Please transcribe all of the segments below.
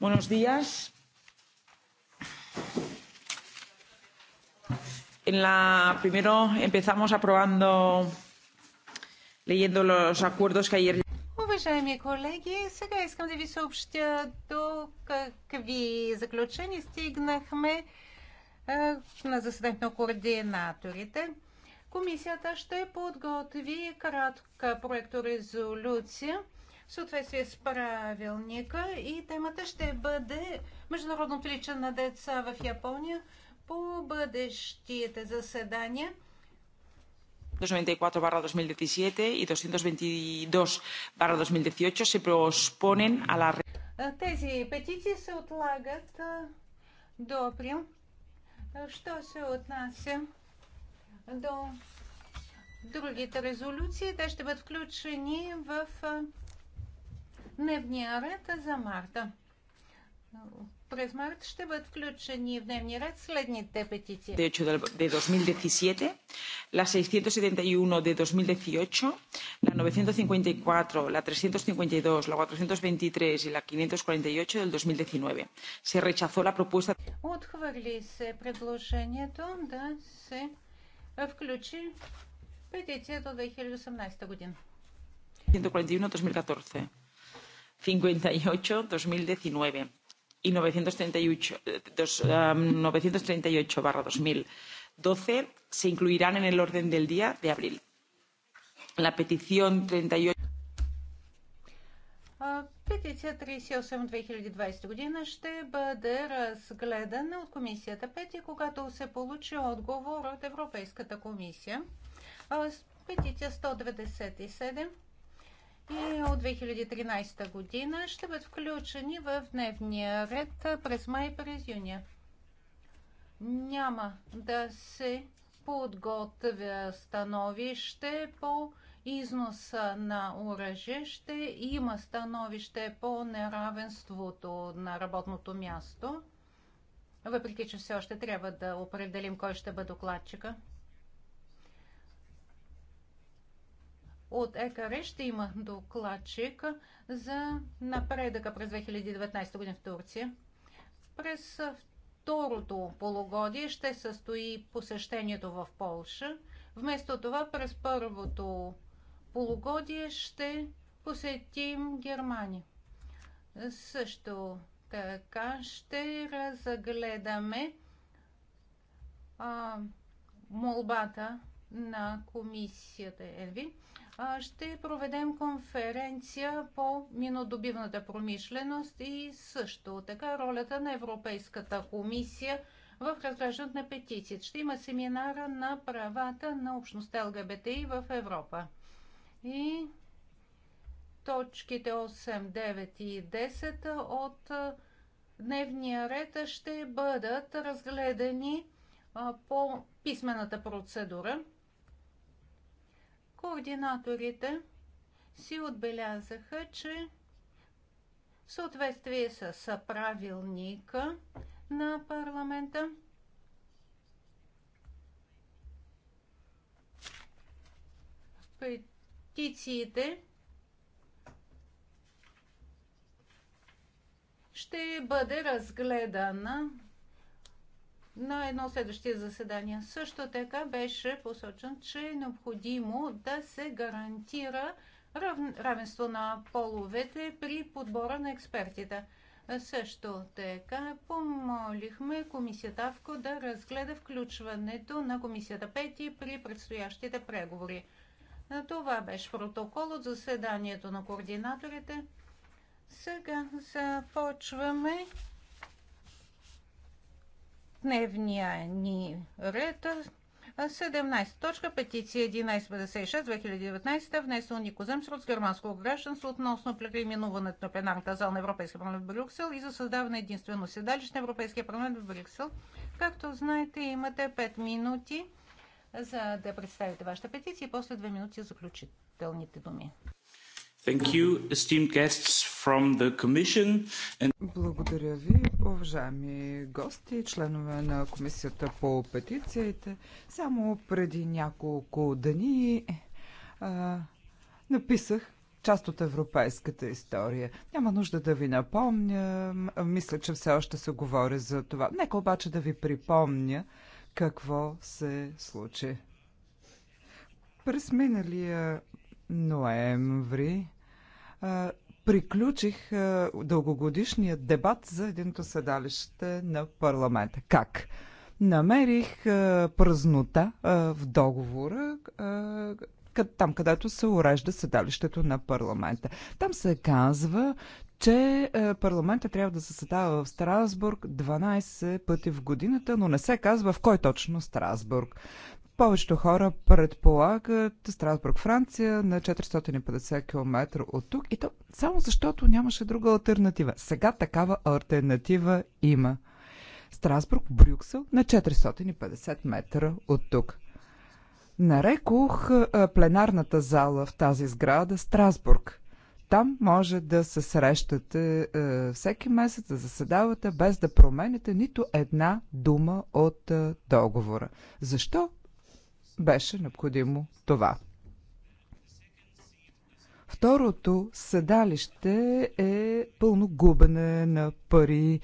Buenos días. En la, primero empezamos aprobando, leyendo los acuerdos que ayer. Уважаеми колеги, сега искам да ви съобщя до какви заключения стигнахме на заседанието на координаторите. Комисията ще подготви кратка проекторезолюция резолюция в съответствие с правилника и темата ще бъде Международно отлича на деца в Япония по бъдещите заседания. 294-2017 и 222-2018 barra се проспонен а la... Тези петиции се отлагат до април. Що се отнася до другите резолюции, те ще бъдат включени в дневния ред е за марта. През март ще бъдат включени в дневния ред следните петиции. De 2017, la 671 de 2018, la 954, la 352, la 423 и la 548 del 2019. Се рechazó la propuesta. Отхвърли се предложението да се включи петиция до 2018 година. 141-2014 cincuenta y ocho dos mil diecinueve y novecientos treinta y ocho dos mil doce se incluirán en el orden del día de abril. La petición treinta y ocho Петиция 38-2020 година ще бъде разгледана от комисията Пети, когато се получи отговор от Европейската комисия. Петиция 197 и от 2013 година ще бъдат включени в дневния ред през май и през юния. Няма да се подготвя становище по износа на оръжие, ще има становище по неравенството на работното място, въпреки че все още трябва да определим кой ще бъде докладчика. от ЕКР ще има докладчик за напредъка през 2019 година в Турция. През второто полугодие ще състои посещението в Полша. Вместо това през първото полугодие ще посетим Германия. Също така ще разгледаме а, молбата на комисията ЕВИ ще проведем конференция по минодобивната промишленост и също така ролята на Европейската комисия в разглеждането на петициите. Ще има семинара на правата на общността ЛГБТИ в Европа. И точките 8, 9 и 10 от дневния ред ще бъдат разгледани по писмената процедура. Координаторите си отбелязаха, че в съответствие с правилника на парламента петициите ще бъде разгледана на едно следващия заседание. Също така беше посочен, че е необходимо да се гарантира равенство на половете при подбора на експертите. Също така помолихме комисията АВКО да разгледа включването на комисията Пети при предстоящите преговори. Това беше протокол от заседанието на координаторите. Сега започваме дневния ни ред 17 точка, петиция 1156-2019, внесена Нико Земсер от германското гражданство относно преименуването на пленарната зала на Европейския парламент в Брюксел и за създаване единствено седалище на Европейския парламент в Брюксел. Както знаете, имате 5 минути за да представите вашата петиция и после 2 минути заключителните думи. Благодаря ви, уважаеми гости, членове на Комисията по петициите. Само преди няколко дни а, написах част от европейската история. Няма нужда да ви напомня, мисля, че все още се говори за това. Нека обаче да ви припомня какво се случи. През миналия ноември приключих дългогодишния дебат за единто седалище на парламента. Как? Намерих празнота в договора, там където се урежда седалището на парламента. Там се казва, че парламента трябва да се съдава в Страсбург 12 пъти в годината, но не се казва в кой точно Страсбург. Повечето хора предполагат Страсбург, Франция на 450 км от тук и то само защото нямаше друга альтернатива. Сега такава альтернатива има. Страсбург, Брюксел на 450 метра от тук. Нарекох пленарната зала в тази сграда Страсбург. Там може да се срещате е, всеки месец, да заседавате, без да променяте нито една дума от е, договора. Защо беше необходимо това. Второто седалище е пълно губене на пари.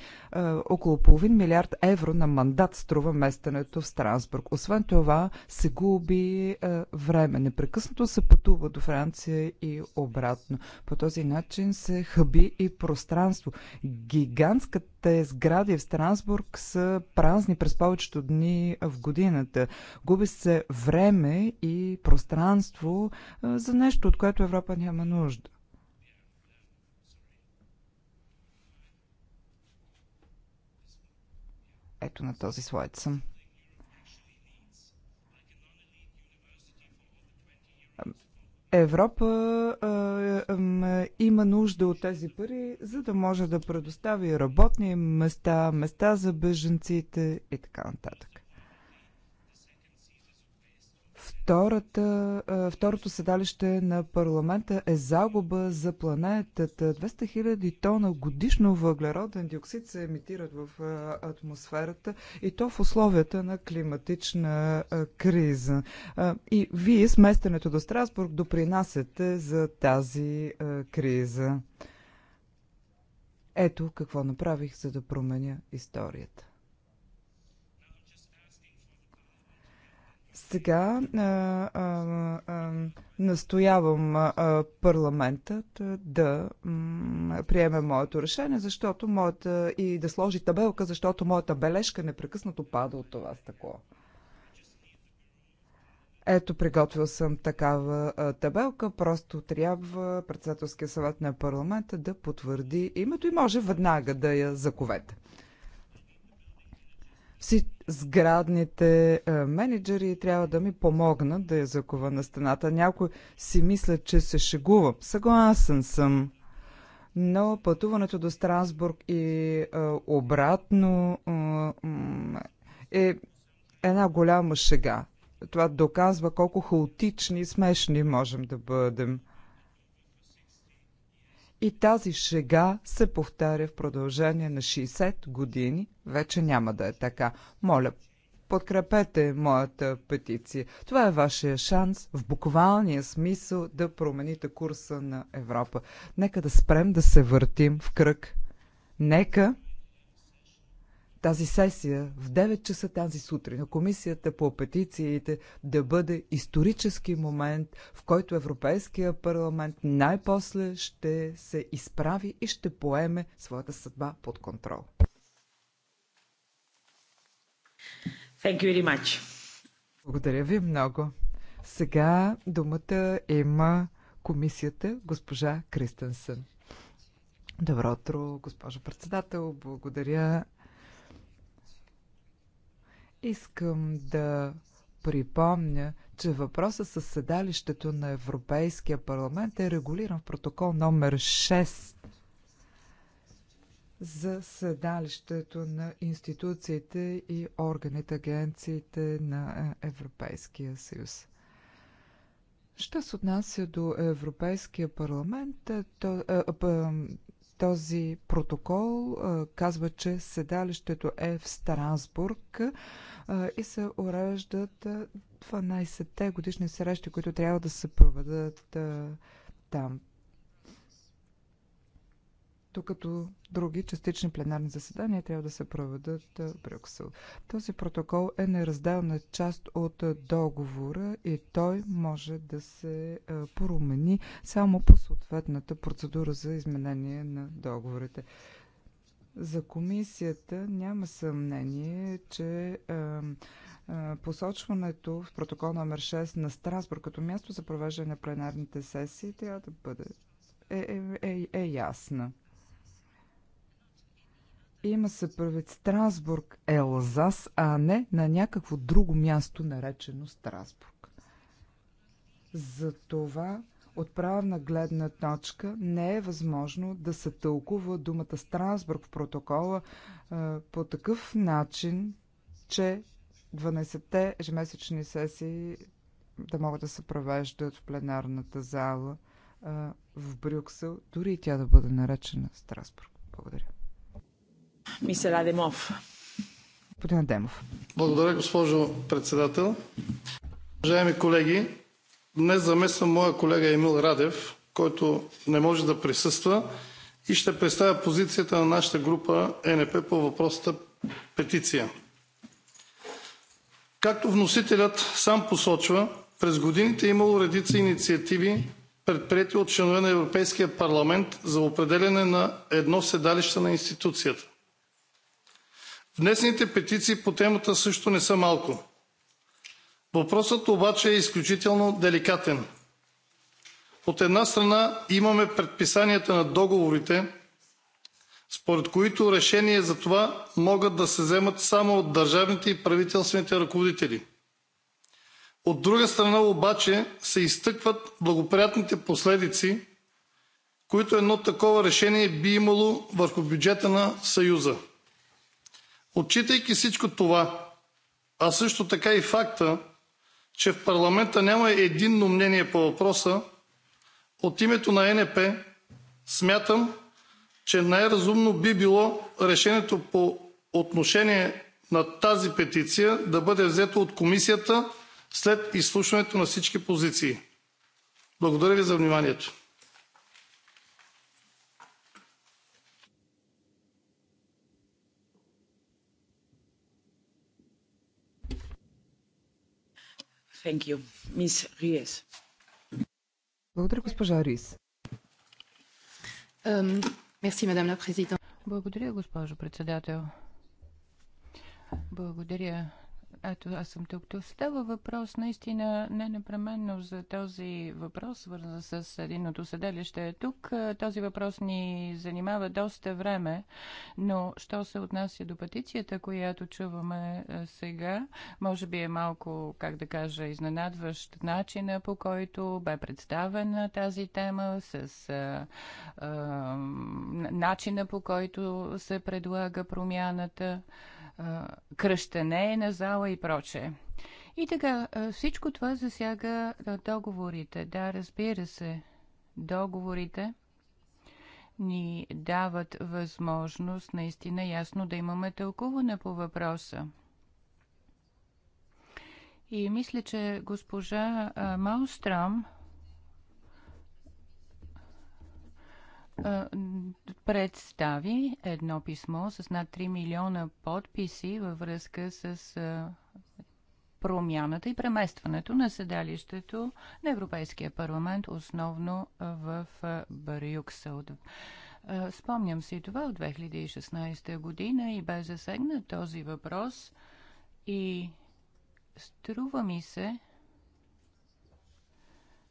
Около половин милиард евро на мандат струва местенето в Страсбург. Освен това, се губи време. Непрекъснато се пътува до Франция и обратно. По този начин се хъби и пространство. Гигантските сгради в Страсбург са празни през повечето дни в годината. Губи се време и пространство за нещо, от което Европа няма нужда. Ето на този слайд съм. Европа а, а, има нужда от тези пари, за да може да предостави работни места, места за беженците и така нататък. Втората, второто седалище на парламента е загуба за планетата. 200 000 тона годишно въглероден диоксид се емитират в атмосферата и то в условията на климатична криза. И вие сместенето до Страсбург допринасяте за тази криза. Ето какво направих, за да променя историята. Сега а, а, а, настоявам а, парламентът да м, приеме моето решение, защото моята и да сложи табелка, защото моята бележка непрекъснато пада от това стъкло. Ето, приготвил съм такава а, табелка, просто трябва председателския съвет на парламента да потвърди името и може веднага да я заковете сградните е, менеджери трябва да ми помогнат да я закува на стената. Някой си мисля, че се шегувам. Съгласен съм. Но пътуването до Страсбург и е, обратно е, е една голяма шега. Това доказва колко хаотични и смешни можем да бъдем. И тази шега се повтаря в продължение на 60 години. Вече няма да е така. Моля, подкрепете моята петиция. Това е вашия шанс в буквалния смисъл да промените курса на Европа. Нека да спрем да се въртим в кръг. Нека тази сесия в 9 часа тази сутрин на Комисията по петициите да бъде исторически момент, в който Европейския парламент най-после ще се изправи и ще поеме своята съдба под контрол. Thank you very much. Благодаря ви много. Сега думата има комисията госпожа Кристенсен. Добро утро, госпожо председател. Благодаря Искам да припомня, че въпросът със седалището на Европейския парламент е регулиран в протокол номер 6 за седалището на институциите и органите, агенциите на е, Европейския съюз. Що се отнася до Европейския парламент, е, то, а, е, а, този протокол казва, че седалището е в Страсбург и се уреждат 12-те годишни срещи, които трябва да се проведат там докато други частични пленарни заседания трябва да се проведат в Брюксел. Този протокол е неразделна част от договора и той може да се промени само по съответната процедура за изменение на договорите. За комисията няма съмнение, че а, а, посочването в протокол номер 6 на Страсбург като място за провеждане на пленарните сесии трябва да бъде е, е, е, е ясна. Има се правит Страсбург Елзас, а не на някакво друго място, наречено Страсбург. Затова от правна гледна точка не е възможно да се тълкува думата Страсбург в протокола по такъв начин, че 12-те ежемесечни сесии да могат да се провеждат в пленарната зала в Брюксел, дори и тя да бъде наречена Страсбург. Благодаря. Мисля Адемов. Господин Адемов. Благодаря, госпожо председател. Уважаеми колеги, днес замесвам моя колега Емил Радев, който не може да присъства и ще представя позицията на нашата група ЕНП по въпросата петиция. Както вносителят сам посочва, през годините е имало редица инициативи, предприяти от членове на Европейския парламент за определяне на едно седалище на институцията. Внесените петиции по темата също не са малко. Въпросът обаче е изключително деликатен. От една страна имаме предписанията на договорите, според които решения за това могат да се вземат само от държавните и правителствените ръководители. От друга страна обаче се изтъкват благоприятните последици, които едно такова решение би имало върху бюджета на Съюза. Отчитайки всичко това, а също така и факта, че в парламента няма единно мнение по въпроса, от името на НП смятам, че най-разумно би било решението по отношение на тази петиция да бъде взето от комисията след изслушването на всички позиции. Благодаря ви за вниманието. Thank you. Miss Ries. Благодаря, госпожа Рис. Мерси, мадам президент. Благодаря, госпожо председател. Благодаря ето, аз съм тук. Тук става въпрос наистина не непременно за този въпрос, свързан с единното съделище. Тук този въпрос ни занимава доста време, но що се отнася до петицията, която чуваме сега, може би е малко, как да кажа, изненадващ начина по който бе представена тази тема, с а, а, начина по който се предлага промяната кръщане на зала и прочее. И така, всичко това засяга договорите. Да, разбира се, договорите ни дават възможност наистина ясно да имаме тълкуване по въпроса. И мисля, че госпожа Маустрам представи едно писмо с над 3 милиона подписи във връзка с а, промяната и преместването на седалището на Европейския парламент, основно в Брюксел. Спомням си това от 2016 година и бе засегнат този въпрос и струва ми се,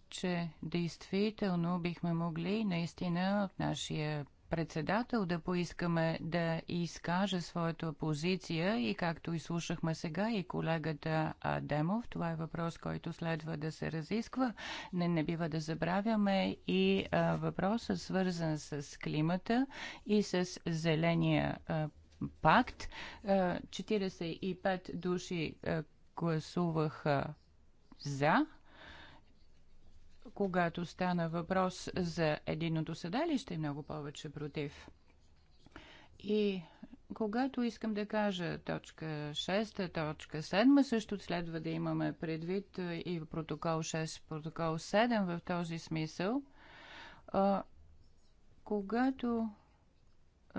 че действително бихме могли наистина от нашия председател да поискаме да изкаже своята позиция и както изслушахме сега и колегата Демов, това е въпрос, който следва да се разисква. Не, не бива да забравяме и а, въпроса свързан с климата и с зеления а, пакт. А, 45 души а, гласуваха за когато стана въпрос за единното съдалище, много повече против. И когато искам да кажа точка 6, точка 7, също следва да имаме предвид и протокол 6, протокол 7 в този смисъл. А, когато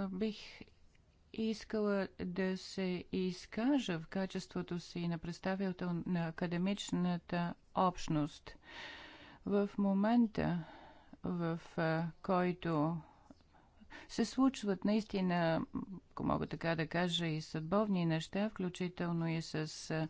бих искала да се изкажа в качеството си на представител на академичната общност – в момента, в който се случват наистина, ако мога така да кажа, и съдбовни неща, включително и с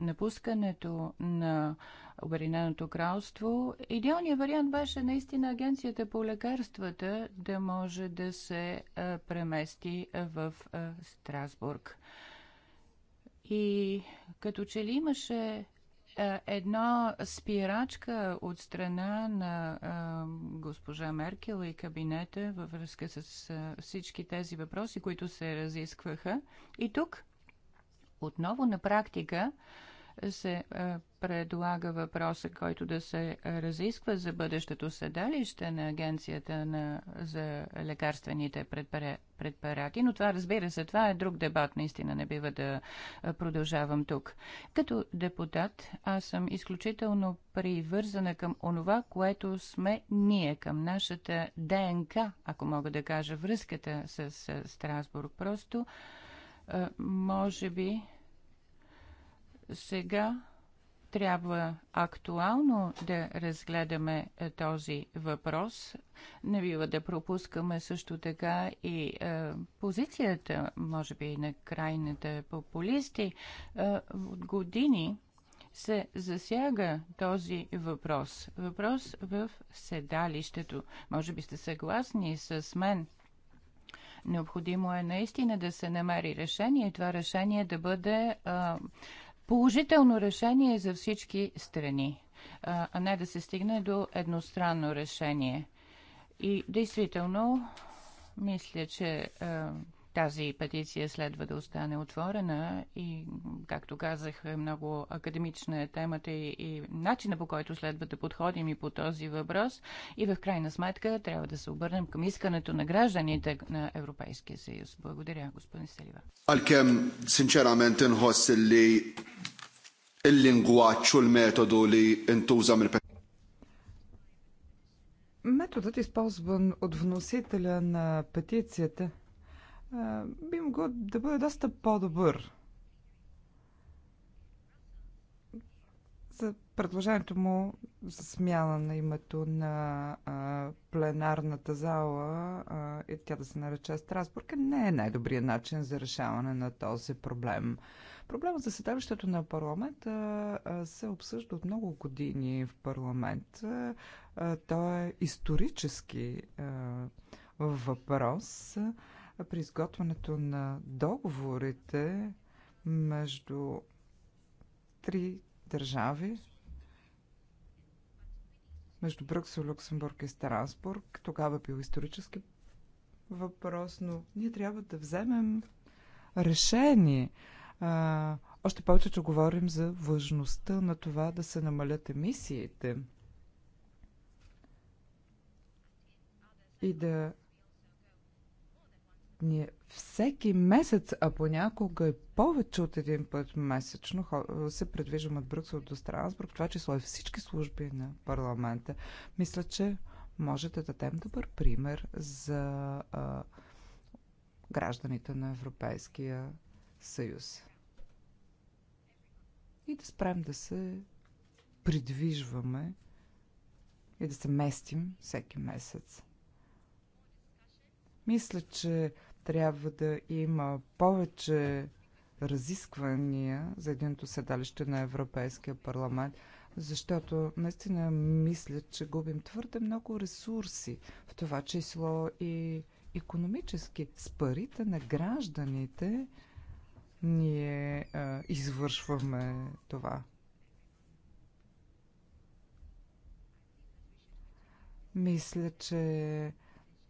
напускането на Обединеното кралство. Идеалният вариант беше наистина агенцията по лекарствата да може да се премести в Страсбург. И като че ли имаше е, една спирачка от страна на а, е, госпожа Меркел и кабинета във връзка с а, е, всички тези въпроси, които се разискваха. И тук отново на практика се е, предлага въпроса, който да се разисква за бъдещето седалище на Агенцията на, за лекарствените предпарати, но това разбира се, това е друг дебат, наистина не бива да е, продължавам тук. Като депутат, аз съм изключително привързана към онова, което сме ние, към нашата ДНК, ако мога да кажа връзката с е, Страсбург. Просто, може би, сега трябва актуално да разгледаме е, този въпрос. Не бива да пропускаме също така и е, позицията, може би, на крайните популисти. Е, от години се засяга този въпрос. Въпрос в седалището. Може би сте съгласни с мен. Необходимо е наистина да се намери решение и това решение да бъде Е, положително решение за всички страни, а не да се стигне до едностранно решение. И действително, мисля, че тази петиция следва да остане отворена и, както казах, е много академична е темата и, и начина по който следва да подходим и по този въпрос. И в крайна сметка трябва да се обърнем към искането на гражданите на Европейския съюз. Благодаря, господин Селива. Алкем, синчераменте, nħoss li il ли l Методът, използван от вносителя на петицията – би могъл да бъде доста по-добър. За предложението му за смяна на името на а, пленарната зала а, и тя да се нарече Страсбург не е най-добрият начин за решаване на този проблем. Проблемът за седалището на парламента се обсъжда от много години в парламент. Той е исторически въпрос. А, при изготвянето на договорите между три държави, между Брюксел, Люксембург и Страсбург. Тогава бил исторически въпрос, но ние трябва да вземем решение. А, още повече, че говорим за важността на това да се намалят емисиите и да ние всеки месец, а понякога и повече от един път месечно се предвижим от Брюксел до Страсбург, това число и всички служби на парламента. Мисля, че може да дадем добър пример за а, гражданите на Европейския съюз. И да спрем да се придвижваме и да се местим всеки месец. Мисля, че трябва да има повече разисквания за единто седалище на Европейския парламент, защото наистина мисля, че губим твърде много ресурси, в това число и економически. С парите на гражданите ние а, извършваме това. Мисля, че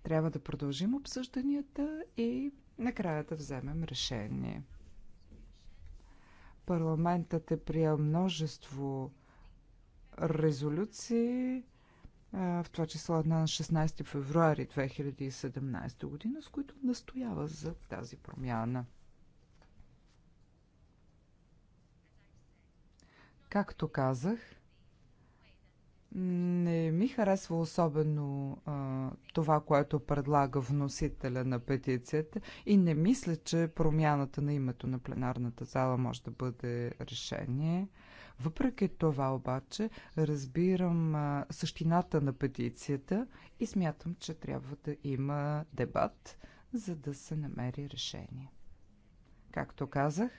трябва да продължим обсъжданията и накрая да вземем решение. Парламентът е приел множество резолюции, в това число една на 16 февруари 2017 година, с които настоява за тази промяна. Както казах, не ми харесва особено а, това, което предлага вносителя на петицията и не мисля, че промяната на името на пленарната зала може да бъде решение. Въпреки това обаче разбирам а, същината на петицията и смятам, че трябва да има дебат, за да се намери решение. Както казах,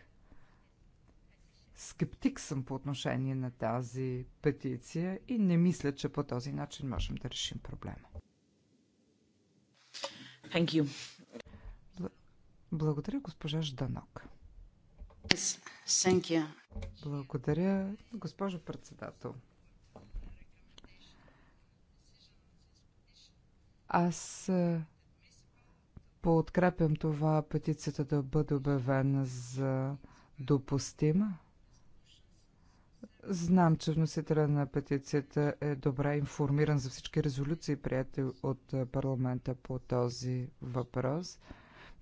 Скептик съм по отношение на тази петиция и не мисля, че по този начин можем да решим проблема. Thank you. Благодаря, госпожа Жданок. Yes, thank you. Благодаря, госпожо председател. Аз подкрепям това петицията да бъде обявена за допустима. Знам, че вносителя на петицията е добре информиран за всички резолюции, прияти от е, парламента по този въпрос.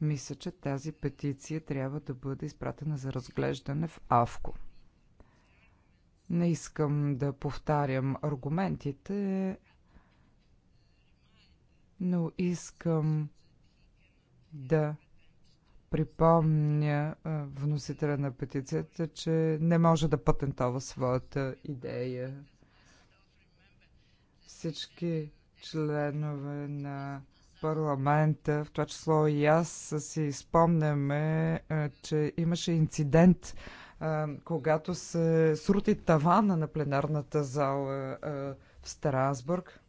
Мисля, че тази петиция трябва да бъде изпратена за разглеждане в АВКО. Не искам да повтарям аргументите, но искам да припомня вносителя на петицията, че не може да патентова своята идея. Всички членове на парламента, в това число и аз, си спомняме, че имаше инцидент, когато се срути тавана на пленарната зала в Страсбург.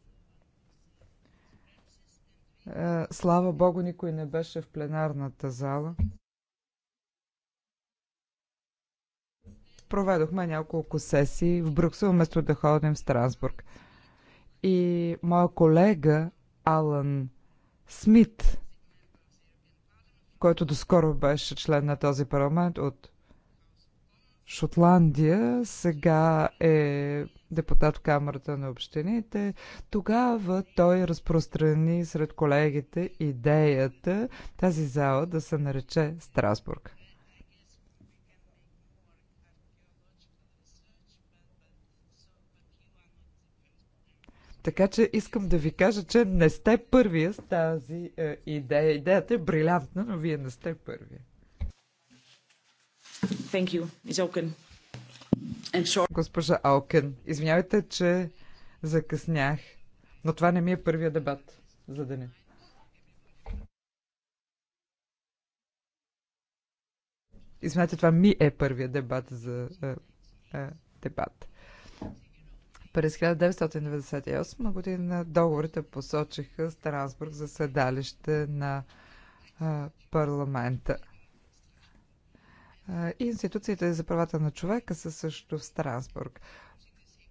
Е, слава Богу, никой не беше в пленарната зала. Проведохме няколко сесии в Брюксел, вместо да ходим в Страсбург. И моя колега Алан Смит, който доскоро беше член на този парламент от Шотландия, сега е депутат в Камерата на общините. Тогава той разпространи сред колегите идеята тази зала да се нарече Страсбург. Така че искам да ви кажа, че не сте първия с тази е, идея. Идеята е брилянтна, но вие не сте първия. Thank you. It's And short... Госпожа Алкен, извинявайте, че закъснях, но това не ми е първия дебат за деня. Извинявайте, това ми е първия дебат за а, е, а, е, дебат. През 1998 година договорите посочиха Страсбург за седалище на а, е, парламента. И институциите за правата на човека са също в Страсбург.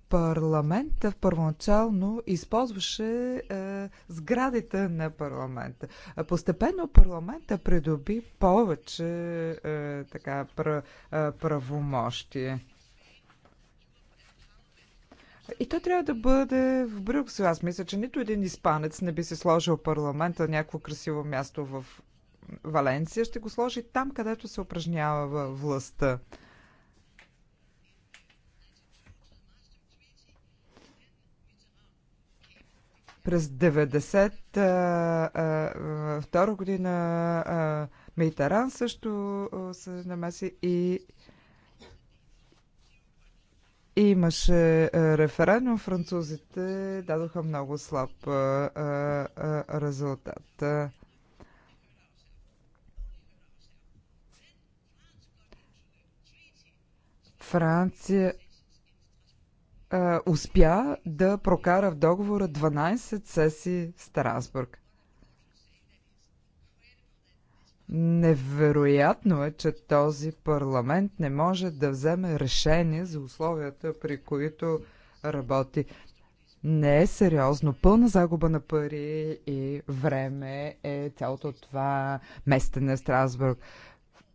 Парламента първоначално използваше е, сградите на парламента. Постепенно парламента придоби повече е, така, пр, е, правомощие. И то трябва да бъде в Брюксел. Аз мисля, че нито един испанец не би се сложил парламента на някакво красиво място в Валенсия, ще го сложи там, където се упражнява властта. През 1992 година Мейтаран също се намеси и Имаше референдум, французите дадоха много слаб резултат. Франция а, успя да прокара в договора 12 сесии в Страсбург. Невероятно е, че този парламент не може да вземе решение за условията, при които работи. Не е сериозно. Пълна загуба на пари и време е цялото това местене в Страсбург.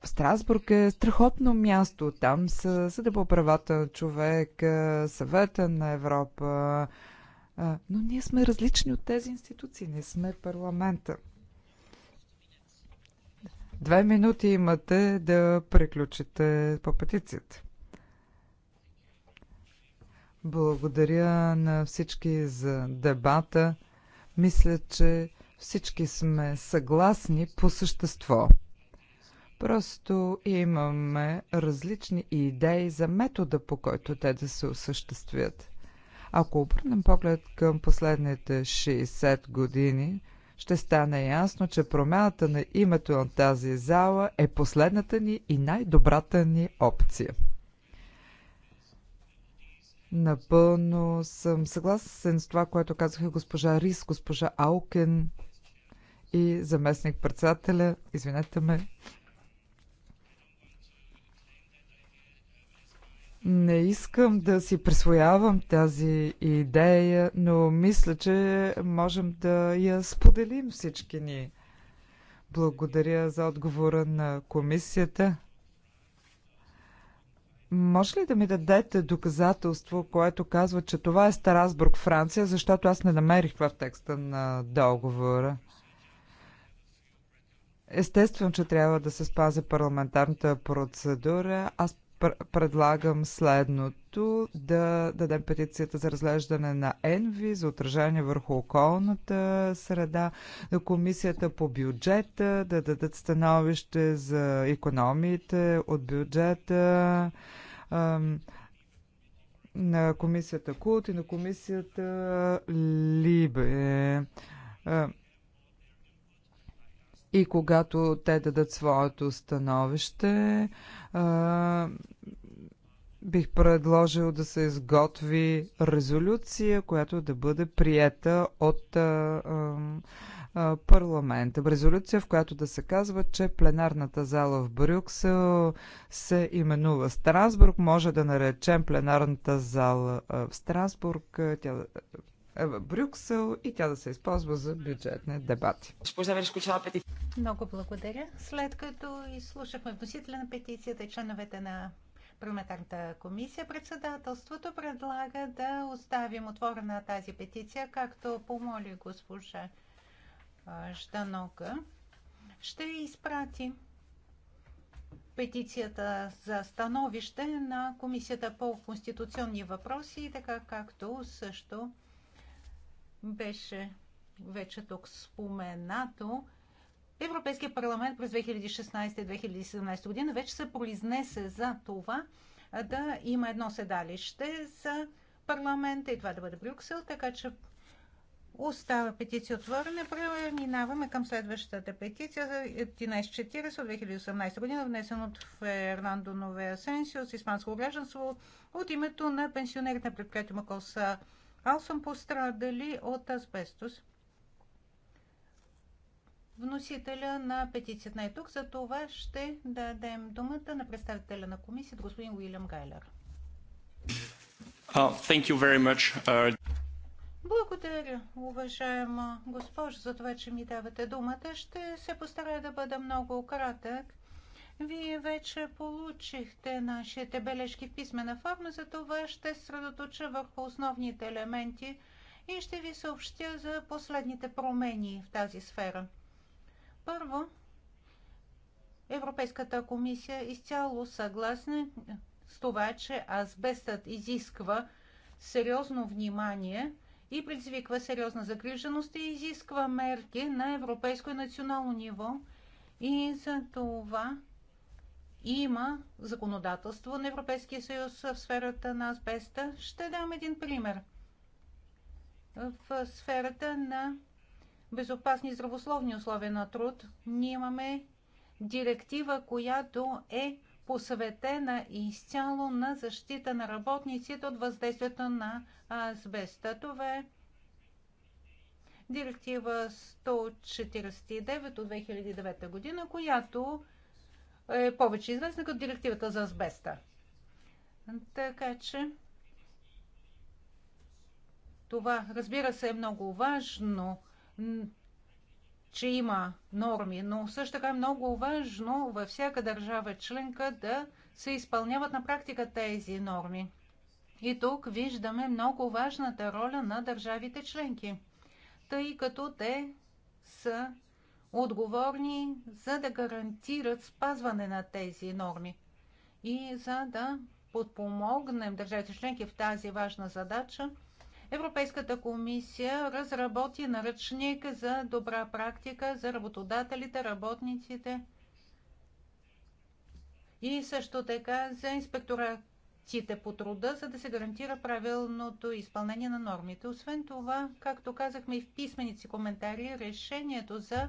Страсбург е страхотно място. Там са съда по правата на човека, съвета на Европа. Но ние сме различни от тези институции. Не сме парламента. Две минути имате да приключите по петицията. Благодаря на всички за дебата. Мисля, че всички сме съгласни по същество. Просто имаме различни идеи за метода, по който те да се осъществят. Ако обърнем поглед към последните 60 години, ще стане ясно, че промяната на името на тази зала е последната ни и най-добрата ни опция. Напълно съм съгласен с това, което казаха госпожа Рис, госпожа Аукен и заместник председателя, извинете ме, Не искам да си присвоявам тази идея, но мисля, че можем да я споделим всички ние. Благодаря за отговора на комисията. Може ли да ми дадете доказателство, което казва, че това е Старасбург, Франция, защото аз не намерих това в текста на договора? Естествено, че трябва да се спази парламентарната процедура. Аз предлагам следното. Да дадем петицията за разглеждане на ЕНВИ, за отражение върху околната среда, на комисията по бюджета, да дадат становище за економиите от бюджета, на комисията КУЛТ и на комисията ЛИБЕ и когато те дадат своето становище, а, бих предложил да се изготви резолюция, която да бъде приета от а, а, парламента. Резолюция, в която да се казва, че пленарната зала в Брюксел се именува Страсбург. Може да наречем пленарната зала в Страсбург. Тя е, в Брюксел и тя да се използва за бюджетни дебати. Много благодаря. След като изслушахме вносителя на петицията и членовете на парламентарната комисия, председателството предлага да оставим отворена тази петиция, както помоли госпожа Жданока. Ще изпратим петицията за становище на Комисията по конституционни въпроси, така както също беше вече тук споменато, Европейския парламент през 2016-2017 година вече се произнесе за това да има едно седалище за парламента и това да бъде Брюксел, така че остава петиция отворена. Преминаваме към следващата петиция за 1140 от 2018 година, внесен от Фернандо Нове Асенсио с испанско гражданство от името на пенсионерите на предприятие Макоса аз съм пострадали от асбестос. Вносителя на петицията не е тук, за това ще дадем думата на представителя на комисията, господин Уилям Гайлер. Uh, uh благодаря, уважаема госпожа, за това, че ми давате думата. Ще се постарая да бъда много кратък. Вие вече получихте нашите бележки в писмена форма, за това ще средоточа върху основните елементи и ще ви съобщя за последните промени в тази сфера. Първо, Европейската комисия е изцяло съгласна с това, че азбестът изисква сериозно внимание и предизвиква сериозна загриженост и изисква мерки на европейско и национално ниво. И за това и има законодателство на Европейския съюз в сферата на асбеста. Ще дам един пример. В сферата на безопасни здравословни условия на труд ние имаме директива, която е посветена изцяло на защита на работниците от въздействието на асбеста. Това е директива 149 от 2009 година, която е повече известна като директивата за азбеста. Така че това, разбира се, е много важно, че има норми, но също така е много важно във всяка държава членка да се изпълняват на практика тези норми. И тук виждаме много важната роля на държавите членки, тъй като те са отговорни за да гарантират спазване на тези норми и за да подпомогнем държавите членки в тази важна задача, Европейската комисия разработи наръчник за добра практика за работодателите, работниците и също така за инспекторатите по труда, за да се гарантира правилното изпълнение на нормите. Освен това, както казахме и в писменици коментари, решението за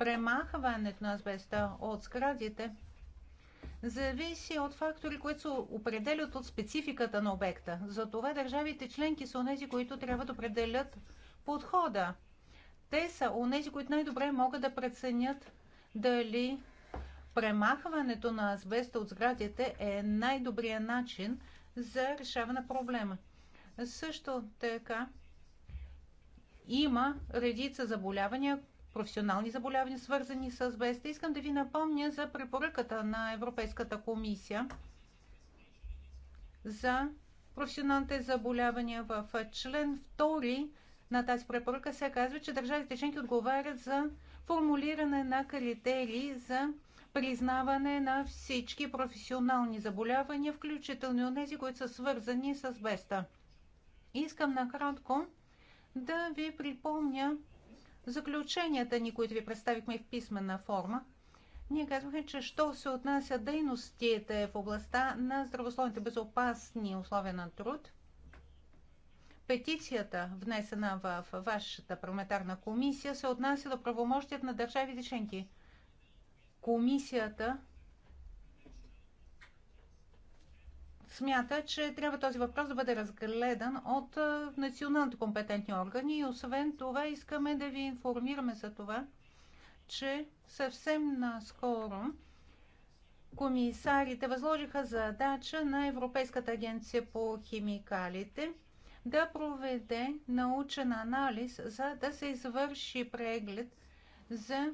премахването на азбеста от сградите зависи от фактори, които се определят от спецификата на обекта. Затова държавите членки са онези, които трябва да определят подхода. Те са онези, които най-добре могат да преценят дали премахването на азбеста от сградите е най-добрият начин за решаване на проблема. Също така има редица заболявания, професионални заболявания, свързани с безда. Искам да ви напомня за препоръката на Европейската комисия за професионалните заболявания в член 2 на тази препоръка се казва, че държавите членки отговарят за формулиране на критерии за признаване на всички професионални заболявания, включително и тези, които са свързани с беста. Искам накратко да ви припомня заключенията ни, които ви представихме в писмена форма, ние казваме, че що се отнася дейностите в областта на здравословните безопасни условия на труд, петицията, внесена в вашата парламентарна комисия, се отнася до правомощият на държавите членки. Комисията смята, че трябва този въпрос да бъде разгледан от националните компетентни органи и освен това искаме да ви информираме за това, че съвсем наскоро комисарите възложиха задача на Европейската агенция по химикалите да проведе научен анализ, за да се извърши преглед за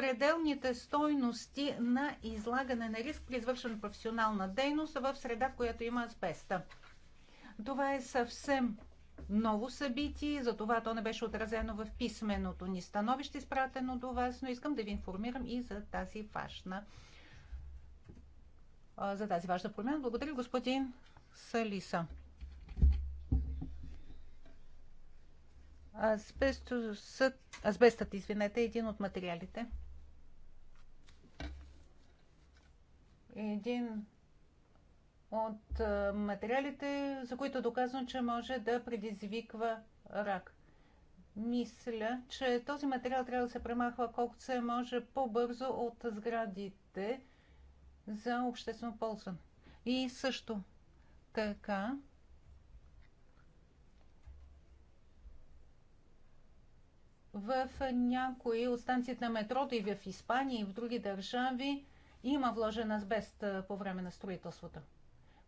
пределните стойности на излагане на риск при извършена професионална дейност в среда, в която има асбеста. Това е съвсем ново събитие, затова то не беше отразено в писменото ни становище, изпратено до вас, но искам да ви информирам и за тази важна за тази важна промяна. Благодаря, господин Салиса. Азбестът, извинете, е един от материалите, един от материалите, за които е доказано, че може да предизвиква рак. Мисля, че този материал трябва да се премахва колкото се може по-бързо от сградите за обществено ползване. И също така в някои от станциите на метрото и в Испания и в други държави има вложен азбест по време на строителството.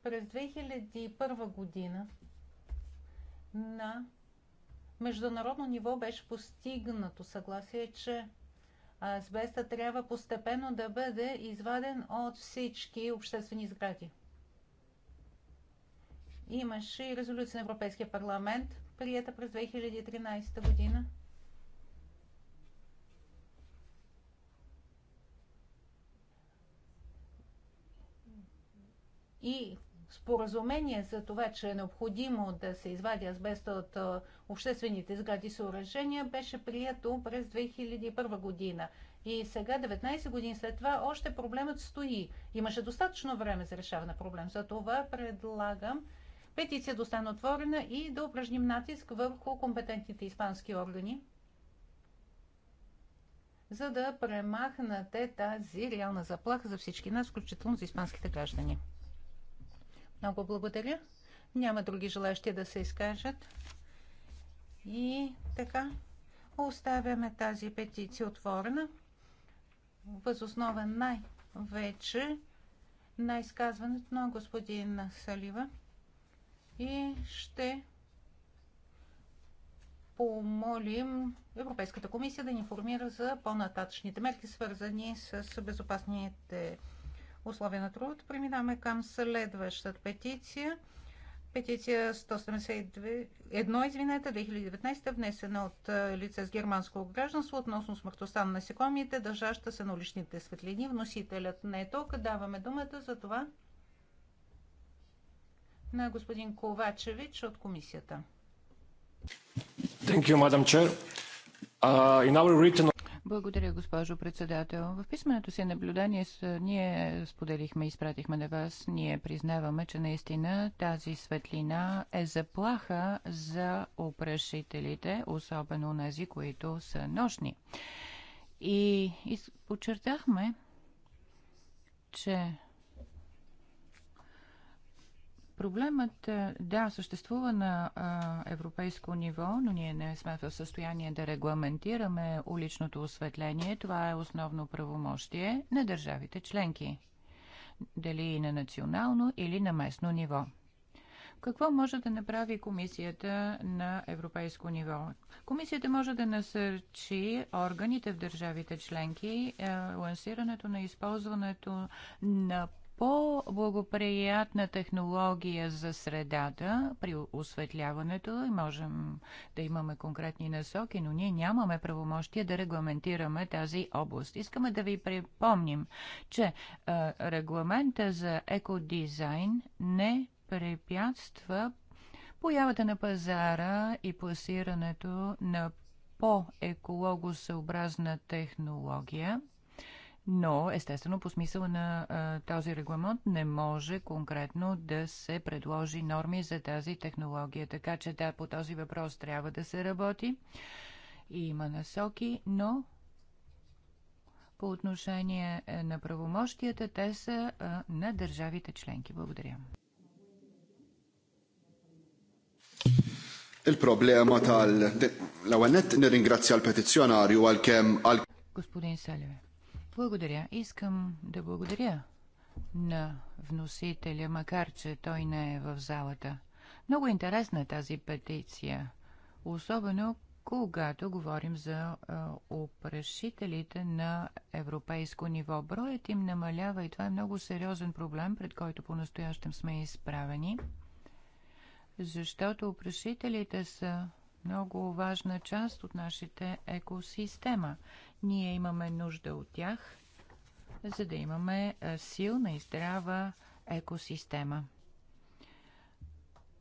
През 2001 година на международно ниво беше постигнато съгласие, че азбеста трябва постепенно да бъде изваден от всички обществени сгради. Имаше и резолюция на Европейския парламент, прията през 2013 година, и споразумение за това, че е необходимо да се извади азбеста от обществените сгради и съоръжения, беше прието през 2001 година. И сега, 19 години след това, още проблемът стои. Имаше достатъчно време за решаване на проблем. За това предлагам петиция да стане отворена и да упражним натиск върху компетентните испански органи, за да премахнете тази реална заплаха за всички нас, включително за испанските граждани. Много благодаря. Няма други желащи да се изкажат. И така, оставяме тази петиция отворена. Възоснова най-вече на изказването на господин Салива. И ще помолим Европейската комисия да ни информира за по-нататъчните мерки, свързани с безопасните условия на труд. Преминаваме към следващата петиция. Петиция 171, извинете, 2019, внесена от лице с германско гражданство относно смъртността на насекомите, държаща се на уличните светлини. Вносителят не е тук. Даваме думата за това на господин Ковачевич от комисията. Thank you, Madam Chair. Uh, in our written благодаря, госпожо председател. В писменото си наблюдение с, ние споделихме и изпратихме на вас. Ние признаваме, че наистина тази светлина е заплаха за опрашителите, особено тези, които са нощни. И, и подчертахме, че Проблемът, е, да, съществува на а, европейско ниво, но ние не сме в състояние да регламентираме уличното осветление. Това е основно правомощие на държавите членки. Дали и на национално или на местно ниво. Какво може да направи комисията на европейско ниво? Комисията може да насърчи органите в държавите членки е, лансирането на използването на по-благоприятна технология за средата при осветляването и можем да имаме конкретни насоки, но ние нямаме правомощия да регламентираме тази област. Искаме да ви припомним, че а, регламента за екодизайн не препятства появата на пазара и пласирането на по-екологосъобразна технология но естествено по смисъла на а, този регламент не може конкретно да се предложи норми за тази технология. Така че да, по този въпрос трябва да се работи. И има насоки, но по отношение е, на правомощията, те са а, на държавите членки. Благодаря. Il-problema tal... kem Господин Селеве. Благодаря. Искам да благодаря на вносителя, макар че той не е в залата. Много интересна е тази петиция, особено когато говорим за опрашителите на европейско ниво. Броят им намалява и това е много сериозен проблем, пред който по-настоящем сме изправени, защото опрашителите са много важна част от нашите екосистема. Ние имаме нужда от тях, за да имаме е, силна и здрава екосистема.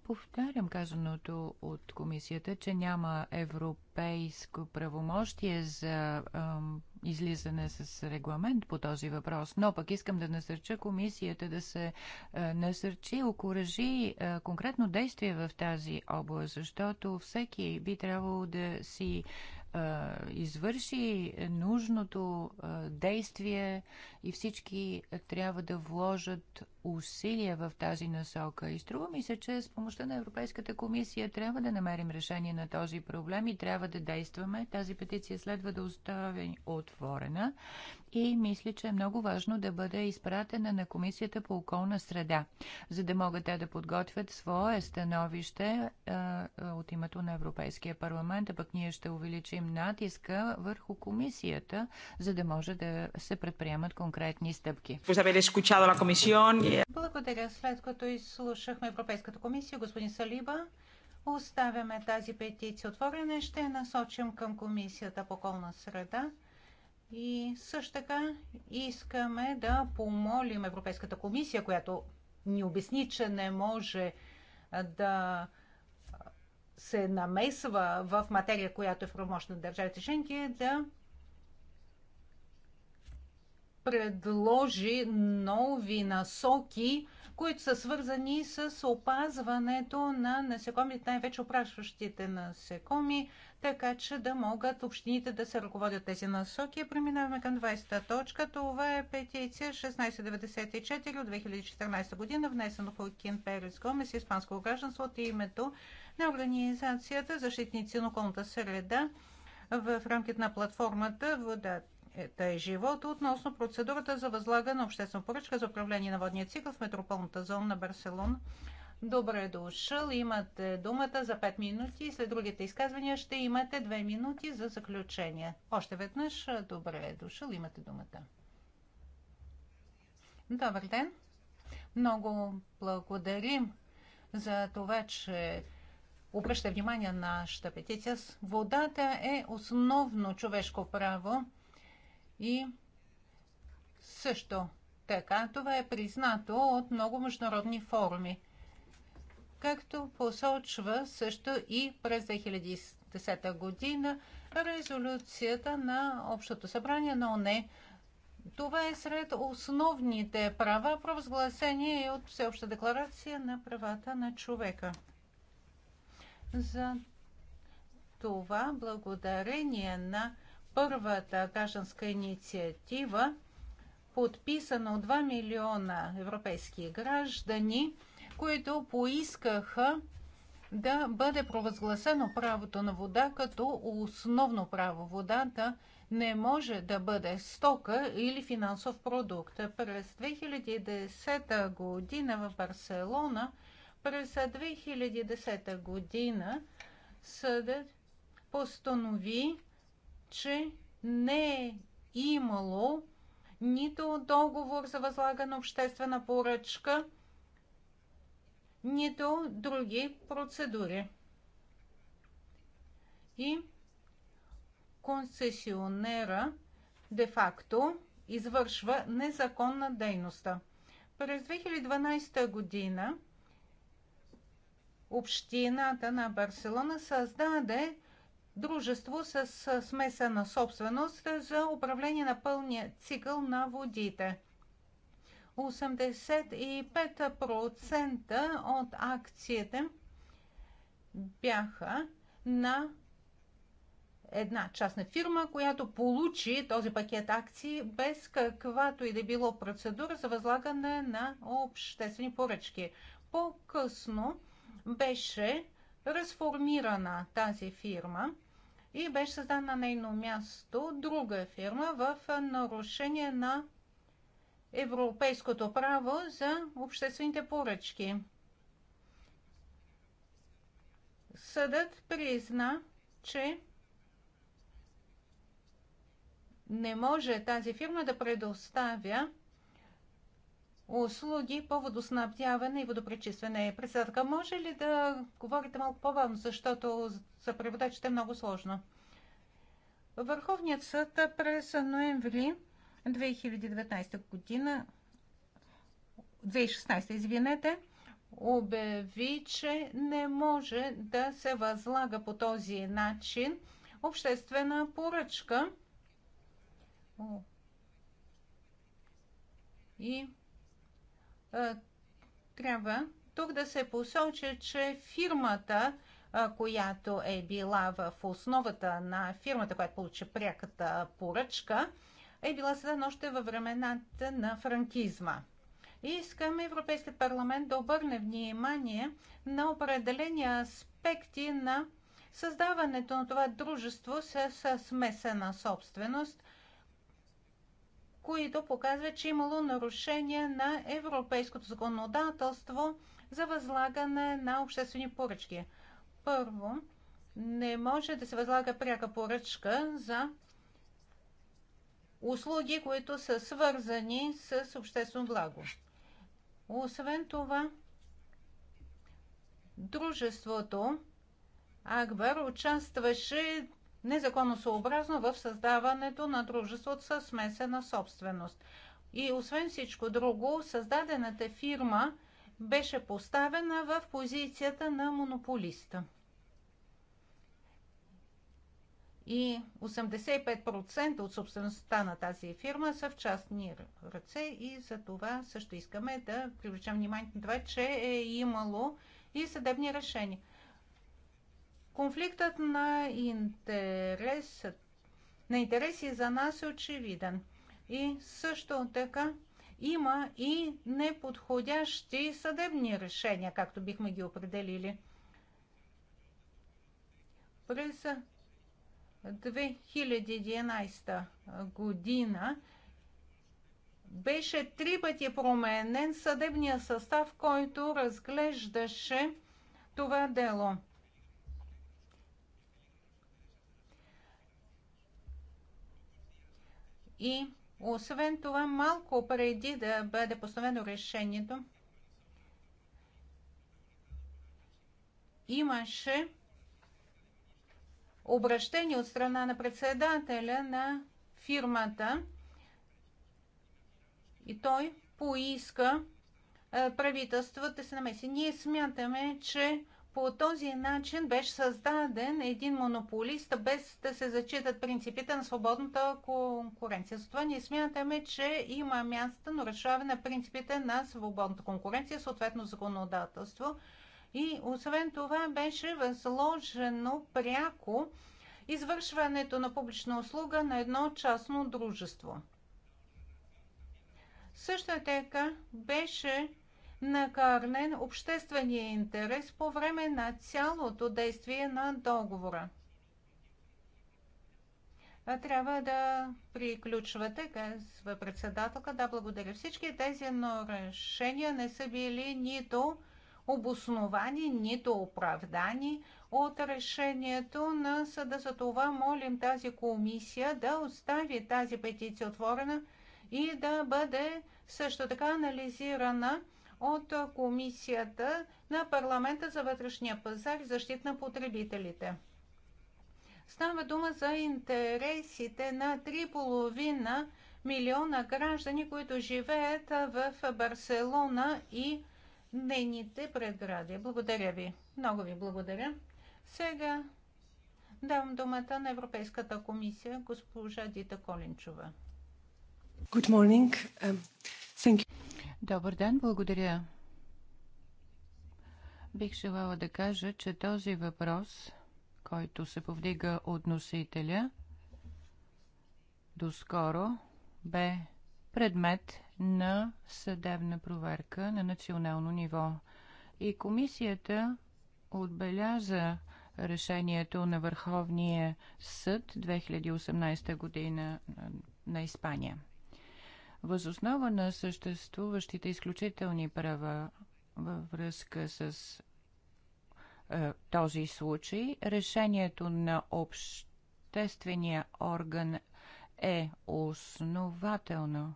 Повтарям казаното от комисията, че няма европейско правомощие за ам, излизане с регламент по този въпрос, но пък искам да насърча комисията да се е, насърчи, окоръжи е, конкретно действие в тази област, защото всеки би трябвало да си извърши нужното действие и всички трябва да вложат усилия в тази насока. И струва ми се, че с помощта на Европейската комисия трябва да намерим решение на този проблем и трябва да действаме. Тази петиция следва да остави отворена и мисля, че е много важно да бъде изпратена на Комисията по околна среда, за да могат те да подготвят свое становище е, от името на Европейския парламент, а пък ние ще увеличим натиска върху Комисията, за да може да се предприемат конкретни конкретни стъпки. Благодаря. След като изслушахме Европейската комисия, господин Салиба, оставяме тази петиция отворена. Ще насочим към комисията по околна среда. И също така искаме да помолим Европейската комисия, която ни обясни, че не може да се намесва в материя, която е в правомощ на държавите членки, е да предложи нови насоки, които са свързани с опазването на насекомите, най-вече опрашващите насекоми, така че да могат общините да се ръководят тези насоки. Преминаваме към 20-та точка. Това е петиция 1694 от 2014 година, внесено по Кин Перес Гомес, испанско гражданство от името на Организацията защитници на околната среда в рамките на платформата Водата Та е живот относно процедурата за възлагане на обществена поръчка за управление на водния цикъл в метрополната зона на Барселона. Добре е дошъл. Имате думата за 5 минути. След другите изказвания ще имате 2 минути за заключение. Още веднъж добре е дошъл. Имате думата. Добър ден. Много благодарим за това, че обръща внимание на нашата петиция. Водата е основно човешко право и също така това е признато от много международни форуми. Както посочва също и през 2010 година резолюцията на Общото събрание на ОНЕ. Това е сред основните права, провъзгласени от Всеобща декларация на правата на човека. За това благодарение на първата гражданска инициатива, подписана от 2 милиона европейски граждани, които поискаха да бъде провъзгласено правото на вода като основно право. Водата не може да бъде стока или финансов продукт. През 2010 година в Барселона, през 2010 година съдът постанови че не е имало нито договор за възлагана обществена поръчка, нито други процедури. И концесионера де-факто извършва незаконна дейност. През 2012 година общината на Барселона създаде дружество с смесена собственост за управление на пълния цикъл на водите. 85% от акциите бяха на една частна фирма, която получи този пакет акции без каквато и да било процедура за възлагане на обществени поръчки. По-късно беше разформирана тази фирма и беше създана на нейно място друга фирма в нарушение на европейското право за обществените поръчки. Съдът призна, че не може тази фирма да предоставя услуги по водоснабдяване и водопречистване. Председателка, може ли да говорите малко по-бавно, защото за преводачите е много сложно? Върховният съд през ноември 2019 година 2016, извинете, обяви, че не може да се възлага по този начин обществена поръчка. И е, трябва тук да се посочи, че фирмата, е, която е била в основата на фирмата, която получи пряката поръчка, е била създадена още във времената на франкизма. И искаме Европейския парламент да обърне внимание на определени аспекти на създаването на това дружество с смесена собственост, които показват, че е имало нарушение на европейското законодателство за възлагане на обществени поръчки. Първо, не може да се възлага пряка поръчка за услуги, които са свързани с обществено благо. Освен това, дружеството Акбар участваше незаконосообразно в създаването на дружеството със смесена собственост. И освен всичко друго, създадената фирма беше поставена в позицията на монополиста. И 85% от собствеността на тази фирма са в частни ръце и за това също искаме да привлечем вниманието на това, че е имало и съдебни решения. Конфликтът на, интерес, на интереси за нас е очевиден. И също така има и неподходящи съдебни решения, както бихме ги определили. През 2011 година беше три пъти променен съдебния състав, който разглеждаше това дело. И освен това, малко преди да бъде постановено решението, имаше обращение от страна на председателя на фирмата и той поиска правителството да се намеси. Ние смятаме, че по този начин беше създаден един монополист, без да се зачитат принципите на свободната конкуренция. Затова ние смятаме, че има място на решаване на принципите на свободната конкуренция, съответно законодателство. И освен това беше възложено пряко извършването на публична услуга на едно частно дружество. Също така беше накърнен обществения интерес по време на цялото действие на договора. Трябва да приключвате, казва председателка. Да, благодаря. Всички тези решения не са били нито обосновани, нито оправдани от решението на съда. За това молим тази комисия да остави тази петиция отворена и да бъде също така анализирана от Комисията на парламента за вътрешния пазар и защита на потребителите. Става дума за интересите на 3,5 милиона граждани, които живеят в Барселона и нейните прегради. Благодаря ви. Много ви благодаря. Сега давам думата на Европейската комисия, госпожа Дита Колинчова. Good morning. Um, thank you. Добър ден, благодаря. Бих желала да кажа, че този въпрос, който се повдига от носителя, доскоро бе предмет на съдебна проверка на национално ниво. И комисията отбеляза решението на Върховния съд 2018 година на Испания. Възоснова на съществуващите изключителни права във връзка с е, този случай, решението на обществения орган е основателно.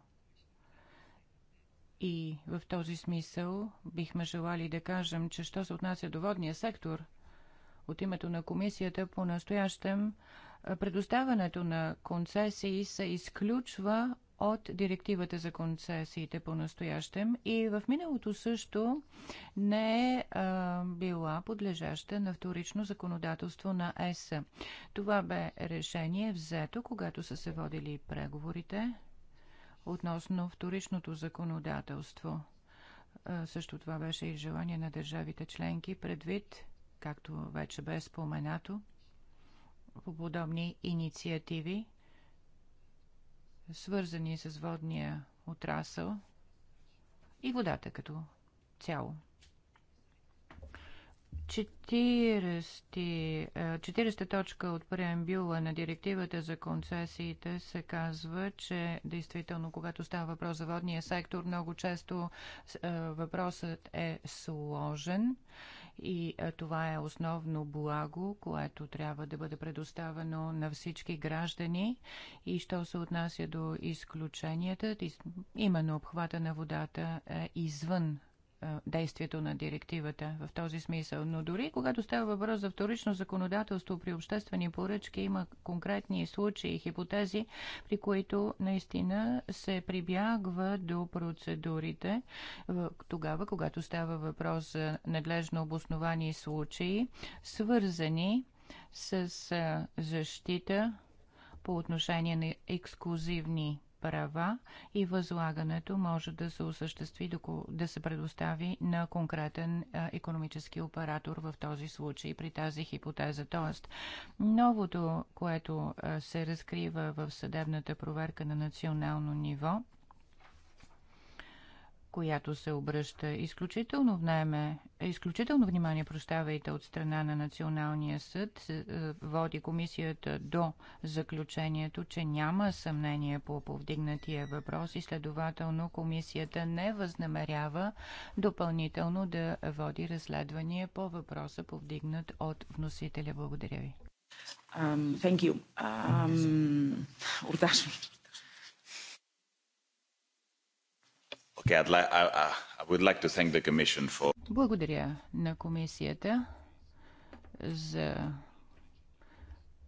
И в този смисъл бихме желали да кажем, че що се отнася до водния сектор, от името на комисията по настоящем е, предоставянето на концесии се изключва от директивата за концесиите по-настоящем и в миналото също не е била подлежаща на вторично законодателство на ЕС. Това бе решение взето, когато са се водили преговорите относно вторичното законодателство. също това беше и желание на държавите членки предвид, както вече бе споменато, по подобни инициативи свързани с водния отрасъл и водата като цяло. 40, 40 е, точка от преамбюла на директивата за концесиите се казва, че действително, когато става въпрос за водния сектор, много често е, въпросът е сложен и е, това е основно благо, което трябва да бъде предоставено на всички граждани. И що се отнася до изключенията, именно обхвата на водата е извън действието на директивата в този смисъл. Но дори когато става въпрос за вторично законодателство при обществени поръчки, има конкретни случаи и хипотези, при които наистина се прибягва до процедурите тогава, когато става въпрос за надлежно обосновани случаи, свързани с защита по отношение на ексклюзивни права и възлагането може да се осъществи, да се предостави на конкретен економически оператор в този случай, при тази хипотеза. Тоест, новото, което се разкрива в съдебната проверка на национално ниво, която се обръща изключително, внеме, изключително внимание, прощавайте, от страна на Националния съд, е, води комисията до заключението, че няма съмнение по повдигнатия въпрос и следователно комисията не възнамерява допълнително да води разследвания по въпроса повдигнат от вносителя. Благодаря ви. Um, thank you. Um, Благодаря на комисията за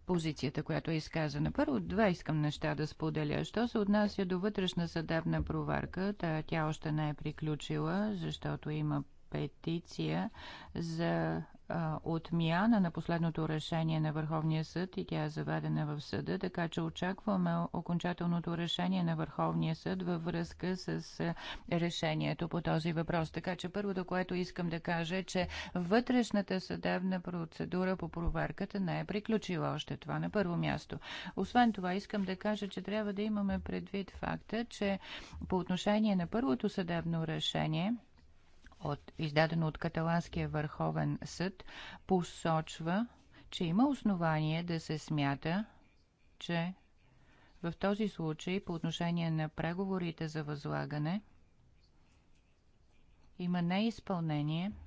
позицията, която е изказана. Първо, два искам неща да споделя. Що се отнася до вътрешна съдебна проварка, тя още не е приключила, защото има петиция за а, отмяна на последното решение на Върховния съд и тя е заведена в съда, така че очакваме окончателното решение на Върховния съд във връзка с а, решението по този въпрос. Така че първото, което искам да кажа е, че вътрешната съдебна процедура по проверката не е приключила още това на първо място. Освен това, искам да кажа, че трябва да имаме предвид факта, че по отношение на първото съдебно решение, от, издадено от Каталанския върховен съд, посочва, че има основание да се смята, че в този случай по отношение на преговорите за възлагане има неизпълнение –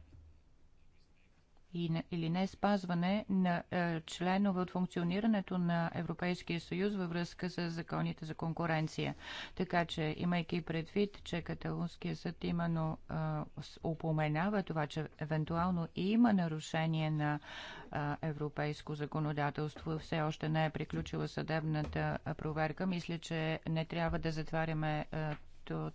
или не спазване на е, членове от функционирането на Европейския съюз във връзка с законите за конкуренция. Така че, имайки предвид, че Каталунския съд именно е, упоменава това, че евентуално има нарушение на е, европейско законодателство, все още не е приключила съдебната проверка, мисля, че не трябва да затваряме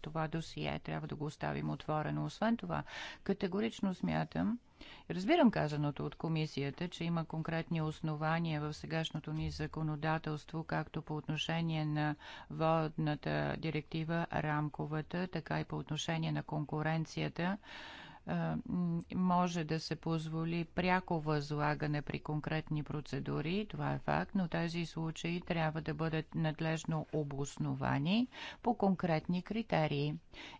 това досие, трябва да го оставим отворено. Освен това, категорично смятам, Разбирам казаното от комисията, че има конкретни основания в сегашното ни законодателство, както по отношение на водната директива, рамковата, така и по отношение на конкуренцията може да се позволи пряко възлагане при конкретни процедури, това е факт, но тези случаи трябва да бъдат надлежно обосновани по конкретни критерии.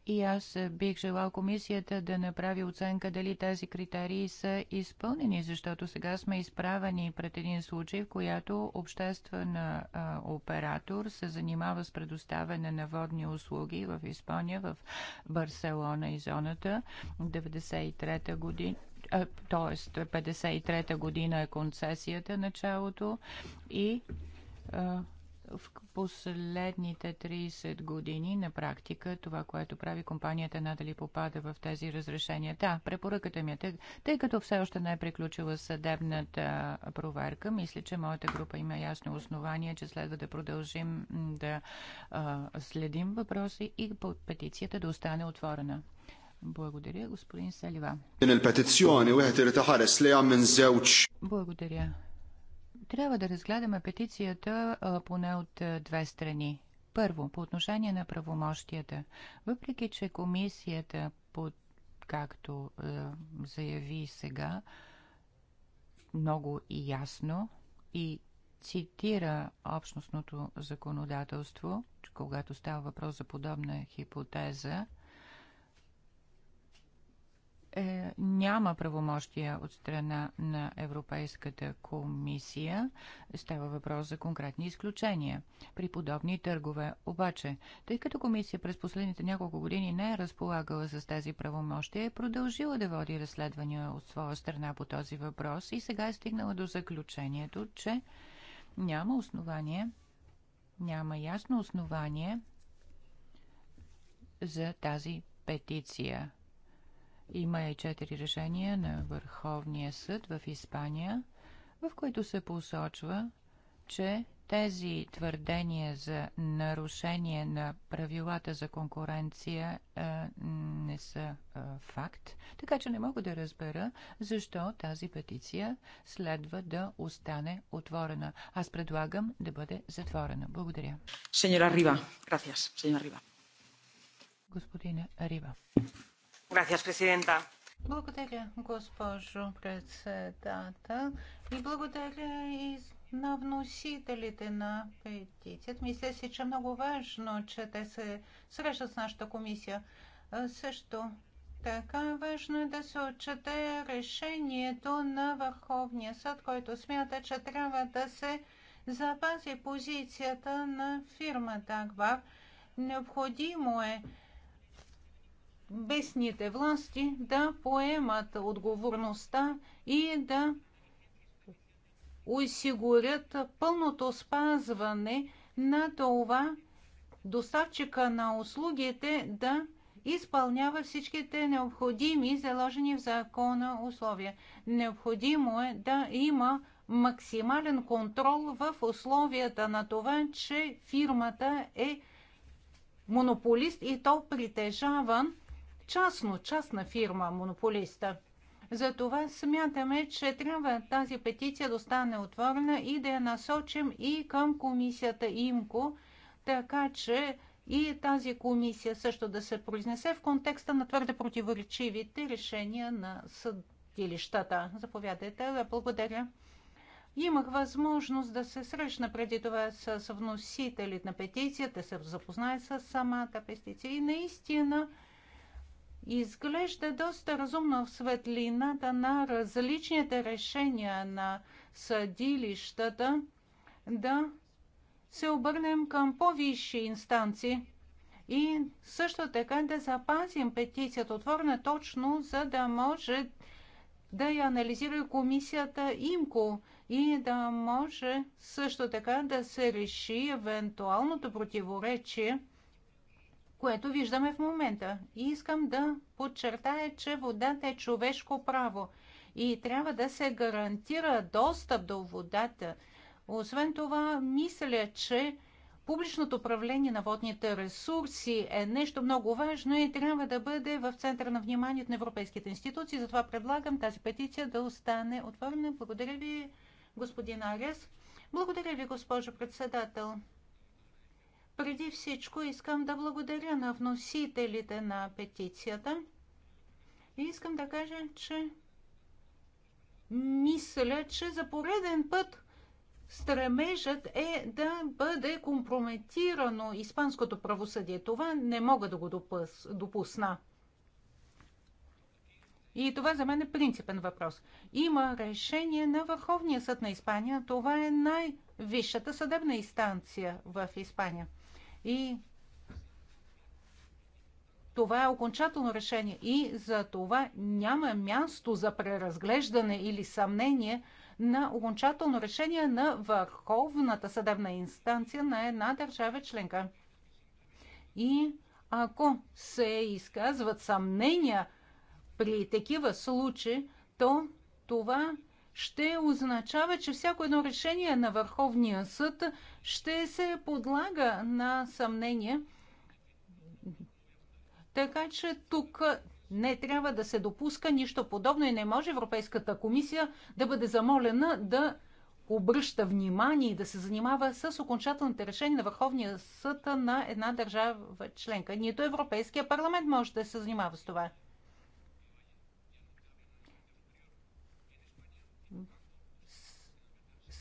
И аз бих желал комисията да направи оценка дали тези критерии са изпълнени, защото сега сме изправени пред един случай, в която обществен оператор се занимава с предоставяне на водни услуги в Испания, в Барселона и зоната. 90 1953 година т.е. 53-та година е концесията началото и а, в последните 30 години на практика това, което прави компанията, надали попада в тези разрешения. Да, препоръката ми е, тъй, тъй като все още не е приключила съдебната проверка, мисля, че моята група има ясно основание, че следва да продължим да а, следим въпроси и петицията да остане отворена. Благодаря, господин Салива. Благодаря. Трябва да разгледаме петицията поне от две страни. Първо, по отношение на правомощията. Въпреки, че комисията, както заяви сега, много и ясно и цитира общностното законодателство, когато става въпрос за подобна хипотеза, е, няма правомощия от страна на Европейската комисия. Става въпрос за конкретни изключения при подобни търгове. Обаче, тъй като комисия през последните няколко години не е разполагала с тези правомощия, е продължила да води разследвания от своя страна по този въпрос и сега е стигнала до заключението, че няма основание, няма ясно основание за тази петиция има и четири решения на Върховния съд в Испания, в които се посочва, че тези твърдения за нарушение на правилата за конкуренция е, не са е, факт, така че не мога да разбера защо тази петиция следва да остане отворена. Аз предлагам да бъде затворена. Благодаря. Сеньора Рива, gracias, сеньора Рива. Господина Рива. Gracias, presidenta. Благодаря, госпожо председател. И благодаря и на вносителите на петицията. Мисля си, че е много важно, че те се срещат с нашата комисия. Също така важно е да се отчете решението на Върховния съд, който смята, че трябва да се запази позицията на фирмата Акбар. Необходимо е местните власти да поемат отговорността и да осигурят пълното спазване на това доставчика на услугите да изпълнява всичките необходими заложени в закона условия. Необходимо е да има максимален контрол в условията на това, че фирмата е монополист и то притежаван частно, частна фирма, монополиста. Затова смятаме, че трябва тази петиция да остане отворена и да я насочим и към комисията ИМКО, така че и тази комисия също да се произнесе в контекста на твърде противоречивите решения на съдилищата. Заповядайте, благодаря. Имах възможност да се срещна преди това с вносителите на петицията, се запознае с самата петиция и наистина изглежда доста разумно в светлината на различните решения на съдилищата да се обърнем към по-висши инстанции и също така да запазим петицията отворена точно, за да може да я анализира комисията ИМКО и да може също така да се реши евентуалното противоречие – което виждаме в момента. И искам да подчертая, че водата е човешко право и трябва да се гарантира достъп до водата. Освен това, мисля, че публичното управление на водните ресурси е нещо много важно и трябва да бъде в центъра на вниманието на европейските институции. Затова предлагам тази петиция да остане отворена. Благодаря ви, господин Арес. Благодаря ви, госпожо председател. Преди всичко искам да благодаря на вносителите на петицията и искам да кажа, че мисля, че за пореден път стремежът е да бъде компрометирано испанското правосъдие. Това не мога да го допусна. И това за мен е принципен въпрос. Има решение на Върховния съд на Испания. Това е най-висшата съдебна инстанция в Испания. И това е окончателно решение и за това няма място за преразглеждане или съмнение на окончателно решение на Върховната съдебна инстанция на една държава членка. И ако се изказват съмнения при такива случаи, то това ще означава, че всяко едно решение на Върховния съд ще се подлага на съмнение. Така че тук не трябва да се допуска нищо подобно и не може Европейската комисия да бъде замолена да обръща внимание и да се занимава с окончателните решения на Върховния съд на една държава членка. Нито Европейския парламент може да се занимава с това.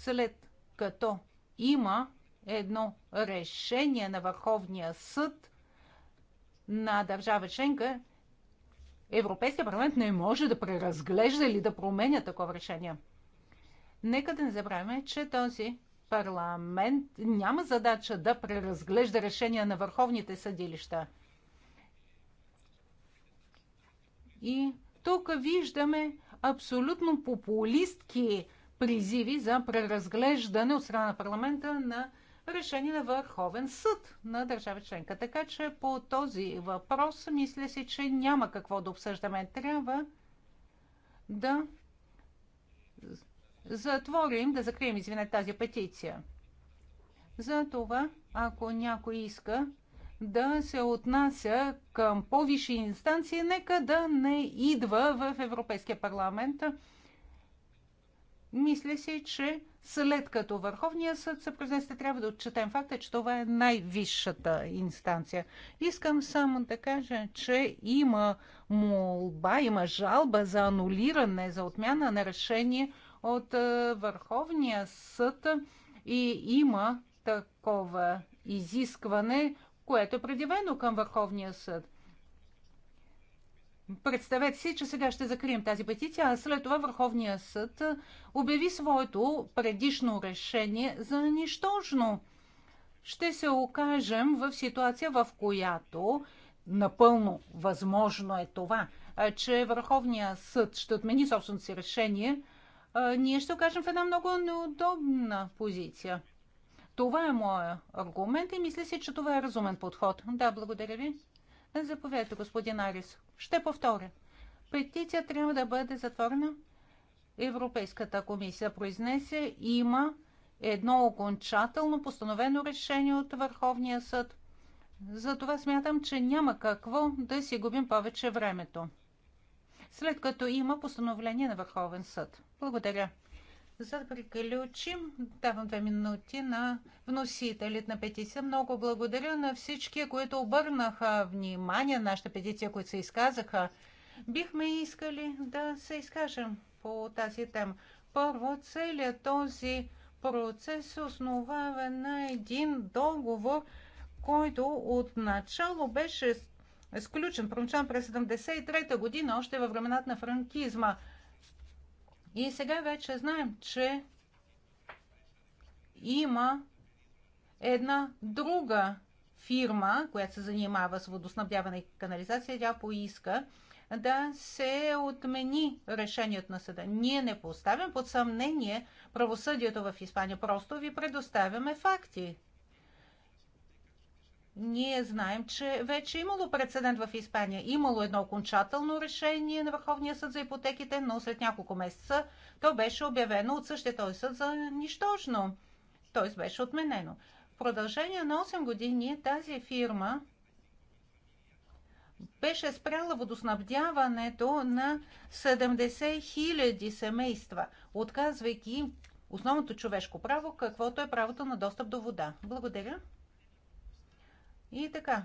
след като има едно решение на Върховния съд на държава членка, Европейския парламент не може да преразглежда или да променя такова решение. Нека да не забравяме, че този парламент няма задача да преразглежда решения на върховните съдилища. И тук виждаме абсолютно популистки призиви за преразглеждане от страна на парламента на решение на Върховен съд на държава членка. Така че по този въпрос мисля си, че няма какво да обсъждаме. Трябва да затворим, да закрием, извинете, тази петиция. Затова, ако някой иска да се отнася към по-висши инстанции, нека да не идва в Европейския парламент. Мисля си, че след като Върховния съд се произнесе, трябва да отчетем факта, че това е най-висшата инстанция. Искам само да кажа, че има молба, има жалба за анулиране, за отмяна на решение от е, Върховния съд и има такова изискване, което е предявено към Върховния съд. Представете си, че сега ще закрием тази петиция, а след това Върховния съд обяви своето предишно решение за нищожно. Ще се окажем в ситуация, в която напълно възможно е това, че Върховния съд ще отмени собственото си решение, ние ще окажем в една много неудобна позиция. Това е моят аргумент и мисля си, че това е разумен подход. Да, благодаря ви. Заповядайте, господин Арис. Ще повторя. Петиция трябва да бъде затворена. Европейската комисия произнесе, има едно окончателно постановено решение от Върховния съд. Затова смятам, че няма какво да си губим повече времето. След като има постановление на Върховен съд. Благодаря. За да приключим, давам две минути на вносителите на петиция. Много благодаря на всички, които обърнаха внимание на нашата петиция, които се изказаха. Бихме искали да се изкажем по тази тема. Първо, целият този процес се основава на един договор, който отначало беше сключен, промчан през 1973 година, още във времената на франкизма – и сега вече знаем, че има една друга фирма, която се занимава с водоснабдяване и канализация, тя поиска да се отмени решението на съда. Ние не поставям под съмнение правосъдието в Испания, просто ви предоставяме факти. Ние знаем, че вече е имало прецедент в Испания. Имало едно окончателно решение на Върховния съд за ипотеките, но след няколко месеца то беше обявено от същия този съд за нищожно. Т.е. беше отменено. В продължение на 8 години тази фирма беше спряла водоснабдяването на 70 хиляди семейства, отказвайки основното човешко право, каквото е правото на достъп до вода. Благодаря. И така.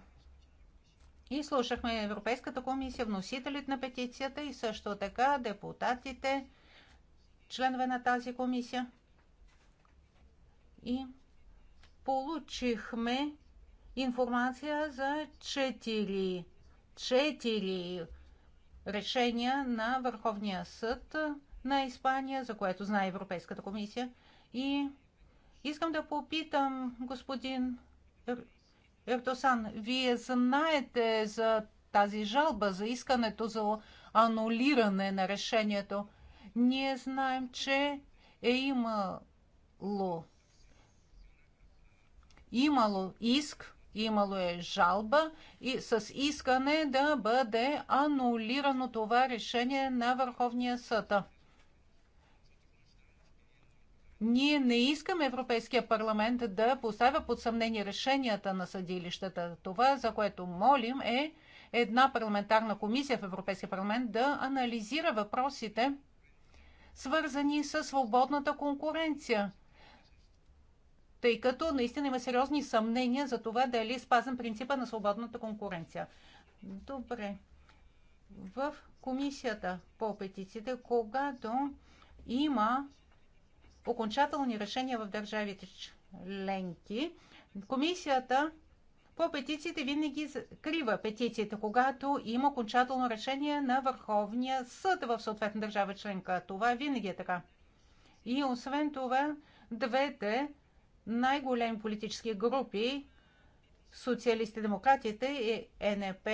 И слушахме Европейската комисия, вносителите на петицията и също така депутатите, членове на тази комисия. И получихме информация за четири, четири решения на Върховния съд на Испания, за което знае Европейската комисия. И искам да попитам господин Ертосан, вие знаете за тази жалба, за искането за анулиране на решението. Ние знаем, че е имало имало иск, имало е жалба и с искане да бъде анулирано това решение на Върховния съд. Ние не искаме Европейския парламент да поставя под съмнение решенията на съдилищата. Това, за което молим, е една парламентарна комисия в Европейския парламент да анализира въпросите, свързани с свободната конкуренция. Тъй като наистина има сериозни съмнения за това дали е спазен принципа на свободната конкуренция. Добре. В комисията по петициите, когато има окончателни решения в държавите членки, комисията по петициите винаги закрива петициите, когато има окончателно решение на Върховния съд в съответна държава членка. Това винаги е така. И освен това, двете най-големи политически групи, социалисти, демократите и НП,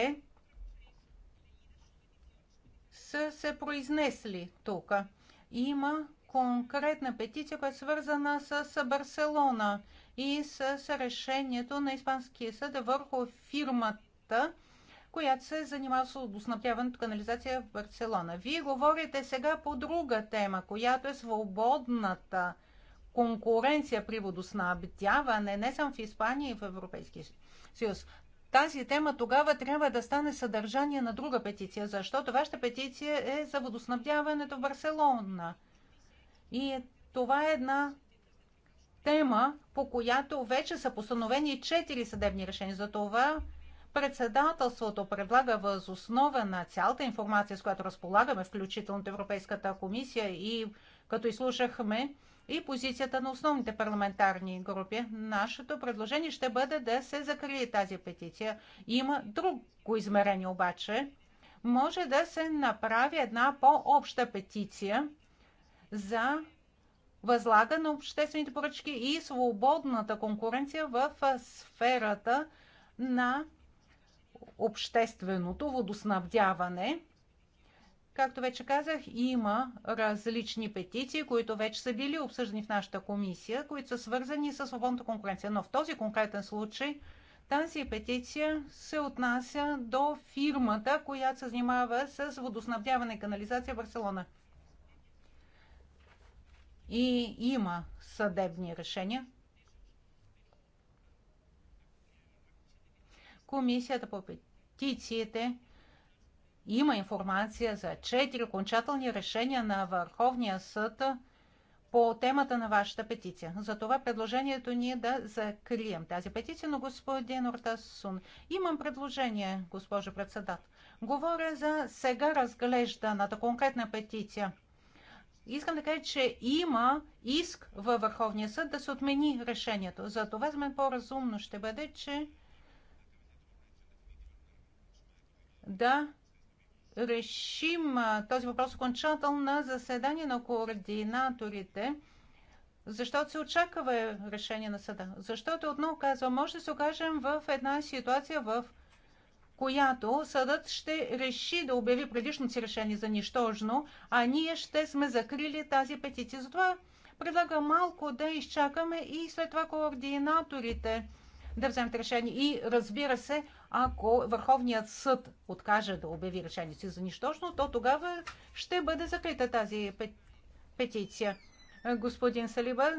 са се произнесли тук. Има конкретна петиция, която е свързана с Барселона и с решението на Испанския съд върху фирмата, която се занимава с водоснабдяването канализация в Барселона. Вие говорите сега по друга тема, която е свободната конкуренция при водоснабдяване, не само в Испания и в Европейския съюз. Тази тема тогава трябва да стане съдържание на друга петиция, защото вашата петиция е за водоснабдяването в Барселона – и това е една тема, по която вече са постановени 4 съдебни решения. За това председателството предлага възоснова на цялата информация, с която разполагаме, включително от Европейската комисия и като изслушахме и позицията на основните парламентарни групи, нашето предложение ще бъде да се закрие тази петиция. Има друго измерение обаче. Може да се направи една по-обща петиция, за възлага на обществените поръчки и свободната конкуренция в сферата на общественото водоснабдяване. Както вече казах, има различни петиции, които вече са били обсъждани в нашата комисия, които са свързани с свободната конкуренция. Но в този конкретен случай тази петиция се отнася до фирмата, която се занимава с водоснабдяване и канализация в Барселона и има съдебни решения. Комисията по петициите има информация за четири окончателни решения на Върховния съд по темата на вашата петиция. Затова предложението ни е да закрием тази петиция, но господин Ортасун, имам предложение, госпожо председател. Говоря за сега разглежданата конкретна петиция – Искам да кажа, че има иск във Върховния съд да се отмени решението. За това за мен по-разумно ще бъде, че да решим този въпрос окончателно на заседание на координаторите, защото се очаква решение на съда. Защото отново казвам, може да се окажем в една ситуация, в която съдът ще реши да обяви предишното си решение за нищожно, а ние ще сме закрили тази петиция. Затова предлагам малко да изчакаме и след това координаторите да вземат решение. И разбира се, ако Върховният съд откаже да обяви решението си за нищожно, то тогава ще бъде закрита тази петиция. Господин Салиба,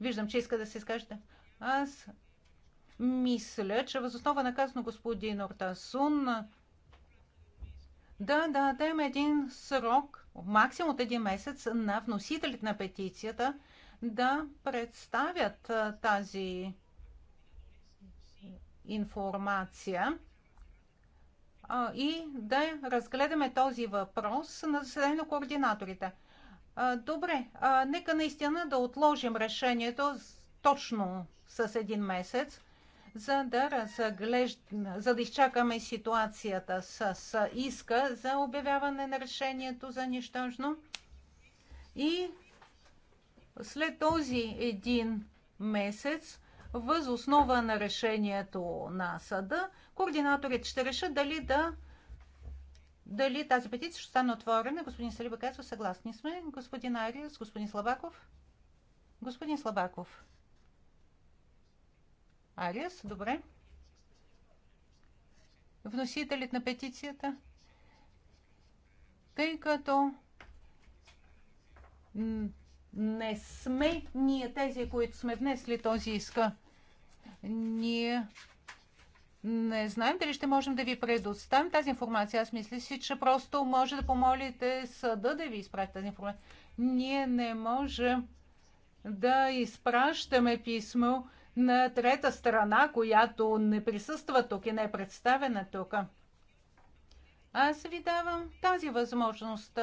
виждам, че иска да се изкажете. Аз мисля, че възоснова на казано господин Ортасун да дадем един срок, максимум от един месец, на вносителите на петицията да представят тази информация и да разгледаме този въпрос на заседание на координаторите. Добре, нека наистина да отложим решението точно с един месец, за да разглежда, за да изчакаме ситуацията с, с иска за обявяване на решението за нищожно. И след този един месец, въз основа на решението на съда, координаторите ще решат дали да дали тази петиция ще стане отворена. Господин Салиба казва, съгласни сме. Господин Ариас, господин Слабаков. Господин Слабаков. Арис, добре. Вносителят на петицията. Тъй като не сме ние тези, които сме внесли този иска. Ние не знаем дали ще можем да ви предоставим тази информация. Аз мисля си, че просто може да помолите съда да ви изпрати тази информация. Ние не можем да изпращаме писмо на трета страна, която не присъства тук и не е представена тук. Аз ви давам тази възможност.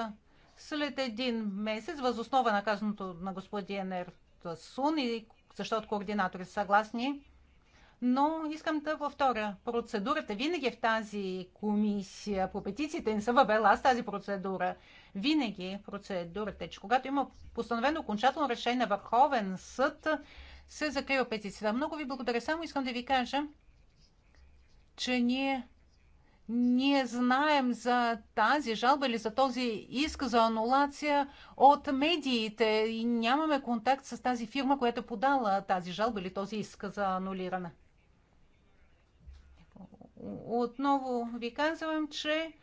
След един месец, възоснова на казаното на господин Ертасун, и защото координатори са съгласни, но искам да повторя. Процедурата винаги в тази комисия по петициите не съм въвела аз тази процедура. Винаги процедурата е, че когато има постановено окончателно решение на Върховен съд, се закрива петицията. Много ви благодаря. Само искам да ви кажа, че ние, ние знаем за тази жалба или за този иск за анулация от медиите и нямаме контакт с тази фирма, която е подала тази жалба или този иск за анулиране. Отново ви казвам, че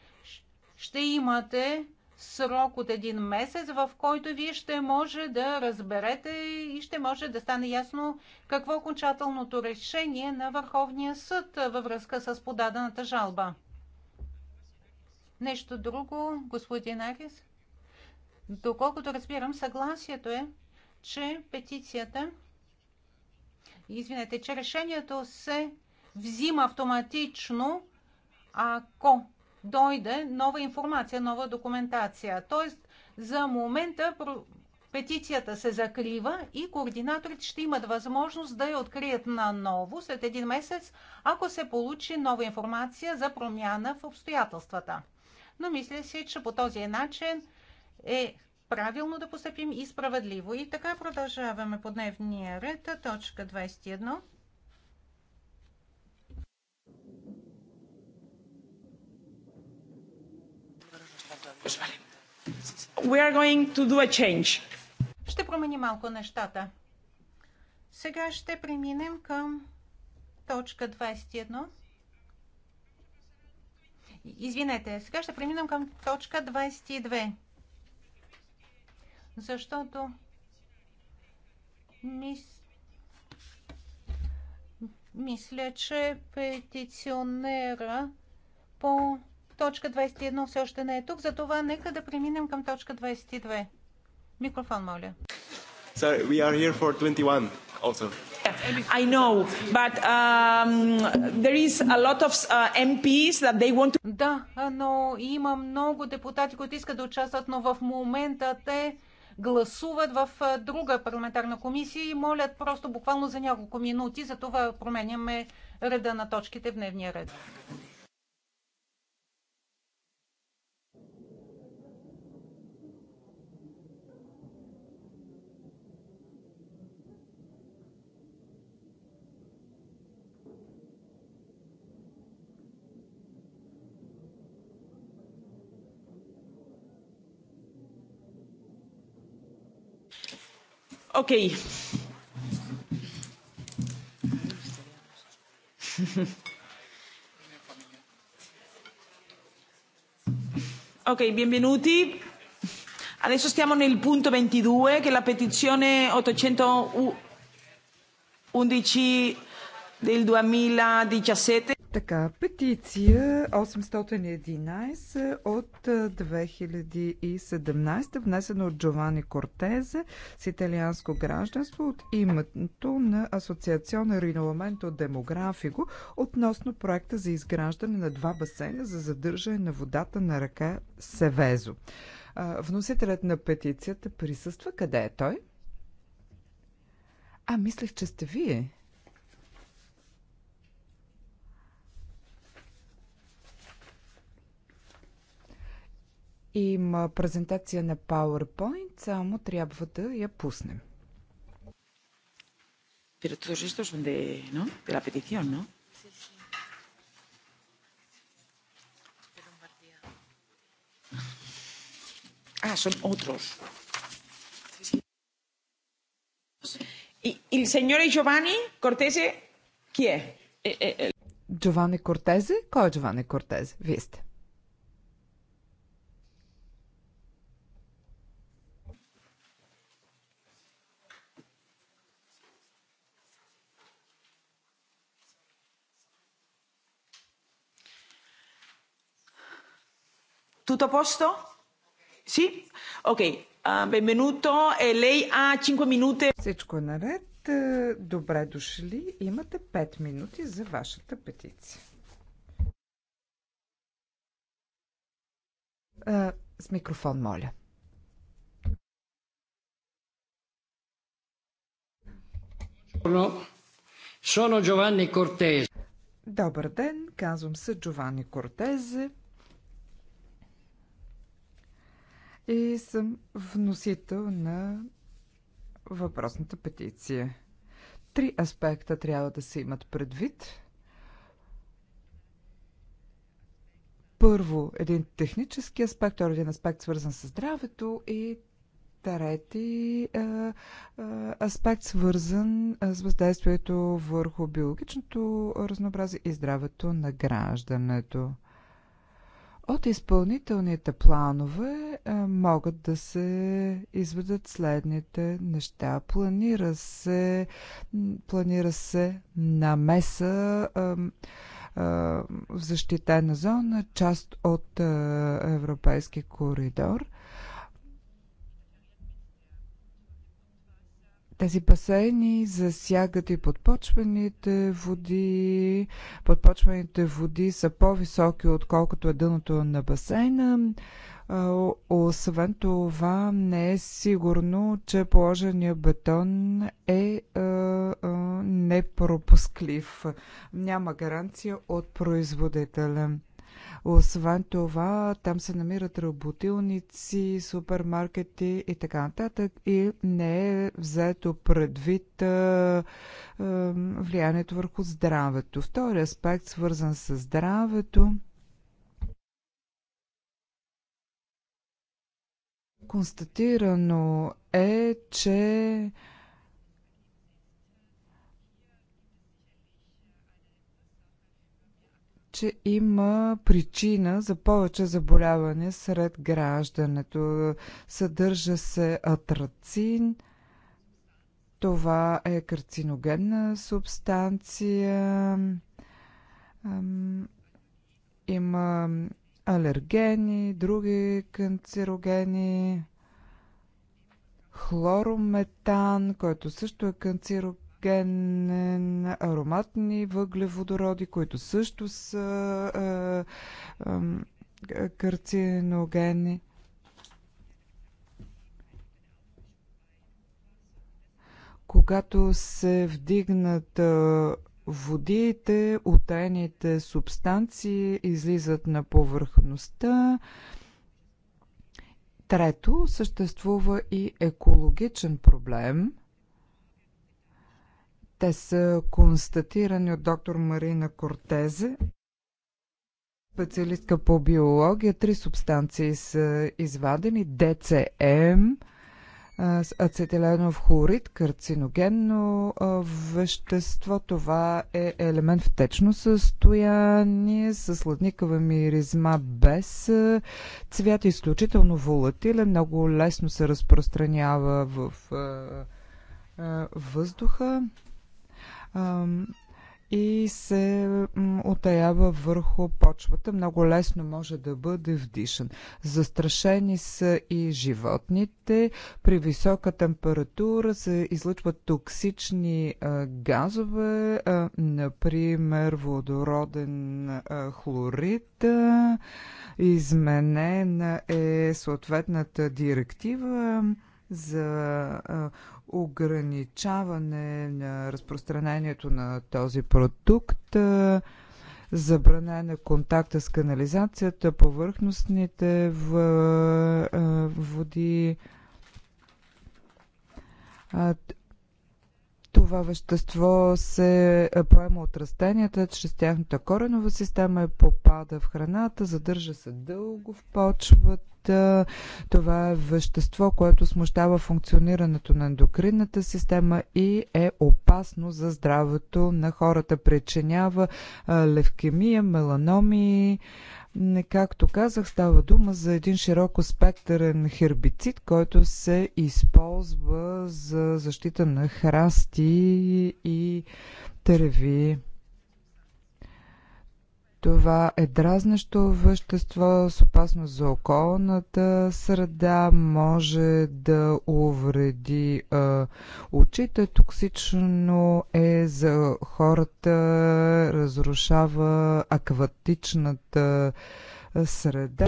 ще имате срок от един месец, в който вие ще може да разберете и ще може да стане ясно какво е окончателното решение на Върховния съд във връзка с подадената жалба. Нещо друго, господин Арис? Доколкото разбирам, съгласието е, че петицията, извинете, че решението се взима автоматично, ако дойде нова информация, нова документация. Тоест, за момента петицията се закрива и координаторите ще имат възможност да я открият наново след един месец, ако се получи нова информация за промяна в обстоятелствата. Но мисля си, че по този начин е правилно да поступим и справедливо. И така продължаваме по дневния ред, точка 21. We are going to do a change. Ще промени малко нещата. Сега ще преминем към точка 21. Извинете, сега ще преминем към точка 22. Защото мис... мисля, че петиционера по Точка 21 все още не е тук, затова нека да преминем към точка 22. Микрофон, моля. Sorry, we are here for 21 also. I know, but um, there is a lot of uh, MPs that they want to... Да, но има много депутати, които искат да участват, но в момента те гласуват в друга парламентарна комисия и молят просто буквално за няколко минути, за това променяме реда на точките в дневния ред. Okay. Ok, benvenuti. Adesso stiamo nel punto 22 che è la petizione 811 del 2017. Така, петиция 811 от 2017, внесена от Джовани Кортезе с италианско гражданство от името на Асоциационна Риноламенто Демографико относно проекта за изграждане на два басейна за задържане на водата на ръка Севезо. Вносителят на петицията присъства. Къде е той? А, мислех, че сте вие. Има презентация на PowerPoint, само трябва да я пуснем. Pero todos estos son de, ¿no? de la petición, ¿no? Ah, son otros. ¿Y, ¿Y el señor Giovanni Cortese? ¿Quién Giovanni Cortese? ¿Cuál Giovanni Cortese? ¿Viste? Tutto a posto? Sì? Ok, uh, benvenuto. E lei ha 5 minuti. Всичко е наред. Добре дошли. Имате 5 минути за вашата петиция. Uh, с микрофон, моля. Добър ден, казвам се Джованни Кортезе. и съм вносител на въпросната петиция. Три аспекта трябва да се имат предвид. Първо, един технически аспект, втори един аспект свързан с здравето и трети а, е, а, е, аспект, свързан е, с въздействието върху биологичното разнообразие и здравето на граждането. От изпълнителните планове е, могат да се изведат следните неща. Планира се, планира се намеса е, е, в защитена зона, част от европейски коридор – Тези басейни засягат и подпочвените води. Подпочвените води са по-високи, отколкото е дъното на басейна. Освен това, не е сигурно, че положения бетон е непропусклив. Няма гаранция от производителя. Освен това, там се намират работилници, супермаркети и така нататък и не е взето предвид а, а, влиянието върху здравето. Втори аспект, свързан с здравето, констатирано е, че че има причина за повече заболяване сред граждането. Съдържа се атрацин. Това е карциногенна субстанция. Има алергени, други канцерогени хлорометан, който също е канцеро, генен, ароматни въглеводороди, които също са а, а, карциногени. Когато се вдигнат а, водите, отайните субстанции излизат на повърхността. Трето, съществува и екологичен проблем. Те са констатирани от доктор Марина Кортезе, специалистка по биология. Три субстанции са извадени. ДЦМ, ацетиленов хлорид, карциногенно вещество. Това е елемент в течно състояние, с сладникава миризма без цвят. Изключително волатилен, много лесно се разпространява в въздуха и се отаява върху почвата. Много лесно може да бъде вдишан. Застрашени са и животните. При висока температура се излъчват токсични газове, например водороден хлорид. Изменена е съответната директива за ограничаване на разпространението на този продукт, забране на контакта с канализацията, повърхностните води. Това вещество се поема от растенията, чрез тяхната коренова система попада в храната, задържа се дълго в почвата това е вещество, което смущава функционирането на ендокринната система и е опасно за здравето на хората. Причинява левкемия, меланоми. Както казах, става дума за един широко спектърен хербицид, който се използва за защита на храсти и треви. Това е дразнещо вещество с опасност за околната среда, може да увреди а, очите, токсично е за хората, разрушава акватичната среда.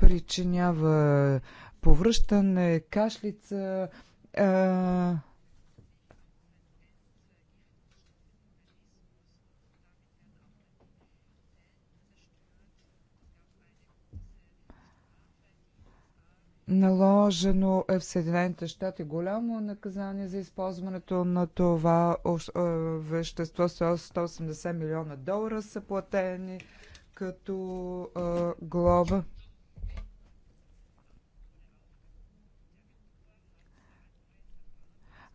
Причинява повръщане, кашлица. А, Наложено е в Съединените щати голямо наказание за използването на това вещество. 180 милиона долара са платени като а, глоба.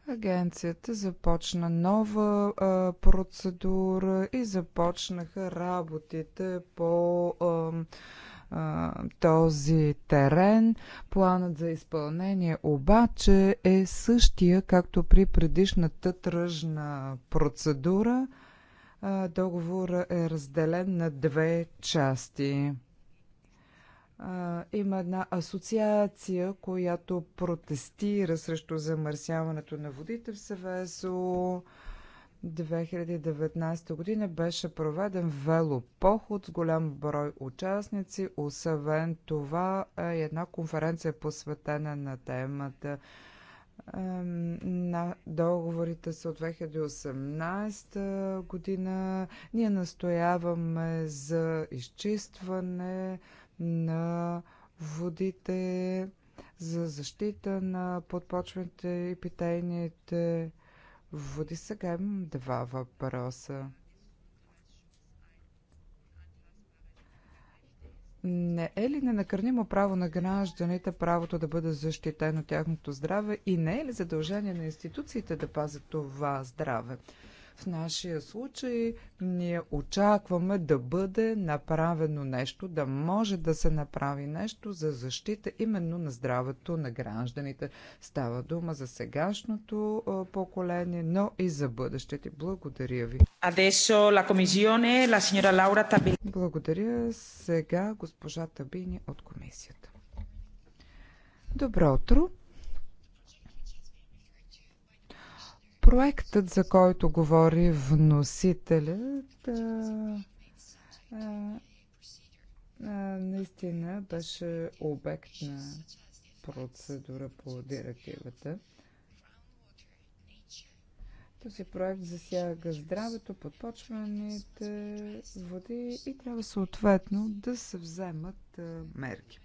Агенцията започна нова а, процедура и започнаха работите по а, този терен. Планът за изпълнение обаче е същия, както при предишната тръжна процедура. Договора договор е разделен на две части. има една асоциация, която протестира срещу замърсяването на водите в Севесо. 2019 година беше проведен велопоход с голям брой участници. Освен това е една конференция посветена на темата на договорите са от 2018 година. Ние настояваме за изчистване на водите, за защита на подпочвените и питейните Води сега имам два въпроса. Не е ли ненакърнимо право на гражданите правото да бъде защитено тяхното здраве и не е ли задължение на институциите да пазят това здраве? В нашия случай ние очакваме да бъде направено нещо, да може да се направи нещо за защита именно на здравето на гражданите. Става дума за сегашното поколение, но и за бъдещите. Благодаря ви. Благодаря сега госпожа Табини от комисията. Добро утро! Проектът, за който говори вносителят, а, а, наистина беше обект на процедура по директивата. Този проект засяга здравето, подпочваните води и трябва съответно да се вземат мерки.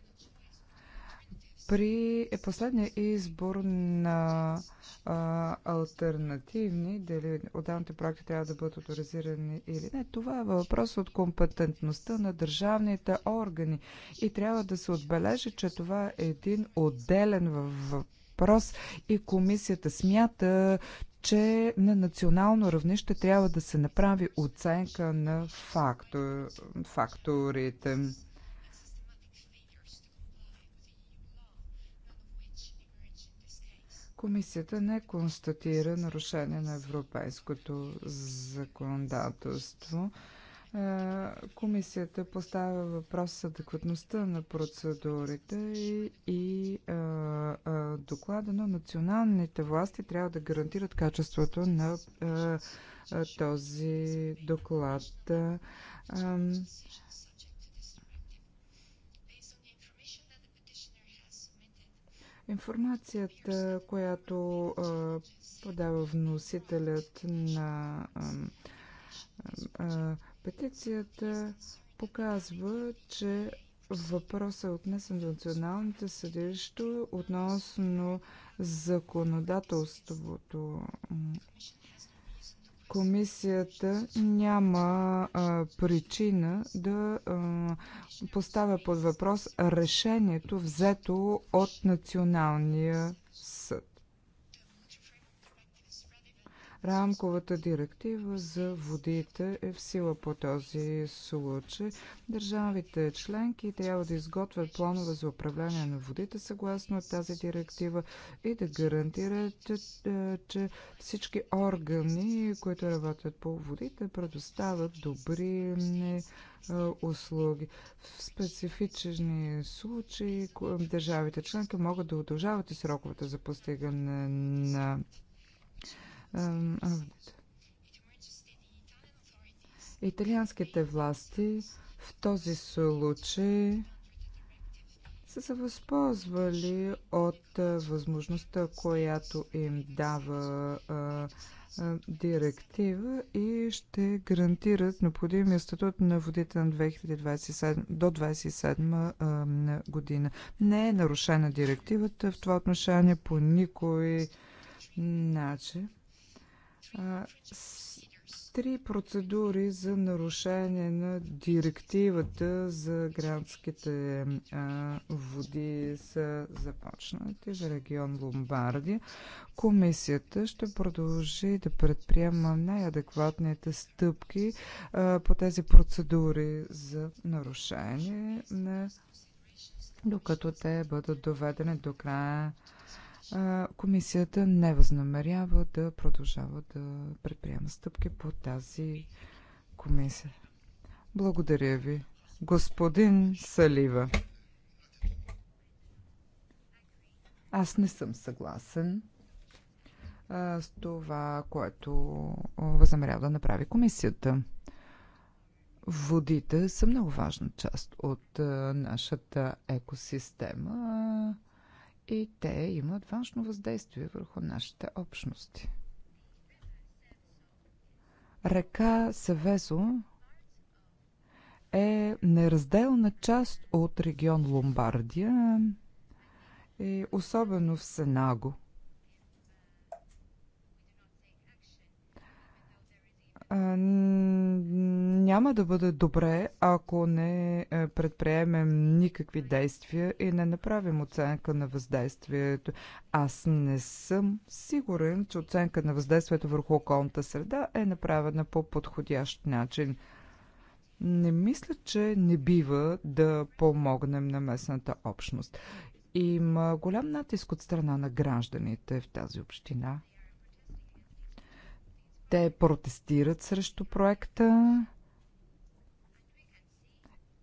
При последния избор на а, альтернативни, дали отделните проекти трябва да бъдат авторизирани или не, това е въпрос от компетентността на държавните органи. И трябва да се отбележи, че това е един отделен въпрос и комисията смята, че на национално равнище трябва да се направи оценка на фактор, факторите. Комисията не констатира нарушение на европейското законодателство. Е, комисията поставя въпрос с адекватността на процедурите и, и а, е, а, е, доклада на националните власти трябва да гарантират качеството на а, а, този доклад. А, а, Информацията, която подава вносителят на петицията, показва, че въпросът е отнесен до националните съдилища относно законодателството комисията няма а, причина да а, поставя под въпрос решението взето от националния Рамковата директива за водите е в сила по този случай. Държавите членки трябва да изготвят планове за управление на водите съгласно тази директива и да гарантират, е, че, всички органи, които работят по водите, предоставят добри е, услуги. В специфични случаи държавите членки могат да удължават и сроковете за постигане на Италианските власти в този случай са се възползвали от възможността, която им дава директива и ще гарантират необходимия статут на водите на 2027, до 2027 година. Не е нарушена директивата в това отношение по никой начин три процедури за нарушение на директивата за градските а, води са започнати за регион Ломбардия. Комисията ще продължи да предприема най-адекватните стъпки а, по тези процедури за нарушение, на, докато те бъдат доведени до края комисията не възнамерява да продължава да предприема стъпки по тази комисия. Благодаря ви. Господин Салива. Аз не съм съгласен а, с това, което възнамерява да направи комисията. Водите са много важна част от а, нашата екосистема и те имат външно въздействие върху нашите общности. Река Севезо е неразделна част от регион Ломбардия и особено в Сенаго няма да бъде добре, ако не е, предприемем никакви действия и не направим оценка на въздействието. Аз не съм сигурен, че оценка на въздействието върху околната среда е направена по подходящ начин. Не мисля, че не бива да помогнем на местната общност. Има голям натиск от страна на гражданите в тази община. Те протестират срещу проекта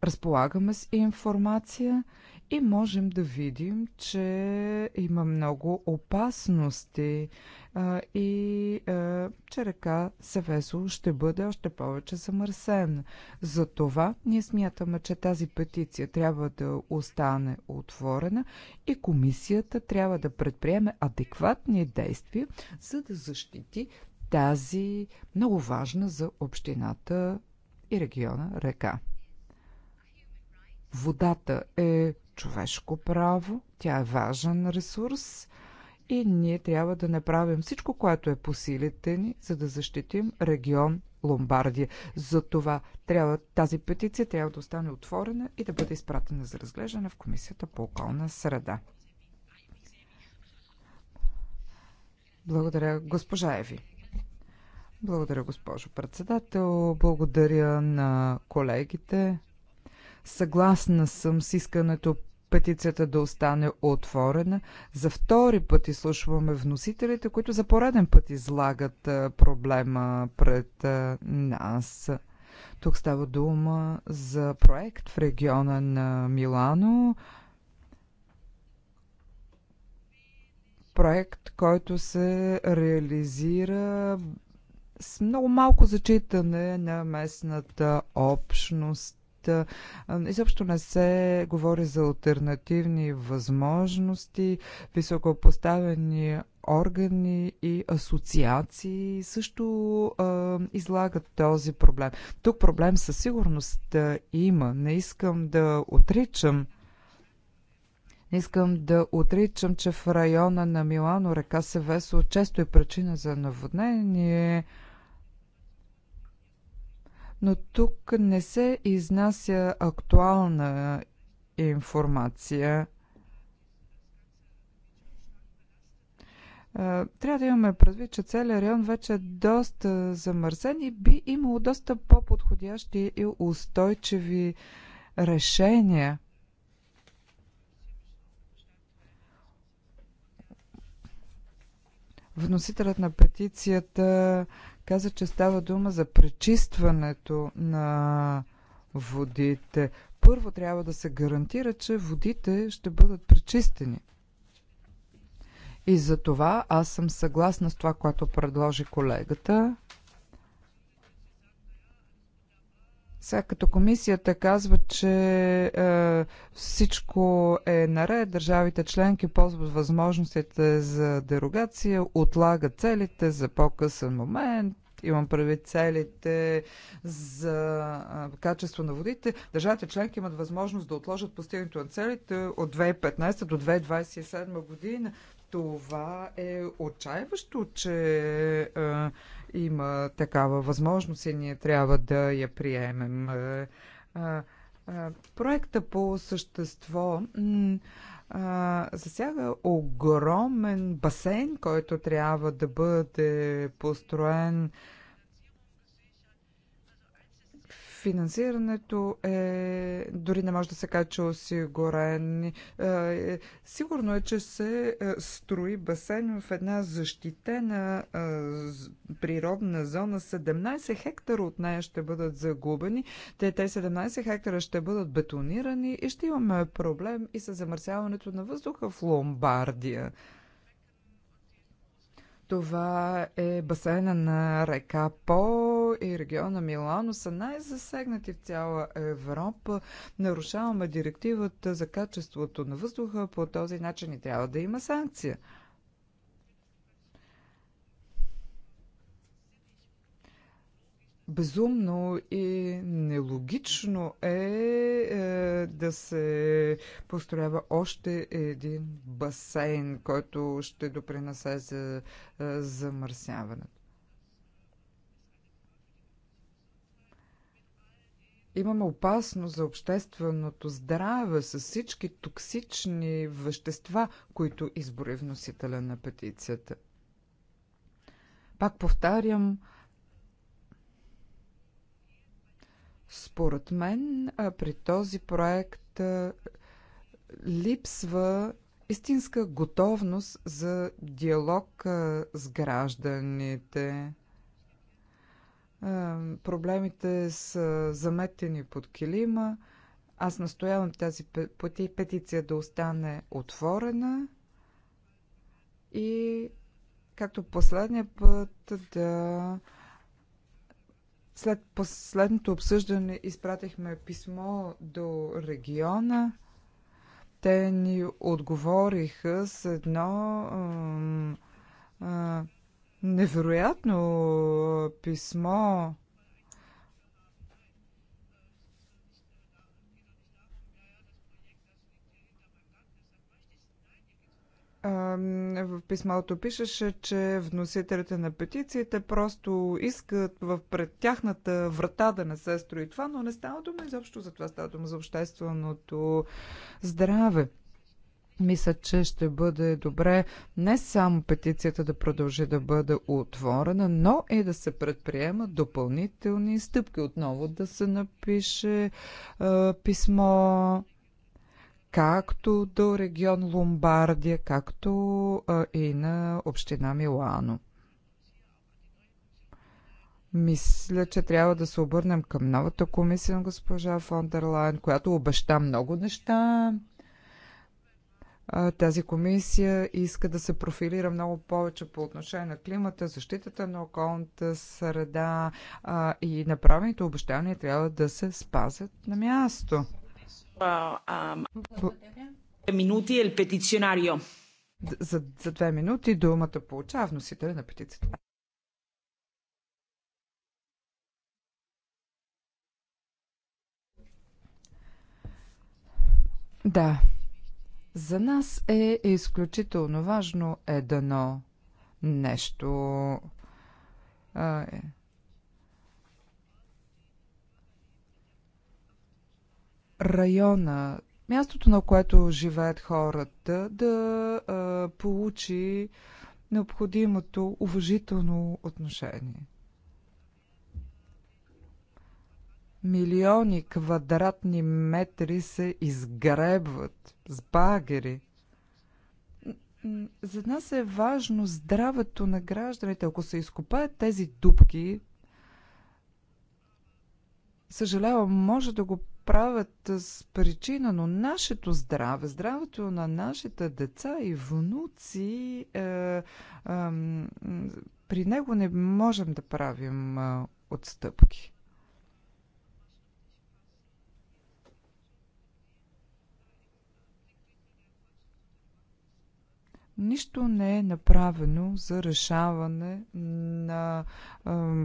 разполагаме с информация и можем да видим, че има много опасности а, и а, че река Севесо ще бъде още повече замърсена. Затова ние смятаме, че тази петиция трябва да остане отворена и комисията трябва да предприеме адекватни действия, за да защити тази много важна за общината и региона река. Водата е човешко право, тя е важен ресурс и ние трябва да направим всичко, което е по силите ни, за да защитим регион Ломбардия. За това трябва, тази петиция трябва да остане отворена и да бъде изпратена за разглеждане в Комисията по околна среда. Благодаря, госпожа Еви. Благодаря, госпожо председател. Благодаря на колегите. Съгласна съм с искането петицията да остане отворена. За втори път изслушваме вносителите, които за пореден път излагат проблема пред нас. Тук става дума за проект в региона на Милано. Проект, който се реализира с много малко зачитане на местната общност Изобщо не се говори за альтернативни възможности, високопоставени органи и асоциации също а, излагат този проблем. Тук проблем със сигурност има. Не искам да отричам не искам да отричам, че в района на Милано река Севесо често е причина за наводнение но тук не се изнася актуална информация. Трябва да имаме предвид, че целият район вече е доста замърсен и би имало доста по-подходящи и устойчиви решения. Вносителят на петицията каза, че става дума за пречистването на водите. Първо трябва да се гарантира, че водите ще бъдат пречистени. И за това аз съм съгласна с това, което предложи колегата. Сега като комисията казва, че е, всичко е наред, държавите членки ползват възможностите за дерогация, отлагат целите за по-късен момент, имам прави целите за е, качество на водите, държавите членки имат възможност да отложат постигането на целите от 2015 до 2027 година. Това е отчаяващо, че е, има такава възможност и ние трябва да я приемем. Е, е, е, проекта по същество засяга огромен басейн, който трябва да бъде построен Финансирането е, дори не може да се каже, че е осигурен. Е, е, сигурно е, че се е, строи басейн в една защитена е, природна зона. 17 хектара от нея ще бъдат загубени. Те, те 17 хектара ще бъдат бетонирани и ще имаме проблем и с замърсяването на въздуха в Ломбардия. Това е басейна на река По и региона Милано са най-засегнати в цяла Европа. Нарушаваме директивата за качеството на въздуха по този начин и трябва да има санкция. Безумно и нелогично е, е да се построява още един басейн, който ще допринесе за е, замърсяването. Имаме опасност за общественото здраве с всички токсични вещества, които избори вносителя на петицията. Пак повтарям, Според мен при този проект липсва истинска готовност за диалог с гражданите. Проблемите са заметени под килима. Аз настоявам тази петиция да остане отворена и както последния път да след последното обсъждане изпратихме писмо до региона. Те ни отговориха с едно а, а, невероятно писмо В писмото пишеше, че вносителите на петициите просто искат в пред тяхната врата да не се строи това, но не става дума изобщо за това, става дума за общественото здраве. Мисля, че ще бъде добре не само петицията да продължи да бъде отворена, но и да се предприемат допълнителни стъпки. Отново да се напише е, писмо както до регион Ломбардия, както и на община Милано. Мисля, че трябва да се обърнем към новата комисия на госпожа фон която обеща много неща. Тази комисия иска да се профилира много повече по отношение на климата, защитата на околната среда и направените обещания трябва да се спазят на място. Минути петиционарио. За, за две минути думата получава вносителя на петицията. Да. За нас е изключително важно едно нещо. А, е района, мястото на което живеят хората, да а, получи необходимото уважително отношение. Милиони квадратни метри се изгребват с багери. За нас е важно здравето на гражданите. Ако се изкопаят тези дупки, съжалявам, може да го правят с причина, но нашето здраве, здравето на нашите деца и внуци, е, е, при него не можем да правим е, отстъпки. Нищо не е направено за решаване на е,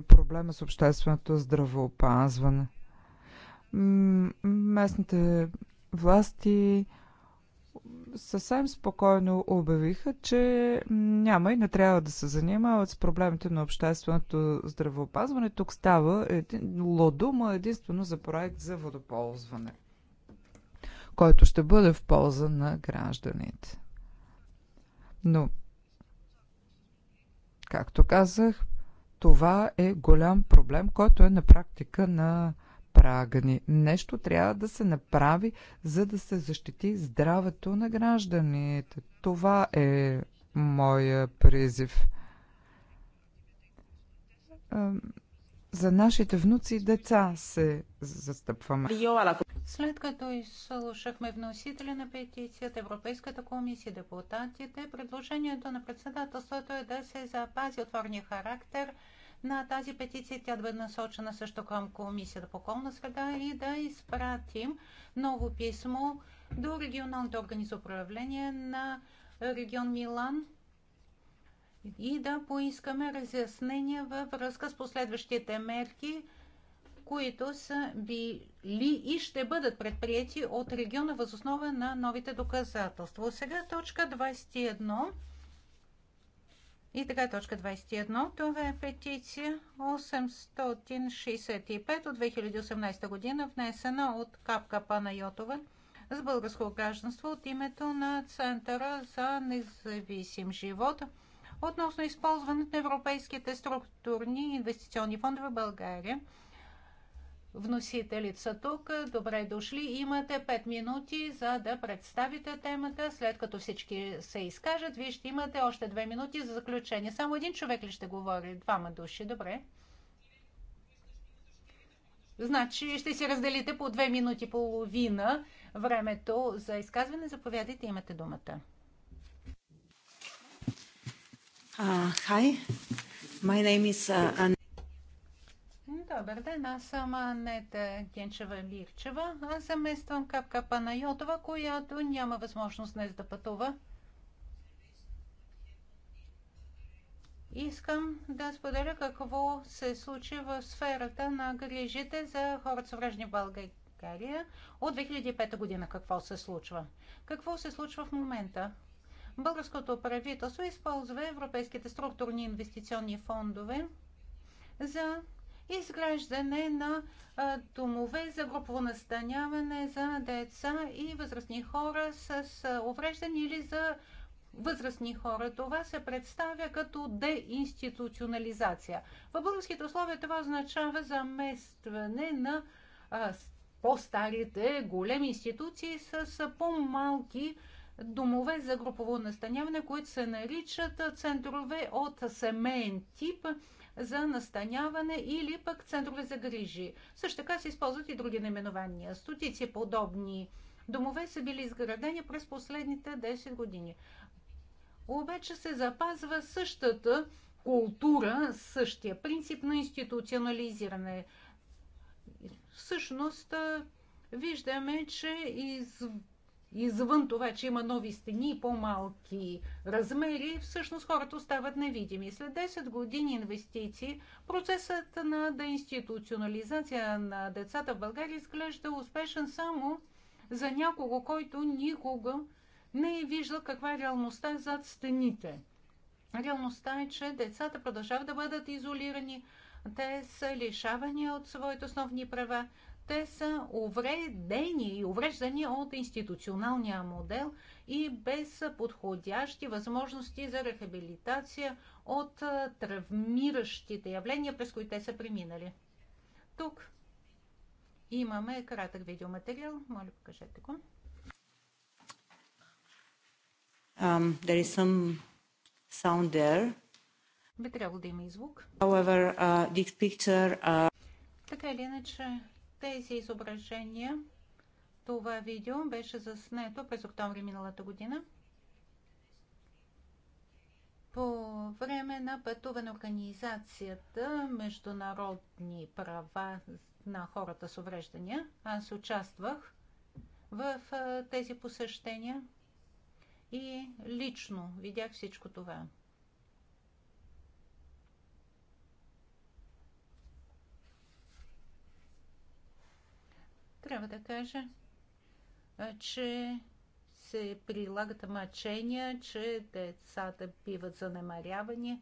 проблема с общественото здравеопазване местните власти съвсем спокойно обявиха, че няма и не трябва да се занимават с проблемите на общественото здравеопазване. Тук става един, лодума единствено за проект за водоползване, който ще бъде в полза на гражданите. Но, както казах, това е голям проблем, който е на практика на прагани. Нещо трябва да се направи, за да се защити здравето на гражданите. Това е моя призив. За нашите внуци и деца се застъпваме. След като изслушахме вносителя на петицията, Европейската комисия, депутатите, предложението на председателството е да се запази отворния характер – на тази петиция. Тя да бъде насочена също към Комисията по околна среда и да изпратим ново писмо до регионалните органи за управление на регион Милан и да поискаме разяснения във връзка с последващите мерки, които са били и ще бъдат предприяти от региона възоснова на новите доказателства. Сега точка 21. И така, точка 21. Това е петиция 865 от 2018 година, внесена от Капка Панайотова с българско гражданство от името на Центъра за независим живот относно използването на европейските структурни инвестиционни фондове в България вносители са тук. Добре дошли. Имате 5 минути за да представите темата. След като всички се изкажат, вие ще имате още 2 минути за заключение. Само един човек ли ще говори? Двама души. Добре. Значи ще си разделите по 2 минути и половина времето за изказване. Заповядайте, имате думата. Uh, my name is uh, Добър ден, аз съм Анета Генчева Лирчева. Аз замествам Капка Панайотова, която няма възможност днес да пътува. Искам да споделя какво се случи в сферата на грижите за хората с вражни в България от 2005 година. Какво се случва? Какво се случва в момента? Българското правителство използва европейските структурни инвестиционни фондове за изграждане на домове за групово настаняване за деца и възрастни хора с увреждане или за възрастни хора. Това се представя като деинституционализация. В българските условия това означава заместване на по-старите големи институции с по-малки домове за групово настаняване, които се наричат центрове от семейен тип – за настаняване или пък центрове за грижи. Също така се използват и други наименования. Стотици подобни домове са били изградени през последните 10 години. Обаче се запазва същата култура, същия принцип на институционализиране. Всъщност, виждаме, че из извън това, че има нови стени и по-малки размери, всъщност хората остават невидими. След 10 години инвестиции процесът на деинституционализация на децата в България изглежда успешен само за някого, който никога не е виждал каква е реалността зад стените. Реалността е, че децата продължават да бъдат изолирани, те са лишавани от своите основни права те са увредени и увреждани от институционалния модел и без подходящи възможности за рехабилитация от травмиращите явления, през които те са преминали. Тук имаме кратък видеоматериал. Моля, покажете го. Um, there is some sound there. Би трябвало да има и звук. However, uh, this picture, uh... Така или иначе, тези изображения. Това видео беше заснето през октомври миналата година по време на пътуване организацията Международни права на хората с увреждания. Аз участвах в тези посещения и лично видях всичко това. трябва да кажа, че се прилагат мъчения, че децата биват занемарявани.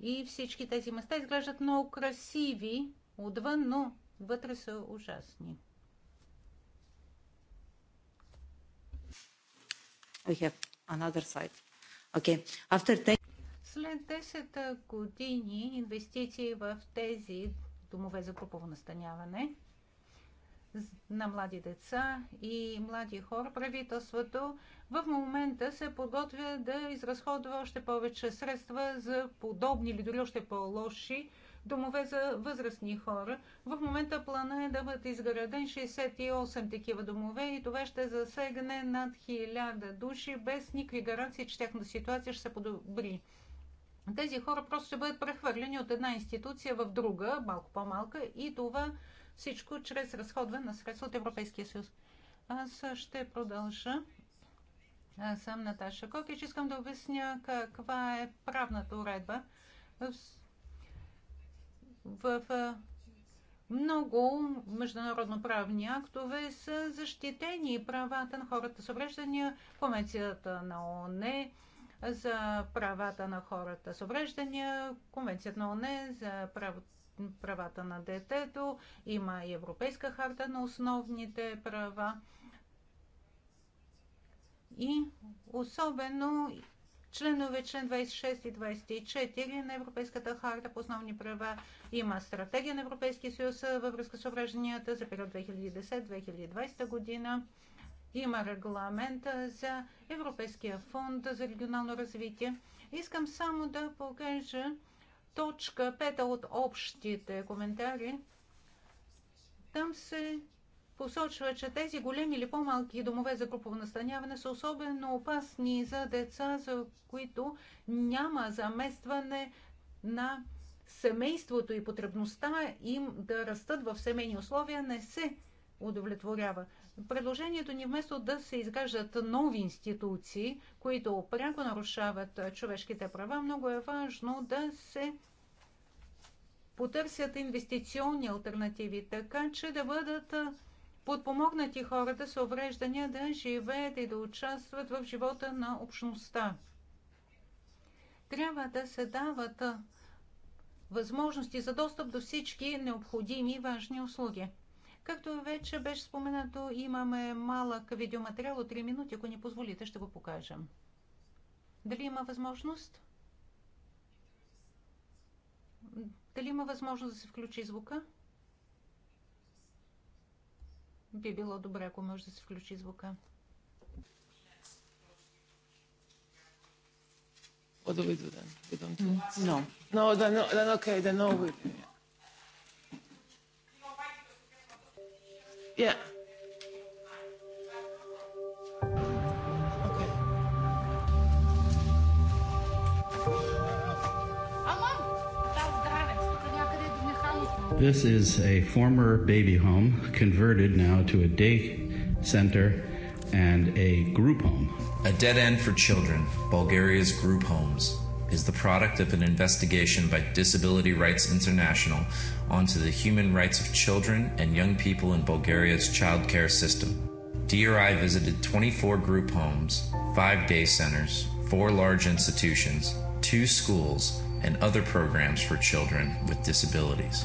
И всички тези места изглеждат много красиви отвън, но вътре са ужасни. We have another side. Okay. After След 10 години инвестиции в тези домове за групово настаняване, на млади деца и млади хора, правителството в момента се подготвя да изразходва още повече средства за подобни или дори още по-лоши домове за възрастни хора. В момента плана е да бъдат изграден 68 такива домове и това ще засегне над 1000 души без никакви гаранции, че тяхната ситуация ще се подобри. Тези хора просто ще бъдат прехвърлени от една институция в друга, малко по-малка, и това всичко чрез разходване на средства от Европейския съюз. Аз ще продължа. Аз съм Наташа Кокич. Искам да обясня каква е правната уредба. В, в, в много международноправни актове са защитени правата на хората с обреждания, Конвенцията на ОНЕ за правата на хората с обреждания, Конвенцията на ОНЕ за правото правата на детето, има и Европейска харта на основните права. И особено членове член 26 и 24 на Европейската харта по основни права има стратегия на Европейския съюз във връзка с ображенията за период 2010-2020 година. Има регламент за Европейския фонд за регионално развитие. Искам само да покажа точка 5 от общите коментари, там се посочва, че тези големи или по-малки домове за групово настаняване са особено опасни за деца, за които няма заместване на семейството и потребността им да растат в семейни условия не се удовлетворява. Предложението ни вместо да се изграждат нови институции, които пряко нарушават човешките права, много е важно да се потърсят инвестиционни альтернативи, така че да бъдат подпомогнати хората с увреждания да живеят и да участват в живота на общността. Трябва да се дават възможности за достъп до всички необходими и важни услуги. Както вече беше споменато, имаме малък видеоматериал от 3 минути. Ако ни позволите, ще го покажем. Дали има възможност? Дали има възможност да се включи звука? Би било добре, ако може да се включи звука. What do we do then? We don't do it. No. No, then, then okay, then no. We, yeah. This is a former baby home converted now to a day center and a group home. A dead end for children, Bulgaria's group homes, is the product of an investigation by Disability Rights International onto the human rights of children and young people in Bulgaria's child care system. DRI visited 24 group homes, five day centers, four large institutions, two schools, and other programs for children with disabilities.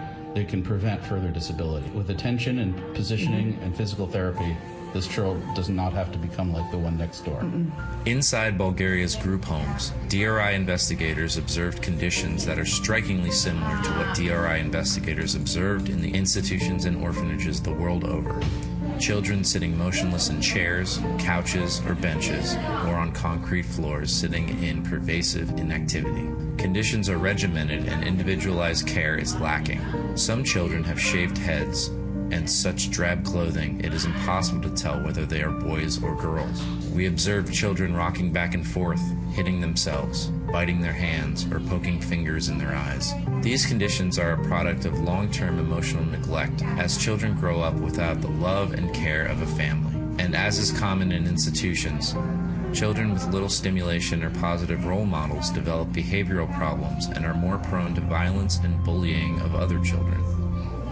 that can prevent further disability. With attention and positioning mm-hmm. and physical therapy, this child does not have to become like the one next door. Mm-mm. Inside Bulgaria's group homes, DRI investigators observed conditions that are strikingly similar to what DRI investigators observed in the institutions and orphanages the world over. Children sitting motionless in chairs, couches, or benches, or on concrete floors sitting in pervasive inactivity. Conditions are regimented and individualized care is lacking. Some children have shaved heads, and such drab clothing, it is impossible to tell whether they are boys or girls. We observe children rocking back and forth, hitting themselves, biting their hands, or poking fingers in their eyes. These conditions are a product of long term emotional neglect as children grow up without the love and care of a family. And as is common in institutions, Children with little stimulation or positive role models develop behavioral problems and are more prone to violence and bullying of other children.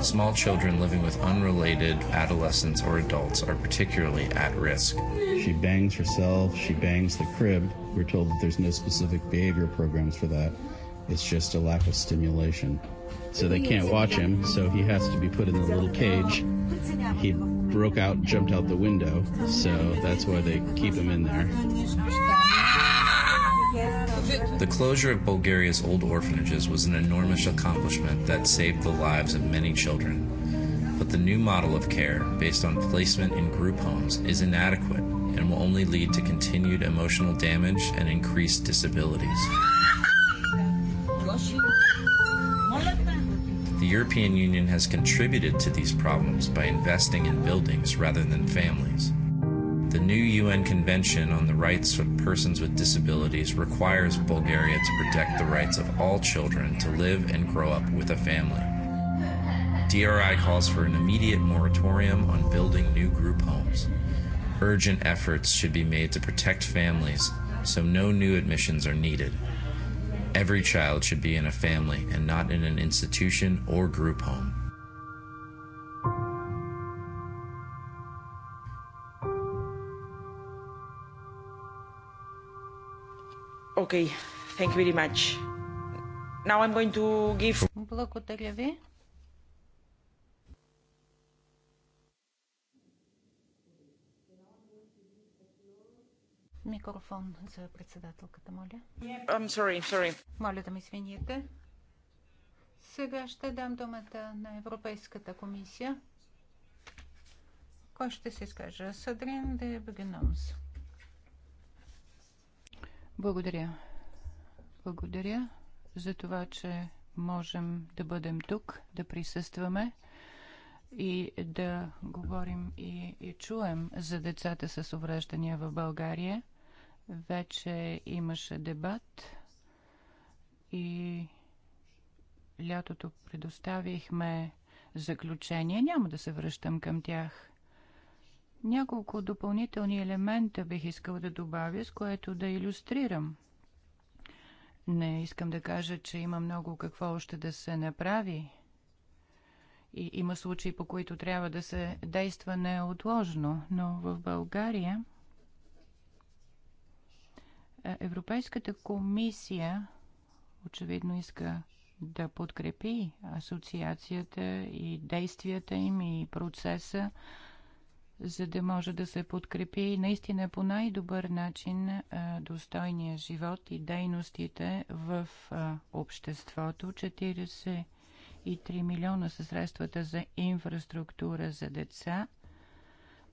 Small children living with unrelated adolescents or adults are particularly at risk. She bangs herself, she bangs the crib. We're told that there's no specific behavior programs for that. It's just a lack of stimulation. So they can't watch him, so he has to be put in the little cage. He broke out, jumped out the window, so that's why they keep him in there. The closure of Bulgaria's old orphanages was an enormous accomplishment that saved the lives of many children. But the new model of care, based on placement in group homes, is inadequate and will only lead to continued emotional damage and increased disabilities. The European Union has contributed to these problems by investing in buildings rather than families. The new UN Convention on the Rights of Persons with Disabilities requires Bulgaria to protect the rights of all children to live and grow up with a family. DRI calls for an immediate moratorium on building new group homes. Urgent efforts should be made to protect families so no new admissions are needed. Every child should be in a family and not in an institution or group home. Okay, thank you very much. Now I'm going to give... Благодаря ви. Микрофон за председателката, моля. I'm sorry, sorry. Моля да ми извините. Сега ще дам думата на Европейската комисия. Кой ще се изкаже? Садрин де Бегеномс. Благодаря. Благодаря за това, че можем да бъдем тук, да присъстваме и да говорим и, и чуем за децата с увреждания в България. Вече имаше дебат и лятото предоставихме заключение. Няма да се връщам към тях. Няколко допълнителни елемента бих искал да добавя, с което да иллюстрирам. Не искам да кажа, че има много какво още да се направи. И има случаи, по които трябва да се действа неотложно, но в България е, Европейската комисия очевидно иска да подкрепи асоциацията и действията им и процеса за да може да се подкрепи наистина по най-добър начин достойния живот и дейностите в обществото. 43 милиона са средствата за инфраструктура за деца.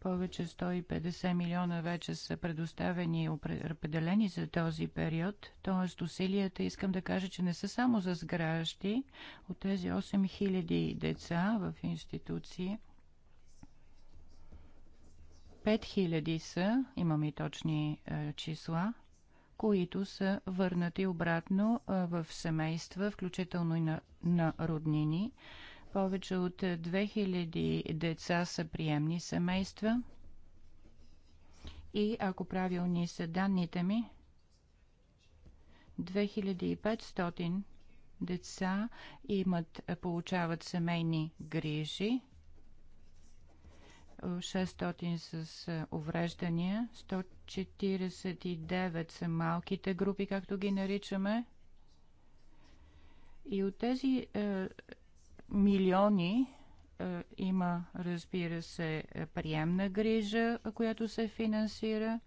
Повече 150 милиона вече са предоставени и определени за този период. Тоест усилията, искам да кажа, че не са само за сгражди. От тези 8000 деца в институции, 5000 са, имаме и точни е, числа, които са върнати обратно е, в семейства, включително и на, на роднини. Повече от 2000 е, деца са приемни семейства. И ако правилни са данните ми, 2500 деца имат, е, получават семейни грижи 600 с е, увреждания, 149 са малките групи, както ги наричаме. И от тези е, милиони е, има, разбира се, приемна грижа, която се финансира,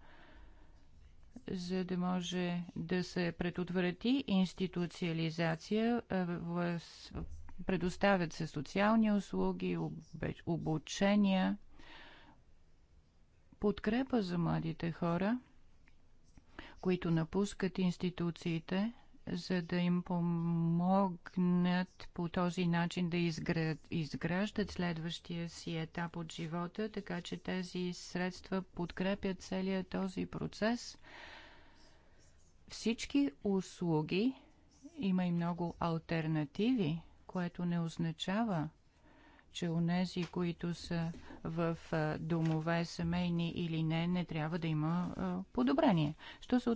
за да може да се предотврати институциализация е, в предоставят се социални услуги, обучения подкрепа за младите хора, които напускат институциите, за да им помогнат по този начин да изграждат следващия си етап от живота, така че тези средства подкрепят целият този процес. Всички услуги, има и много альтернативи, което не означава, че онези, които са в домове, семейни или не, не трябва да има подобрение. Що се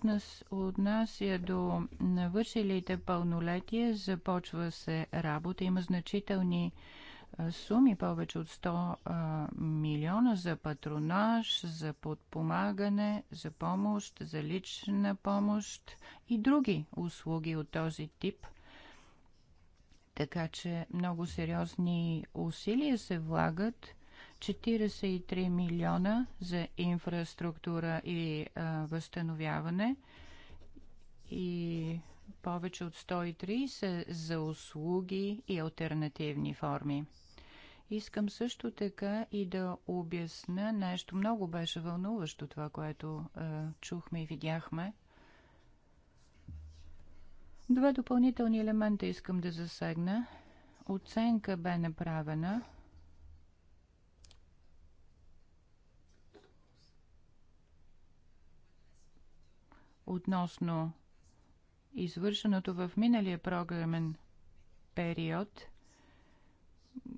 отнася до навършилите пълнолетие, започва се работа. Има значителни суми, повече от 100 милиона за патронаж, за подпомагане, за помощ, за лична помощ и други услуги от този тип, така че много сериозни усилия се влагат. 43 милиона за инфраструктура и а, възстановяване и повече от 130 за услуги и альтернативни форми. Искам също така и да обясна нещо. Много беше вълнуващо това, което а, чухме и видяхме. Два допълнителни елемента искам да засегна. Оценка бе направена относно извършеното в миналия програмен период.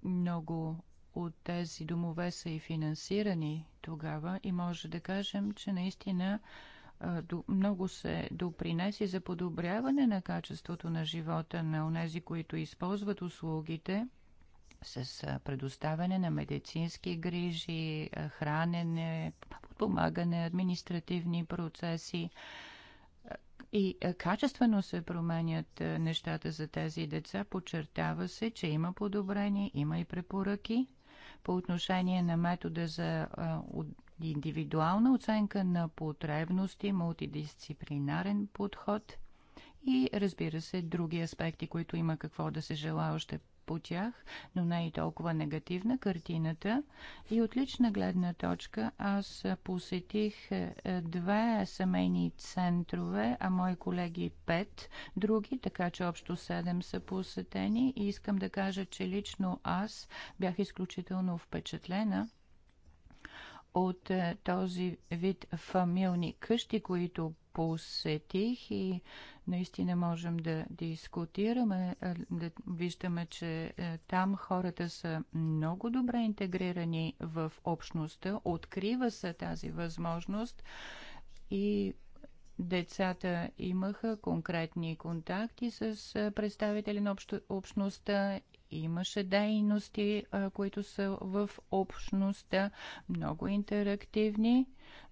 Много от тези домове са и финансирани тогава и може да кажем, че наистина много се допринесе за подобряване на качеството на живота на онези, които използват услугите с предоставяне на медицински грижи, хранене, подпомагане, административни процеси. И качествено се променят нещата за тези деца. Подчертава се, че има подобрение, има и препоръки по отношение на метода за индивидуална оценка на потребности, мултидисциплинарен подход и, разбира се, други аспекти, които има какво да се желая още по тях, но не и толкова негативна картината. И от лична гледна точка аз посетих е, две семейни центрове, а мои колеги пет други, така че общо седем са посетени. И искам да кажа, че лично аз бях изключително впечатлена – от е, този вид фамилни къщи, които посетих и наистина можем да дискутираме, е, да виждаме, че е, там хората са много добре интегрирани в общността, открива се тази възможност и Децата имаха конкретни контакти с представители на общността Имаше дейности, които са в общността, много интерактивни,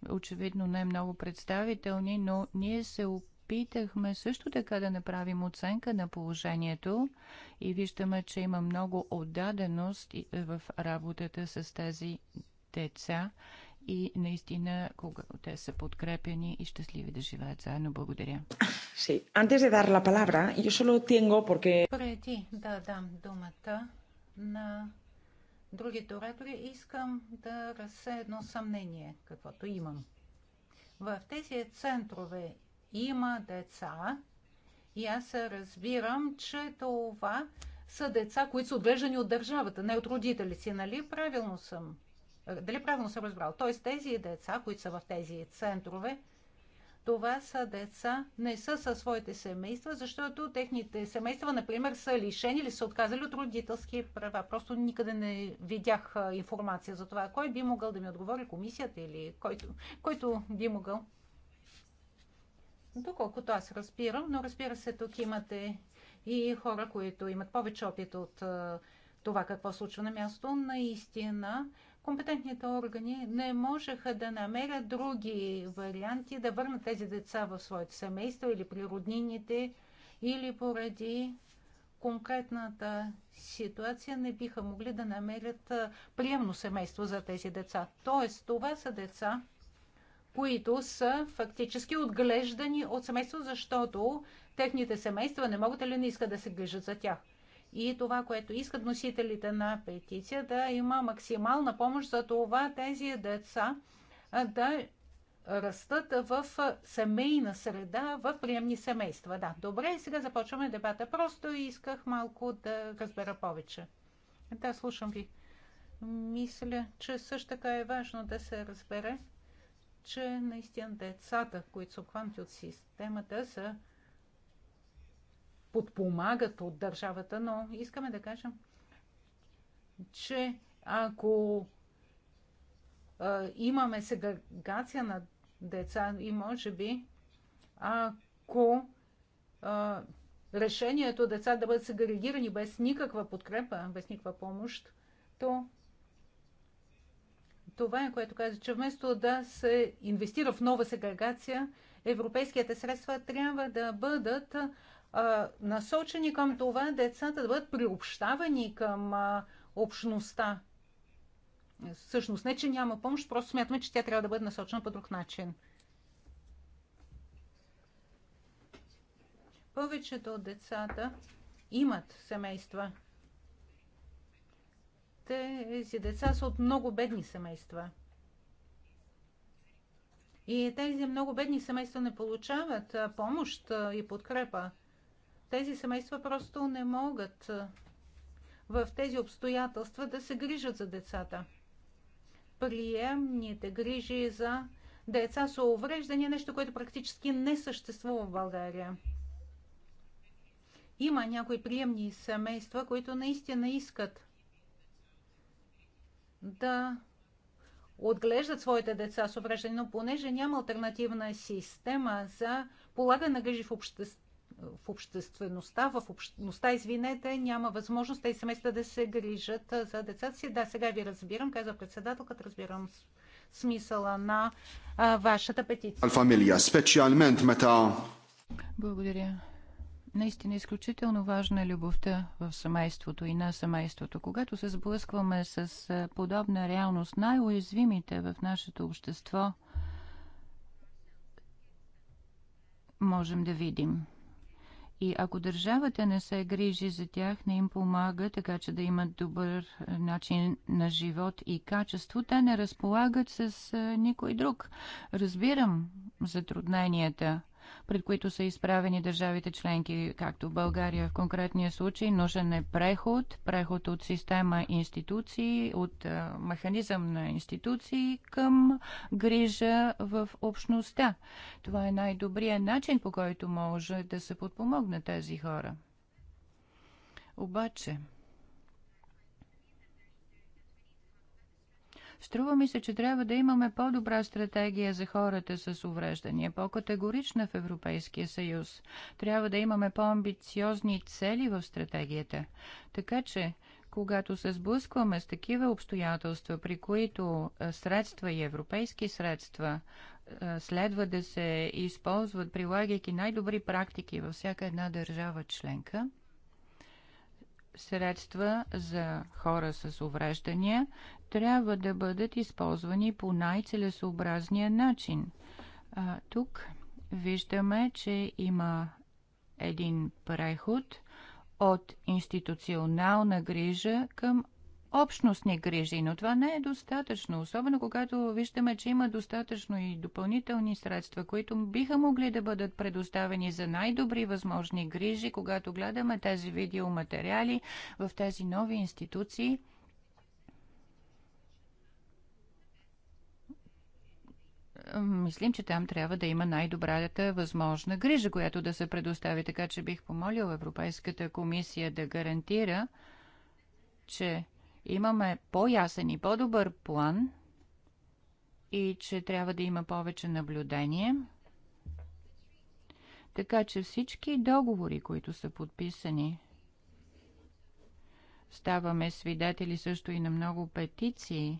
очевидно не много представителни, но ние се опитахме също така да направим оценка на положението и виждаме, че има много отдаденост е, в работата с тези деца и наистина кога те са подкрепени и щастливи да живеят заедно. Благодаря. Sí. Antes de dar la palabra, yo solo tengo porque... Преди да дам думата на другите оратори, искам да разсея едно съмнение, каквото имам. В тези центрове има деца и аз се разбирам, че това са деца, които са отглеждани от държавата, не от родители си, нали? Правилно съм е, дали правилно съм разбрал? Тоест тези деца, които са в тези центрове, това са деца, не са със своите семейства, защото техните семейства, например, са лишени или са отказали от родителски права. Просто никъде не видях е, информация за това. Кой би могъл да ми отговори? Комисията или който, който би могъл? Доколкото аз разбирам, но разбира се, тук имате и хора, които имат повече опит от е, това какво случва на място. Наистина, компетентните органи не можеха да намерят други варианти да върнат тези деца в своите семейство или при роднините, или поради конкретната ситуация не биха могли да намерят приемно семейство за тези деца. Тоест, това са деца, които са фактически отглеждани от семейство, защото техните семейства не могат или не искат да се грижат за тях. И това, което искат носителите на петиция, да има максимална помощ за това тези деца да растат в семейна среда, в приемни семейства. Да, добре, сега започваме дебата. Просто исках малко да разбера повече. Да, слушам ви. Мисля, че също така е важно да се разбере, че наистина децата, които са обхванати от системата, са подпомагат от държавата, но искаме да кажем, че ако а, имаме сегрегация на деца и може би ако а, решението деца да бъдат сегрегирани без никаква подкрепа, без никаква помощ, то това е което каза, че вместо да се инвестира в нова сегрегация, европейските средства трябва да бъдат насочени към това децата да бъдат приобщавани към общността. Всъщност не, че няма помощ, просто смятаме, че тя трябва да бъде насочена по друг начин. Повечето от децата имат семейства. Тези деца са от много бедни семейства. И тези много бедни семейства не получават помощ и подкрепа. Тези семейства просто не могат в тези обстоятелства да се грижат за децата. Приемните грижи за деца са увреждания, нещо, което практически не съществува в България. Има някои приемни семейства, които наистина искат да отглеждат своите деца с увреждане, но понеже няма альтернативна система за полагане на грижи в, обществото в обществеността, в общността, извинете, няма възможност тези семейства да се грижат за децата си. Да, сега ви разбирам, каза председателката, разбирам смисъла на а, вашата петиция. Фамилия, специалмент мета. Благодаря. Наистина изключително важна е любовта в семейството и на семейството. Когато се сблъскваме с подобна реалност, най-уязвимите в нашето общество можем да видим и ако държавата не се грижи за тях, не им помага, така че да имат добър е, начин на живот и качество, те не разполагат с е, никой друг. Разбирам затрудненията пред които са изправени държавите членки, както България в конкретния случай. Нужен е преход, преход от система институции, от механизъм на институции към грижа в общността. Това е най-добрият начин, по който може да се подпомогнат тези хора. Обаче, Струва ми се, че трябва да имаме по-добра стратегия за хората с увреждания, по-категорична в Европейския съюз. Трябва да имаме по-амбициозни цели в стратегията. Така че, когато се сблъскваме с такива обстоятелства, при които средства и европейски средства следва да се използват, прилагайки най-добри практики във всяка една държава членка, средства за хора с увреждания трябва да бъдат използвани по най-целесообразния начин. А, тук виждаме, че има един преход от институционална грижа към общностни грижи, но това не е достатъчно, особено когато виждаме, че има достатъчно и допълнителни средства, които биха могли да бъдат предоставени за най-добри възможни грижи, когато гледаме тези видеоматериали в тези нови институции. мислим, че там трябва да има най-добрата възможна грижа, която да се предостави. Така че бих помолил Европейската комисия да гарантира, че имаме по-ясен и по-добър план и че трябва да има повече наблюдение. Така че всички договори, които са подписани, ставаме свидетели също и на много петиции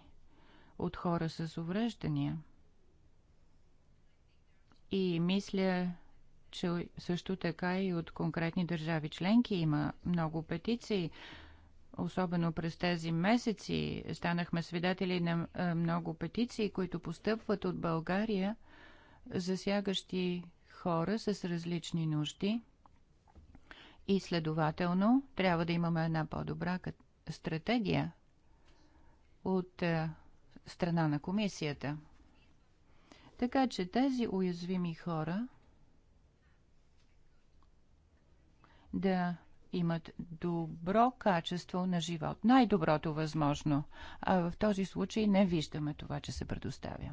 от хора с увреждания. И мисля, че също така и от конкретни държави членки има много петиции особено през тези месеци, станахме свидетели на е, много петиции, които постъпват от България, засягащи хора с различни нужди. И следователно, трябва да имаме една по-добра стратегия от е, страна на комисията. Така че тези уязвими хора да имат добро качество на живот. Най-доброто възможно. А в този случай не виждаме това, че се предоставя.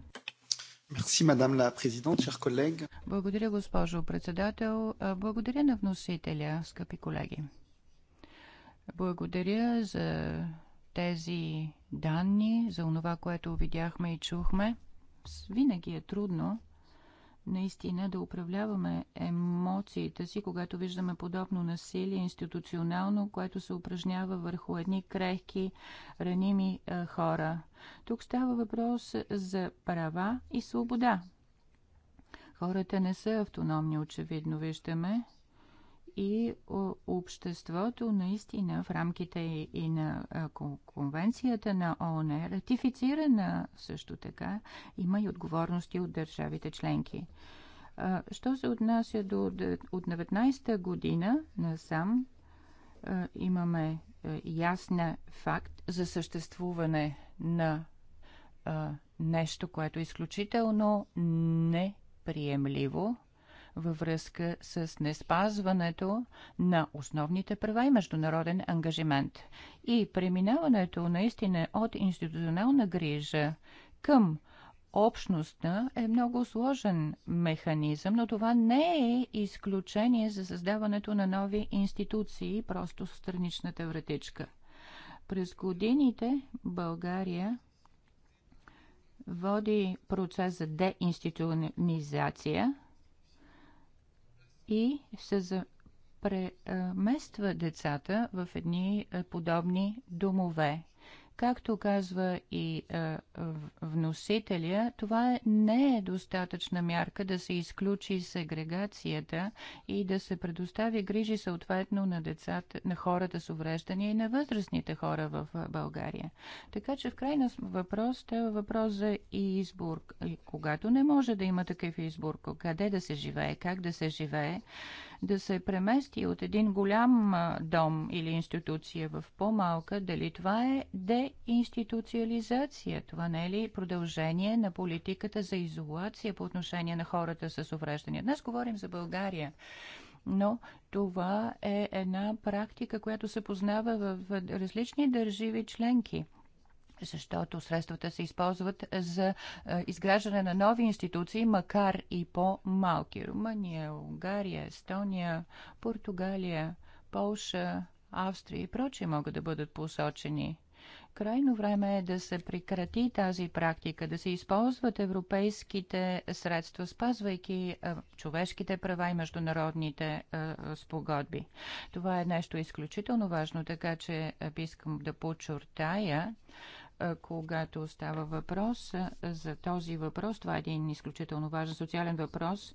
Merci, madame la présidente, chers collègues. Благодаря, госпожо председател. Благодаря на вносителя, скъпи колеги. Благодаря за тези данни, за онова, което видяхме и чухме. Винаги е трудно наистина да управляваме емоциите си, когато виждаме подобно насилие институционално, което се упражнява върху едни крехки, раними е, хора. Тук става въпрос за права и свобода. Хората не са автономни, очевидно виждаме и обществото наистина в рамките и на конвенцията на ООН, е ратифицирана също така, има и отговорности от държавите членки. Що се отнася до от 19-та година насам, имаме ясна факт за съществуване на нещо, което е изключително неприемливо – във връзка с неспазването на основните права и международен ангажимент. И преминаването наистина от институционална грижа към общностна е много сложен механизъм, но това не е изключение за създаването на нови институции, просто страничната вратичка. През годините България води процес за деинституционализация – и се премества децата в едни е, подобни домове. Както казва и е, вносителя, това е, не е достатъчна мярка да се изключи сегрегацията и да се предостави грижи съответно на децата, на хората с увреждания и на възрастните хора в е, България. Така че в крайна въпрос е въпрос за и избор. Е, когато не може да има такъв избор, къде да се живее, как да се живее, да се премести от един голям дом или институция в по-малка, дали това е деинституциализация? Това не е ли продължение на политиката за изолация по отношение на хората с увреждания? Днес говорим за България но това е една практика, която се познава в различни държави членки защото средствата се използват за е, изграждане на нови институции, макар и по-малки. Румъния, Унгария, Естония, Португалия, Полша, Австрия и прочие могат да бъдат посочени. Крайно време е да се прекрати тази практика, да се използват европейските средства, спазвайки е, човешките права и международните е, спогодби. Това е нещо изключително важно, така че искам да подчертая, когато става въпрос за този въпрос. Това е един изключително важен социален въпрос.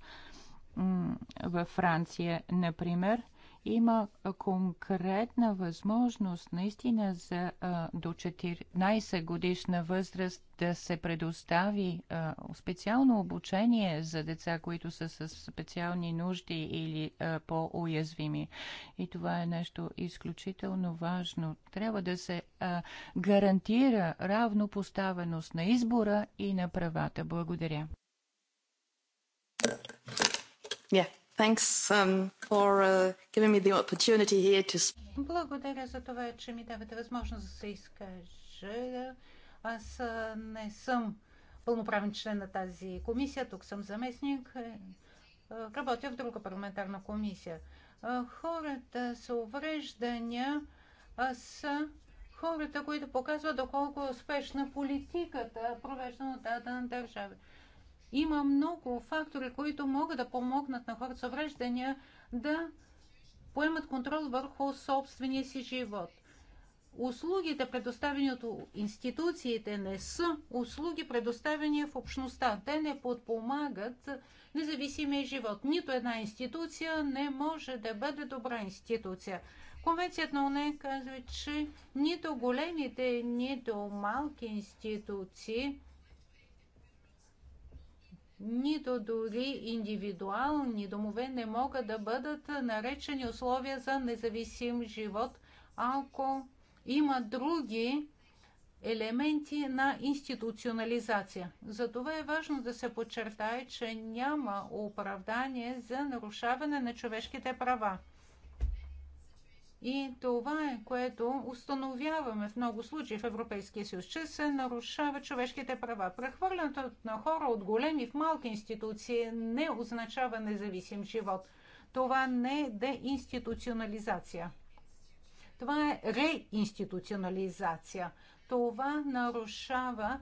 Във Франция, например, има конкретна възможност наистина за а, до 14 годишна възраст да се предостави а, специално обучение за деца, които са с специални нужди или по-уязвими. И това е нещо изключително важно. Трябва да се а, гарантира равнопоставеност на избора и на правата. Благодаря. Yeah. Um, uh, Благодаря за това, че ми давате възможност да се изкажа. Аз не съм пълноправен член на тази комисия, тук съм заместник. Е, работя в друга парламентарна комисия. Хората с увреждания са хората, които показват доколко е успешна политиката, провеждана от дадена държава. Има много фактори, които могат да помогнат на хората с увреждания да поемат контрол върху собствения си живот. Услугите, предоставени от институциите, не са услуги, предоставени в общността. Те не подпомагат независимия живот. Нито една институция не може да бъде добра институция. Конвенцията на ОНЕ казва, че нито големите, нито малки институции нито дори индивидуални домове не могат да бъдат наречени условия за независим живот, ако има други елементи на институционализация. Затова е важно да се подчертае, че няма оправдание за нарушаване на човешките права. И това е, което установяваме в много случаи в Европейския съюз, че се нарушава човешките права. Прехвърлянето на хора от големи в малки институции не означава независим живот. Това не е деинституционализация. Това е реинституционализация. Това нарушава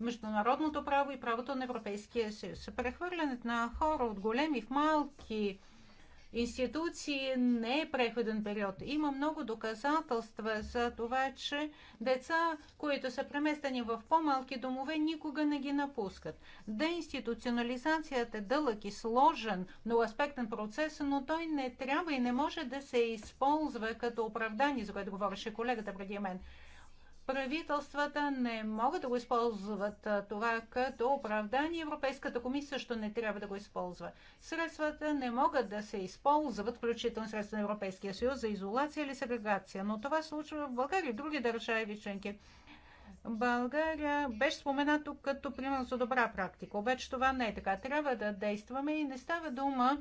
международното право и правото на Европейския съюз. Прехвърлянето на хора от големи в малки институции не е преходен период. Има много доказателства за това, че деца, които са преместени в по-малки домове, никога не ги напускат. Деинституционализацията е дълъг и сложен, аспектен процес, но той не трябва и не може да се използва като оправдание, за което говореше колегата преди мен правителствата не могат да го използват това като оправдание. Европейската комисия също не трябва да го използва. Средствата не могат да се използват, включително средства на Европейския съюз, за изолация или сегрегация. Но това се случва в България и други държави членки. България беше споменато като пример за добра практика. Обаче това не е така. Трябва да действаме и не става дума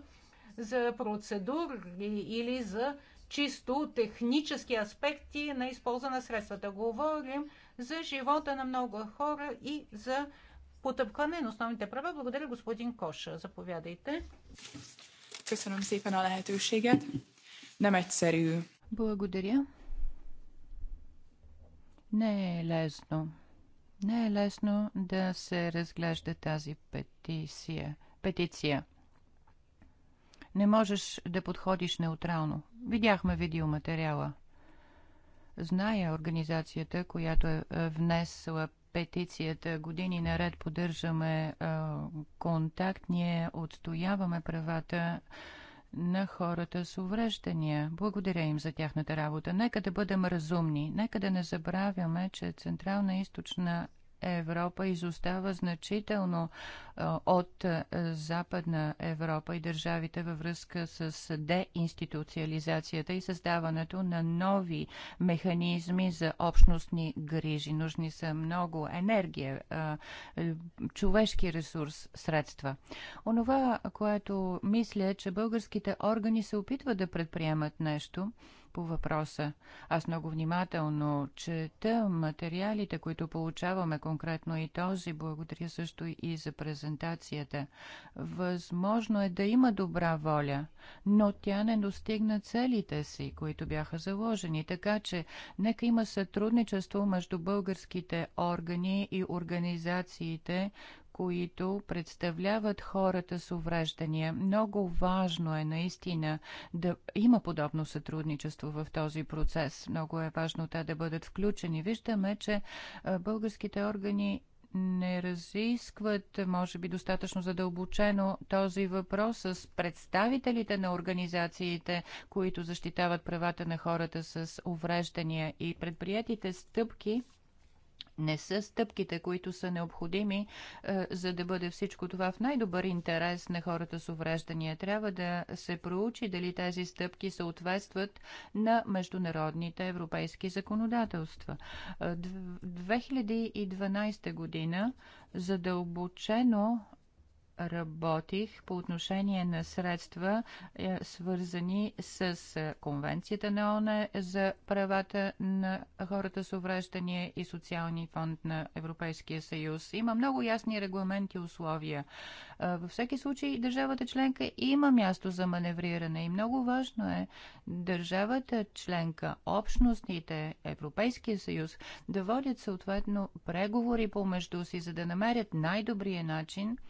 за процедури или за чисто технически аспекти на използване на средствата. Говорим за живота на много хора и за потъпкане на основните права. Благодаря, господин Коша. Заповядайте. Благодаря. Не е лесно. Не е лесно да се разглежда тази петиция. петиция. Не можеш да подходиш неутрално. Видяхме видеоматериала. Зная организацията, която е, е внесла петицията. Години наред поддържаме е, контакт. Ние отстояваме правата на хората с увреждания. Благодаря им за тяхната работа. Нека да бъдем разумни. Нека да не забравяме, че Централна Източна Европа изостава значително от Западна Европа и държавите във връзка с деинституциализацията и създаването на нови механизми за общностни грижи. Нужни са много енергия, човешки ресурс, средства. Онова, което мисля, е, че българските органи се опитват да предприемат нещо – по въпроса. Аз много внимателно чета материалите, които получаваме конкретно и този. Благодаря също и за презентацията. Възможно е да има добра воля, но тя не достигна целите си, които бяха заложени. Така че нека има сътрудничество между българските органи и организациите, които представляват хората с увреждания. Много важно е наистина да има подобно сътрудничество в този процес. Много е важно те да бъдат включени. Виждаме, че българските органи не разискват, може би, достатъчно задълбочено този въпрос с представителите на организациите, които защитават правата на хората с увреждания и предприятите стъпки не са стъпките, които са необходими, е, за да бъде всичко това в най-добър интерес на хората с увреждания. Трябва да се проучи дали тези стъпки съответстват на международните европейски законодателства. 2012 е, година задълбочено работих по отношение на средства, е, свързани с е, Конвенцията на ОНЕ за правата на хората с увреждания и социални фонд на Европейския съюз. Има много ясни регламенти и условия. Е, във всеки случай държавата членка има място за маневриране и много важно е държавата членка, общностите, Европейския съюз да водят съответно преговори помежду си, за да намерят най-добрия начин –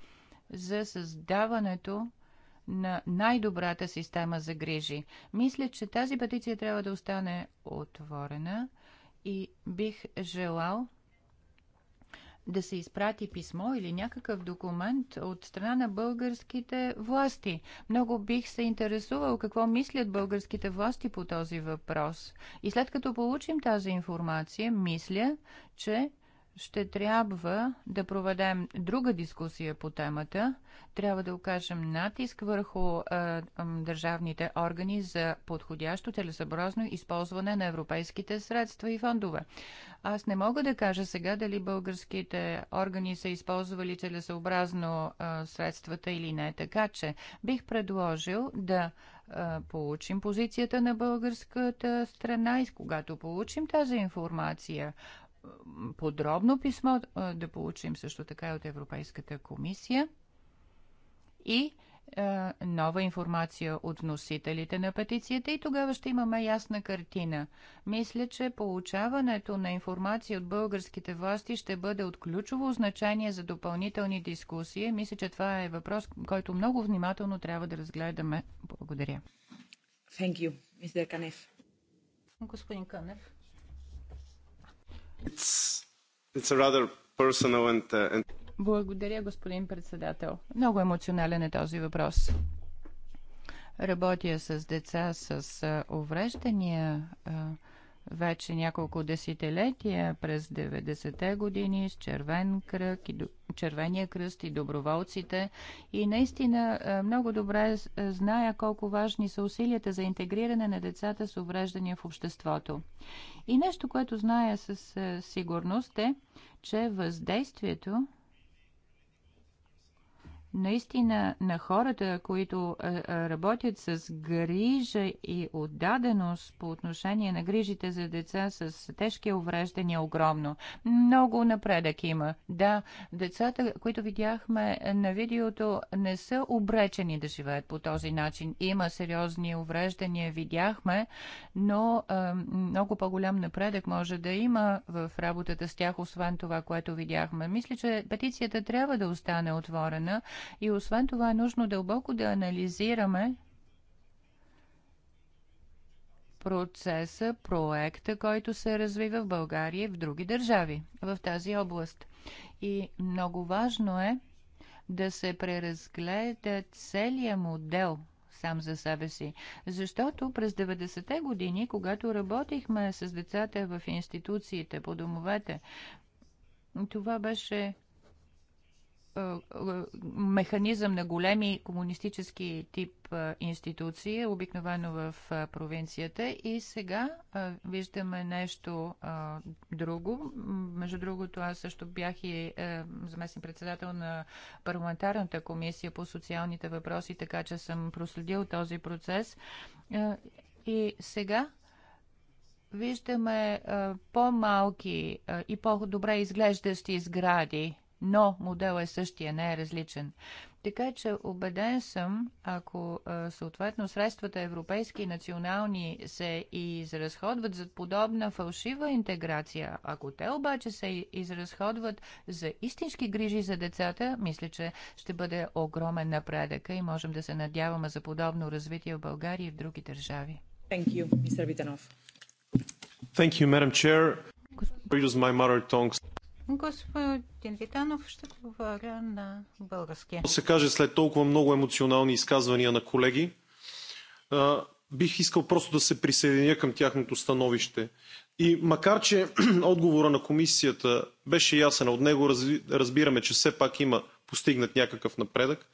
за създаването на най-добрата система за грижи. Мисля, че тази петиция трябва да остане отворена и бих желал да се изпрати писмо или някакъв документ от страна на българските власти. Много бих се интересувал какво мислят българските власти по този въпрос. И след като получим тази информация, мисля, че ще трябва да проведем друга дискусия по темата. Трябва да окажем натиск върху а, държавните органи за подходящо целесъобразно използване на европейските средства и фондове. Аз не мога да кажа сега дали българските органи са използвали целесъобразно а, средствата или не. Така че бих предложил да получим позицията на българската страна и когато получим тази информация подробно писмо да получим също така и от Европейската комисия и нова информация от носителите на петицията и тогава ще имаме ясна картина. Мисля, че получаването на информация от българските власти ще бъде от ключово значение за допълнителни дискусии. Мисля, че това е въпрос, който много внимателно трябва да разгледаме. Благодаря. Thank you, Mr. Канев. Господин Канев. Uh, Благодаря, господин председател. Много емоционален е този въпрос. Работя с деца с увреждания вече няколко десетилетия през 90-те години с червен кръг и Червения кръст и доброволците. И наистина е, много добре е, зная колко важни са усилията за интегриране на децата с увреждания в обществото. И нещо, което зная със е, сигурност е, че въздействието наистина на хората, които е, е, работят с грижа и отдаденост по отношение на грижите за деца с тежки увреждания огромно. Много напредък има. Да, децата, които видяхме на видеото, не са обречени да живеят по този начин. Има сериозни увреждания, видяхме, но е, много по-голям напредък може да има в работата с тях, освен това, което видяхме. Мисля, че петицията трябва да остане отворена и освен това е нужно дълбоко да анализираме процеса, проекта, който се развива в България и в други държави в тази област. И много важно е да се преразгледа целият модел сам за себе си. Защото през 90-те години, когато работихме с децата в институциите, по домовете, това беше е, е, механизъм на големи комунистически тип е, институции, обикновено в провинцията. И сега виждаме нещо друго. Между другото, аз също бях и заместен председател на парламентарната комисия по социалните въпроси, така че съм проследил този процес. И сега виждаме по-малки и по-добре изглеждащи сгради но модел е същия, не е различен. Така че убеден съм, ако съответно средствата европейски и национални се изразходват за подобна фалшива интеграция, ако те обаче се изразходват за истински грижи за децата, мисля, че ще бъде огромен напредък и можем да се надяваме за подобно развитие в България и в други държави. Thank you, Mr. Vitanov. Thank you, Madam Chair. my mother tongue. Господин Витанов, ще говоря на български. Се каже след толкова много емоционални изказвания на колеги, бих искал просто да се присъединя към тяхното становище. И макар, че отговора на комисията беше ясен, от него разбираме, че все пак има постигнат някакъв напредък.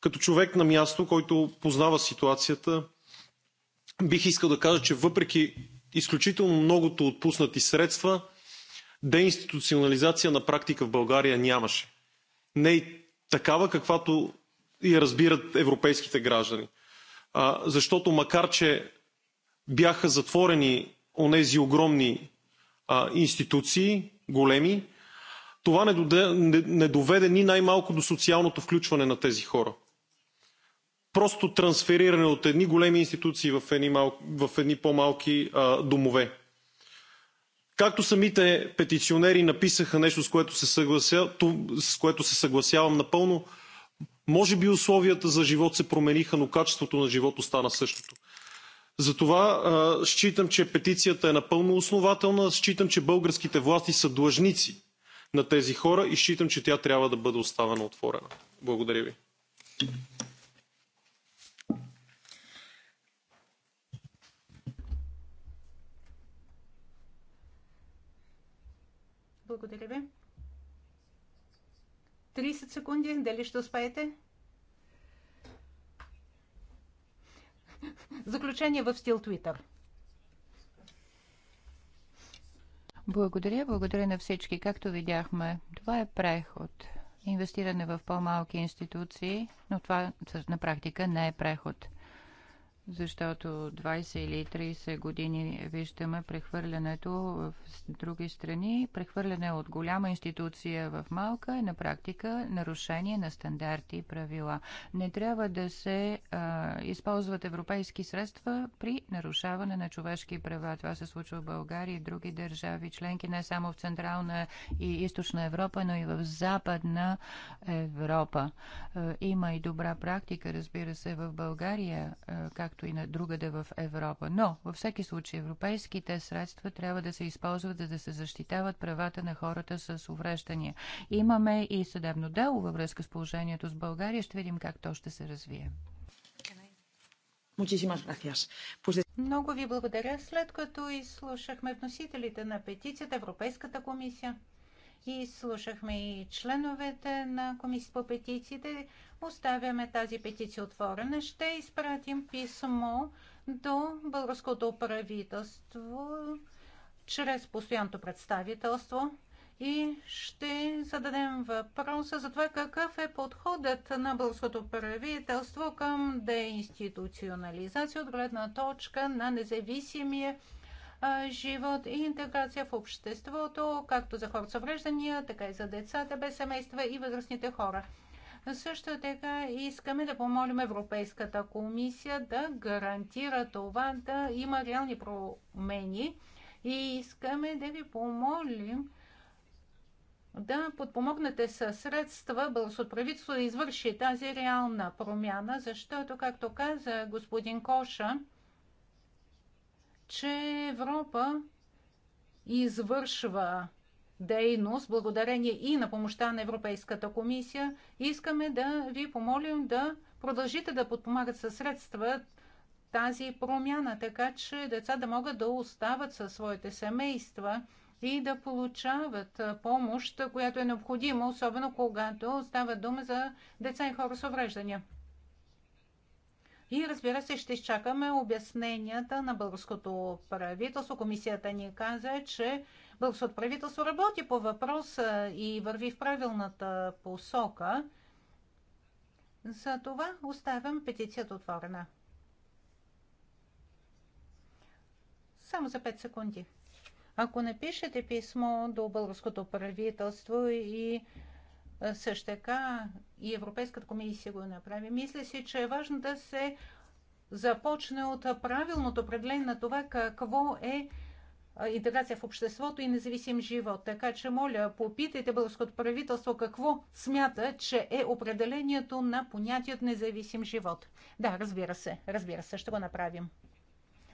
Като човек на място, който познава ситуацията, бих искал да кажа, че въпреки изключително многото отпуснати средства, деинституционализация на практика в България нямаше. Не и такава, каквато и разбират европейските граждани. А, защото макар, че бяха затворени онези огромни а, институции, големи, това не, доде, не, не доведе ни най-малко до социалното включване на тези хора. Просто трансфериране от едни големи институции в едни, мал, в едни по-малки а, домове. Както самите петиционери написаха нещо, с което се, съглася, с което се съгласявам напълно, може би условията за живот се промениха, но качеството на живот остана същото. Затова считам, че петицията е напълно основателна, считам, че българските власти са длъжници на тези хора и считам, че тя трябва да бъде оставена отворена. Благодаря ви. Благодаря ви. 30 секунди. Дали ще успеете? Заключение в стил Твитър. Благодаря, благодаря на всички. Както видяхме, това е преход. Инвестиране в по-малки институции, но това на практика не е преход защото 20 или 30 години виждаме прехвърлянето в други страни. Прехвърляне от голяма институция в малка е на практика нарушение на стандарти и правила. Не трябва да се а, използват европейски средства при нарушаване на човешки права. Това се случва в България и други държави членки, не само в Централна и Източна Европа, но и в Западна Европа. А, има и добра практика, разбира се, в България, а, как както и на другаде в Европа. Но, във всеки случай, европейските средства трябва да се използват, за да се защитават правата на хората с увреждания. Имаме и съдебно дело във връзка с положението с България. Ще видим как то ще се развие. Много ви благодаря, след като изслушахме вносителите на петицията Европейската комисия и слушахме и членовете на комисията по петициите. Оставяме тази петиция отворена. Ще изпратим писмо до българското правителство чрез постоянното представителство и ще зададем въпроса за това какъв е подходът на българското правителство към деинституционализация от гледна точка на независимия живот и интеграция в обществото, както за хората с увреждания, така и за децата без семейства и възрастните хора. Също така искаме да помолим Европейската комисия да гарантира това да има реални промени и искаме да ви помолим да подпомогнете със средства от правителство да извърши тази реална промяна, защото, както каза господин Коша, че Европа извършва дейност, благодарение и на помощта на Европейската комисия, искаме да ви помолим да продължите да подпомагат със средства тази промяна, така че деца да могат да остават със своите семейства и да получават помощ, която е необходима, особено когато става дума за деца и хора с увреждания. И разбира се, ще изчакаме обясненията на българското правителство. Комисията ни каза, че българското правителство работи по въпроса и върви в правилната посока. За това оставям петицията отворена. Само за 5 секунди. Ако напишете писмо до българското правителство и също така и Европейската комисия го направи. Мисля си, че е важно да се започне от правилното определение на това какво е интеграция в обществото и независим живот. Така че, моля, попитайте българското правителство какво смята, че е определението на понятието независим живот. Да, разбира се, разбира се, ще го направим.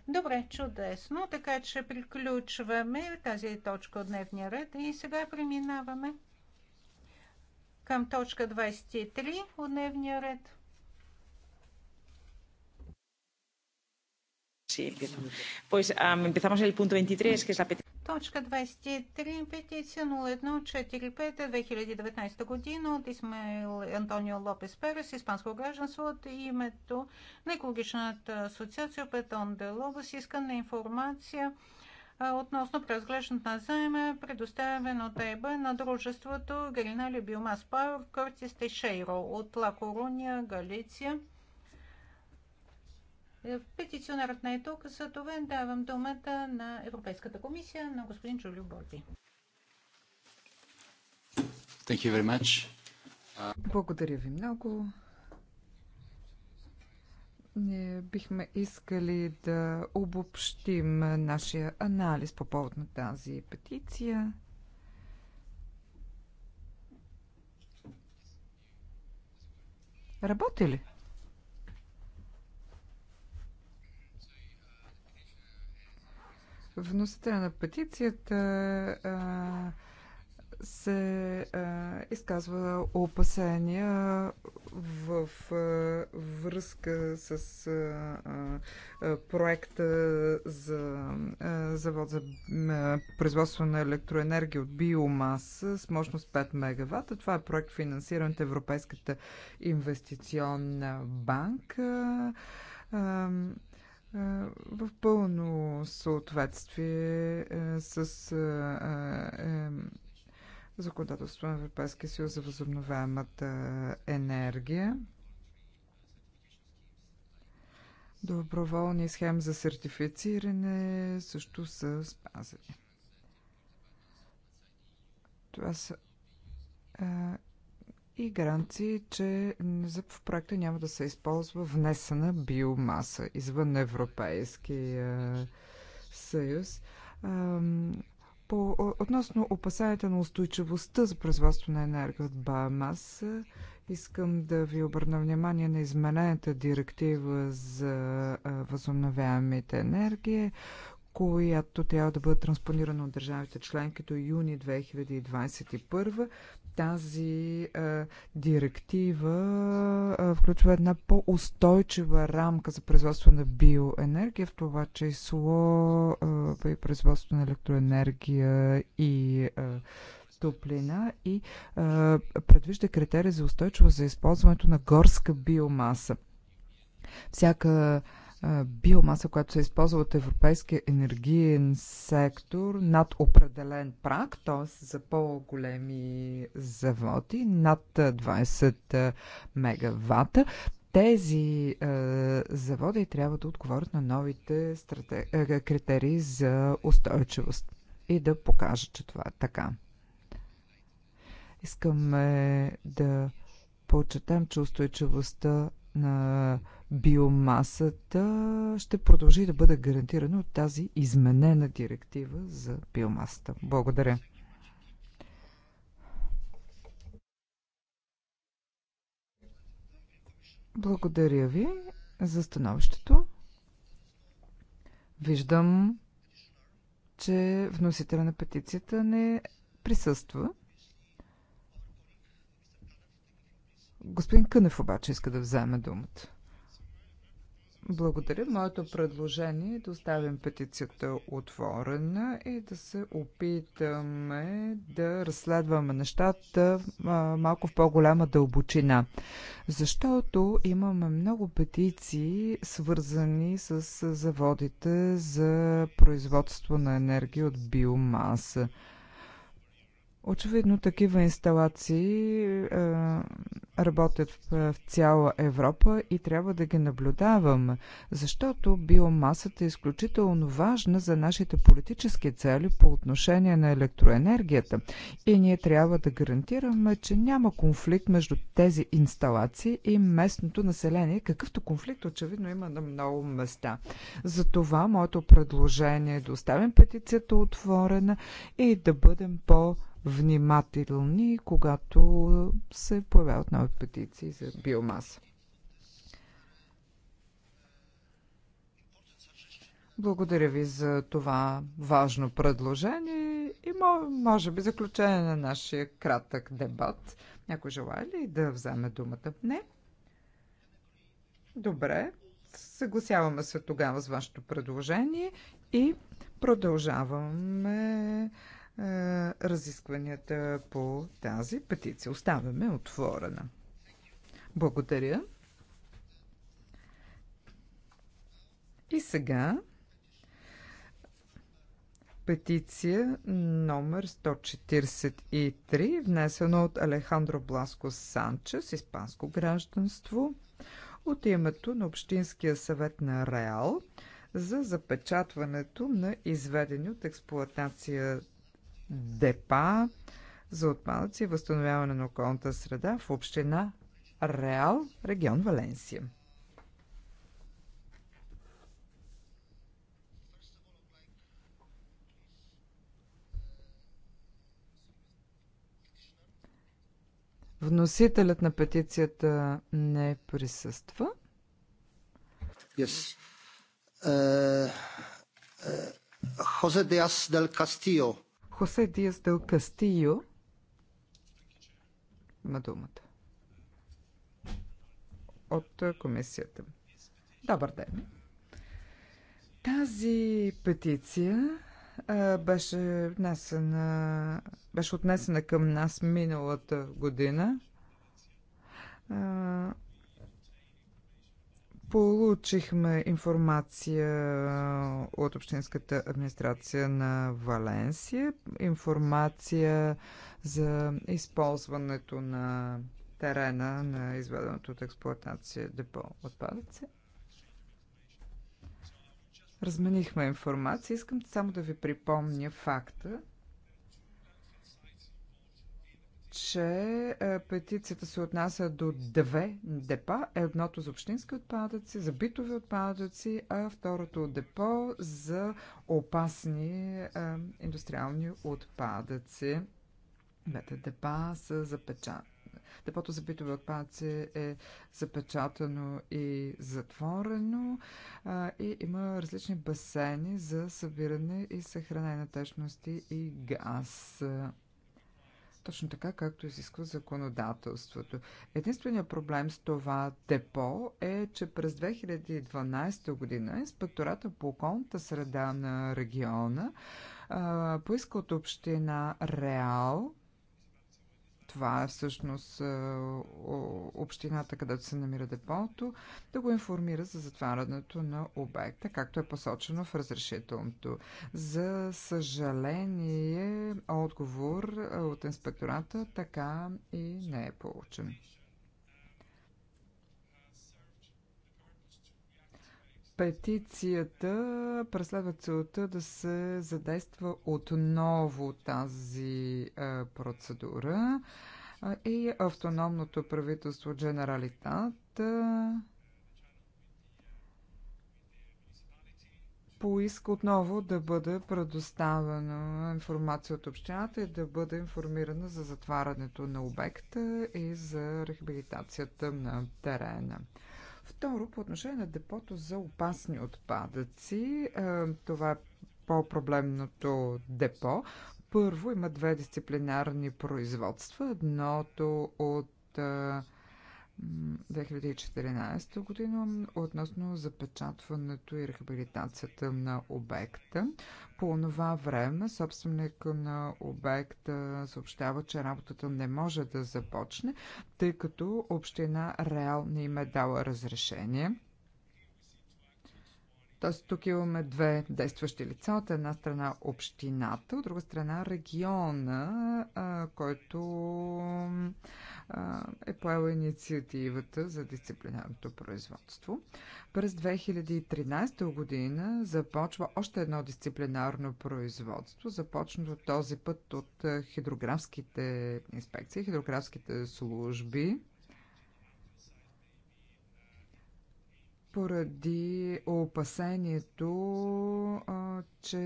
Добре, чудесно. Така че приключваме тази точка от дневния ред и сега преминаваме към точка 23 от дневния ред. Pues um, empezamos el punto 23, que es la petición. Точка 23, петиция 0145-2019 година от Исмаил Антонио Лопес Перес, испанско гражданство от името на екологичната асоциация Петон де Лобос, искане информация относно преразглеждането на заема, предоставен от ЕБ на дружеството Гринали Биомас Пауър Кортис Тейшейро от Ла Галиция. Е, петиционерът не е тук, за това давам думата на Европейската комисия на господин Джулио Борби. Благодаря ви много. Ние бихме искали да обобщим нашия анализ по повод на тази петиция. Работи ли? Вносителя на петицията се а, изказва опасения в а, връзка с а, а, проекта за а, завод за а, производство на електроенергия от биомаса с мощност 5 мегаватта. Това е проект финансиран от Европейската инвестиционна банка. А, в пълно съответствие с законодателство на Европейския съюз за възобновяемата енергия, доброволни схеми за сертифициране също са спазени. Това са а, и гаранции, че в проекта няма да се използва внесена биомаса извън Европейския съюз. А, по, относно опасанията на устойчивостта за производство на енергия от БАМАС, искам да ви обърна внимание на изменената директива за възобновяемите енергии, която трябва да бъде транспонирана от държавите членки до юни 2021 тази а, директива а, включва една по-устойчива рамка за производство на биоенергия, в това число а, и производство на електроенергия и а, топлина и а, предвижда критерии за устойчиво за използването на горска биомаса. Всяка а, биомаса, която се използва от Европейския енергиен сектор над определен прак, т.е. за по-големи заводи, над 20 мегавата. Тези е, заводи трябва да отговорят на новите стратег... е, критерии за устойчивост и да покажат, че това е така. Искаме да почетем, че устойчивостта на биомасата ще продължи да бъде гарантирана от тази изменена директива за биомасата. Благодаря. Благодаря ви за становището. Виждам, че вносителя на петицията не присъства. Господин Кънев обаче иска да вземе думата. Благодаря. Моето предложение е да оставим петицията отворена и да се опитаме да разследваме нещата малко в по-голяма дълбочина. Защото имаме много петиции, свързани с заводите за производство на енергия от биомаса. Очевидно такива инсталации е, работят в, в цяла Европа и трябва да ги наблюдаваме, защото биомасата е изключително важна за нашите политически цели по отношение на електроенергията. И ние трябва да гарантираме, че няма конфликт между тези инсталации и местното население, какъвто конфликт очевидно има на много места. Затова моето предложение е да оставим петицията отворена и да бъдем по- внимателни, когато се появяват нови петиции за биомаса. Благодаря ви за това важно предложение и може би заключение на нашия кратък дебат. Някой желая ли да вземе думата? Не? Добре. Съгласяваме се тогава с вашето предложение и продължаваме разискванията по тази петиция. Оставяме отворена. Благодаря. И сега петиция номер 143, внесена от Алехандро Бласко Санчес, испанско гражданство, от името на Общинския съвет на Реал за запечатването на изведени от експлоатация депа за отпадъци и възстановяване на околната среда в община Реал, регион Валенсия. Вносителят на петицията не присъства. Yes. Uh, uh, Jose Хосе Диас Дел Кастио има думата от комисията. Добър ден! Тази петиция беше, внесена, беше отнесена към нас миналата година. Получихме информация от Общинската администрация на Валенсия, информация за използването на терена на изведеното от експлуатация депо отпадъци. Разменихме информация. Искам само да ви припомня факта, че е, петицията се отнася до две депа. Едното за общински отпадъци, за битови отпадъци, а второто депо за опасни е, индустриални отпадъци. Двете депа са запечатани. Депото за битови отпадъци е запечатано и затворено а, и има различни басейни за събиране и съхранение на течности и газ точно така, както изисква законодателството. Единственият проблем с това депо е, че през 2012 година инспектората по околната среда на региона а, поиска от община Реал това е всъщност е, общината, където се намира депото, да го информира за затварянето на обекта, както е посочено в разрешителното. За съжаление, отговор е, от инспектората така и не е получен. петицията преследва целта да се задейства отново тази процедура и автономното правителство Дженералитат поиска отново да бъде предоставена информация от общината и да бъде информирана за затварянето на обекта и за рехабилитацията на терена. Второ, по отношение на депото за опасни отпадъци, е, това е по-проблемното депо. Първо има две дисциплинарни производства. Едното от е, 2014 година относно запечатването и рехабилитацията на обекта. По това време собственика на обекта съобщава, че работата не може да започне, тъй като община Реал не им е дала разрешение. Тоест тук имаме две действащи лица. От една страна общината, от друга страна региона, а, който а, е поел инициативата за дисциплинарното производство. През 2013 година започва още едно дисциплинарно производство. Започнато този път от хидрографските инспекции, хидрографските служби поради опасението, че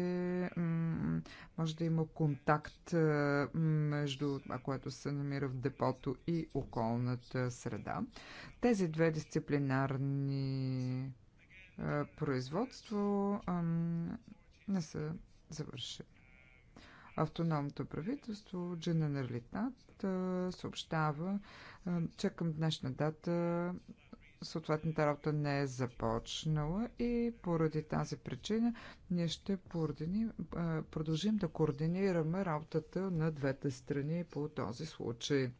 може да има контакт между това, което се намира в депото и околната среда. Тези две дисциплинарни производство не са завършени. Автономното правителство, Дженералитат, съобщава, че към днешна дата съответната работа не е започнала и поради тази причина ние ще продължим да координираме работата на двете страни по този случай.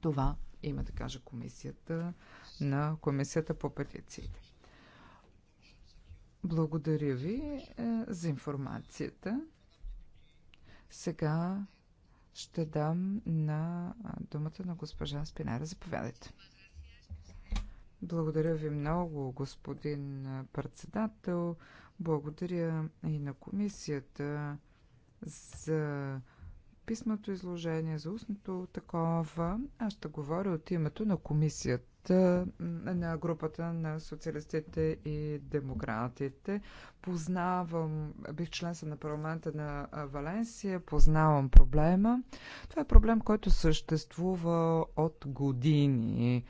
Това има да каже комисията на комисията по петициите. Благодаря ви е, за информацията. Сега ще дам на думата на госпожа Спинара. Заповядайте. Благодаря ви много, господин председател. Благодаря и на комисията за писмото изложение, за устното такова. Аз ще говоря от името на комисията на групата на социалистите и демократите. Познавам, бих член съм на парламента на Валенсия, познавам проблема. Това е проблем, който съществува от години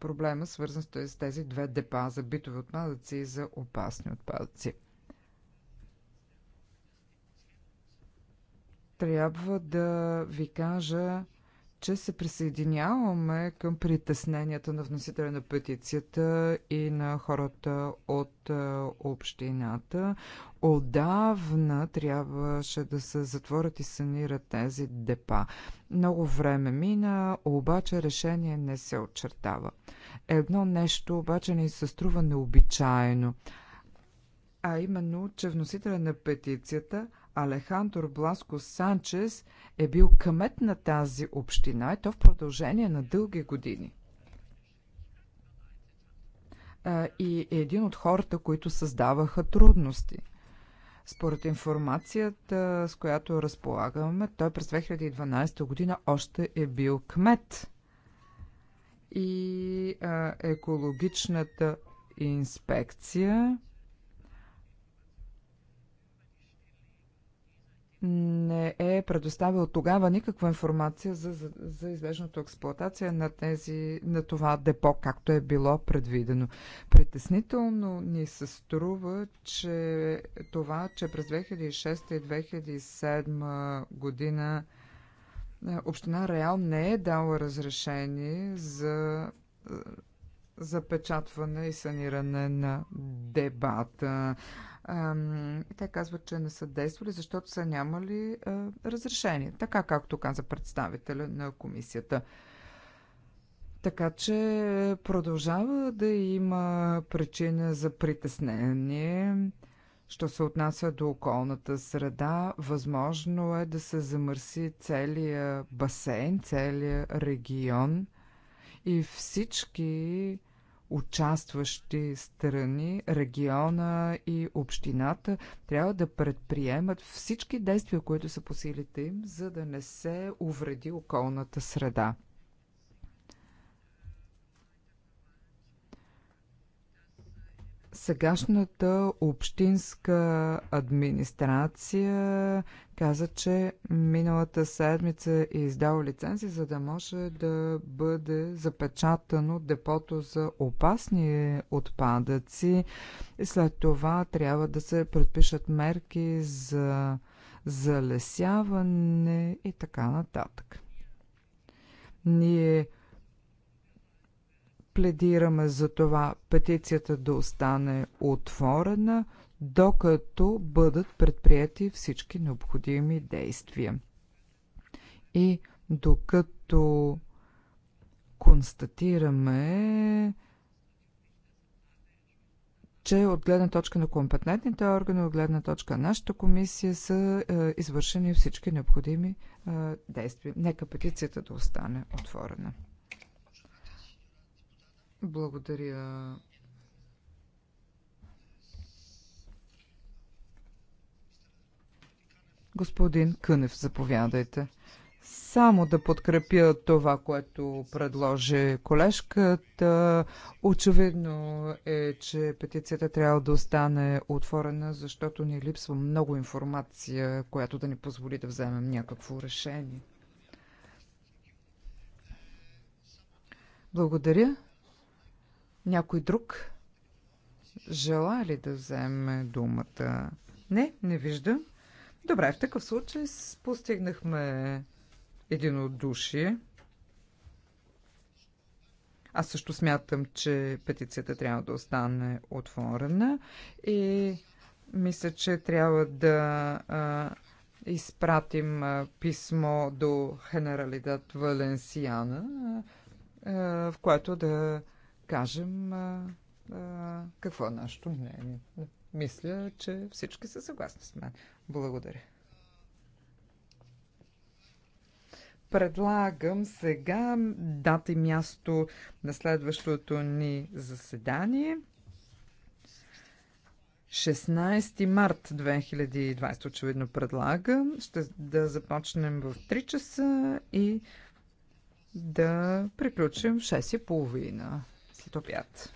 проблема, свързан с тези две депа за битови отпадъци и за опасни отпадъци. Трябва да ви кажа, че се присъединяваме към притесненията на вносителя на петицията и на хората от е, общината. Отдавна трябваше да се затворят и санират тези депа. Много време мина, обаче решение не се очертава. Едно нещо обаче ни се струва необичайно, а именно, че вносителя на петицията Алехандор Бласко Санчес е бил кмет на тази община и то в продължение на дълги години. И е един от хората, които създаваха трудности. Според информацията, с която разполагаме, той през 2012 година още е бил кмет. И а, екологичната инспекция не е предоставил тогава никаква информация за, за, за извеждането експлоатация на, тези, на това депо, както е било предвидено. Притеснително ни се струва, че това, че през 2006 и 2007 година е, Община Реал не е дала разрешение за е, запечатване и саниране на дебата. Те казват, че не са действали, защото са нямали разрешение, така както каза представителя на комисията. Така че продължава да има причина за притеснение. Що се отнася до околната среда, възможно е да се замърси целият басейн, целият регион и всички участващи страни, региона и общината трябва да предприемат всички действия, които са по силите им, за да не се увреди околната среда. Сегашната общинска администрация каза, че миналата седмица е издала лицензия, за да може да бъде запечатано депото за опасни отпадъци. след това трябва да се предпишат мерки за залесяване и така нататък. Ние пледираме за това петицията да остане отворена, докато бъдат предприяти всички необходими действия. И докато констатираме, че от гледна точка на компетентните органи, от гледна точка на нашата комисия са е, извършени всички необходими е, действия. Нека петицията да остане отворена. Благодаря. Господин Кънев, заповядайте. Само да подкрепя това, което предложи колежката. Очевидно е, че петицията трябва да остане отворена, защото ни липсва много информация, която да ни позволи да вземем някакво решение. Благодаря. Някой друг желая ли да вземе думата? Не, не виждам. Добре, в такъв случай постигнахме единодушие. Аз също смятам, че петицията трябва да остане отворена и мисля, че трябва да а, изпратим а, писмо до Хенералидат Валенсиана, а, в което да кажем а, а, какво е нашето мнение. Мисля, че всички са съгласни с мен. Благодаря. Предлагам сега дата и място на следващото ни заседание. 16 март 2020 очевидно предлагам. Ще да започнем в 3 часа и да приключим в 6.30 след обяд.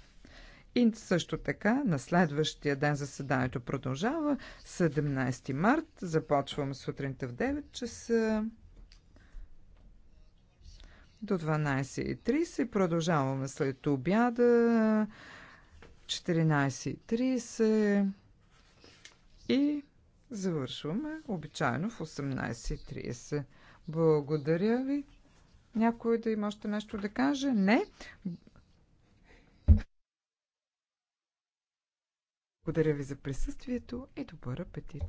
И също така, на следващия ден заседанието продължава. 17 март, започваме сутринта в 9 часа до 12.30. Продължаваме след обяда 14.30 и завършваме обичайно в 18.30. Благодаря ви. Някой да има още нещо да каже? Не. Благодаря ви за присъствието и добър апетит!